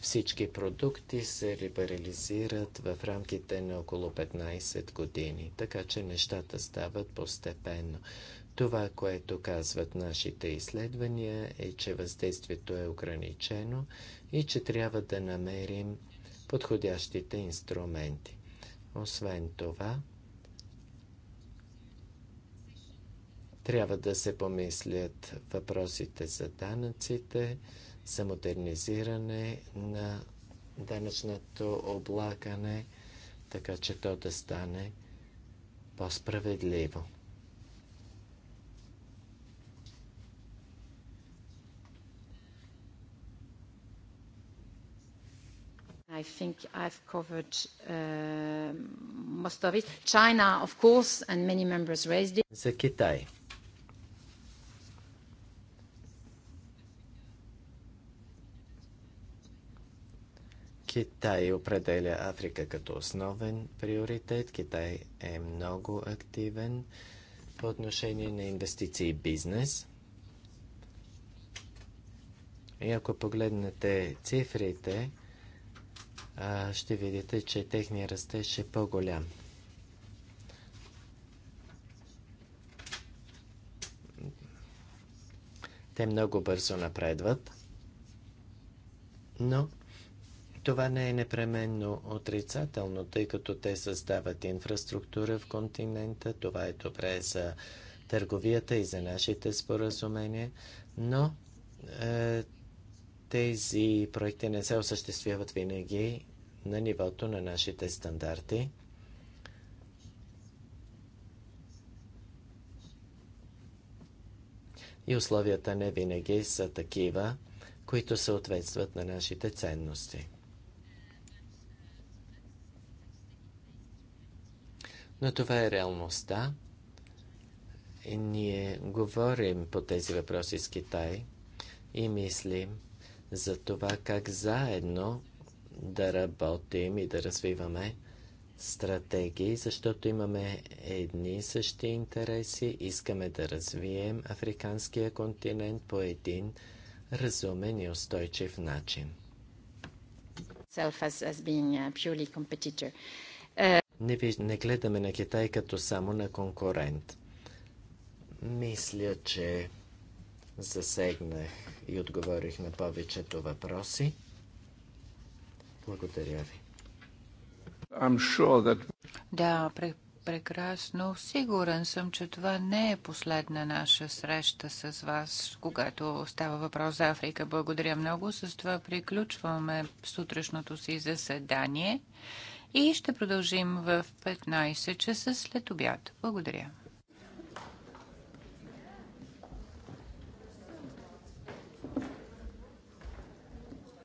Всички продукти се либерализират в рамките на около 15 години, така че нещата стават постепенно. Това, което казват нашите изследвания е, че въздействието е ограничено и че трябва да намерим подходящите инструменти. Освен това, трябва да се помислят въпросите за данъците, за модернизиране на данъчното облагане, така че то да стане по-справедливо. I think I've covered uh, most of it. China, of course, and many members raised it. За Китай. Китай определя Африка като основен приоритет. Китай е много активен по отношение на инвестиции и бизнес. И ако погледнете цифрите, ще видите, че техния растеж е по-голям. Те много бързо напредват, но това не е непременно отрицателно, тъй като те създават инфраструктура в континента. Това е добре за търговията и за нашите споразумения, но е, тези проекти не се осъществяват винаги на нивото на нашите стандарти. И условията не винаги са такива, които съответстват на нашите ценности. Но това е реалността. И ние говорим по тези въпроси с Китай и мислим, за това как заедно да работим и да развиваме стратегии, защото имаме едни и същи интереси, искаме да развием африканския континент по един разумен и устойчив начин. Не, ви, не гледаме на Китай като само на конкурент. Мисля, че засегнах и отговорих на повечето въпроси. Благодаря ви. Sure that... Да, прекрасно. Сигурен съм, че това не е последна наша среща с вас, когато става въпрос за Африка. Благодаря много. С това приключваме сутрешното си заседание и ще продължим в 15 часа след обяд. Благодаря.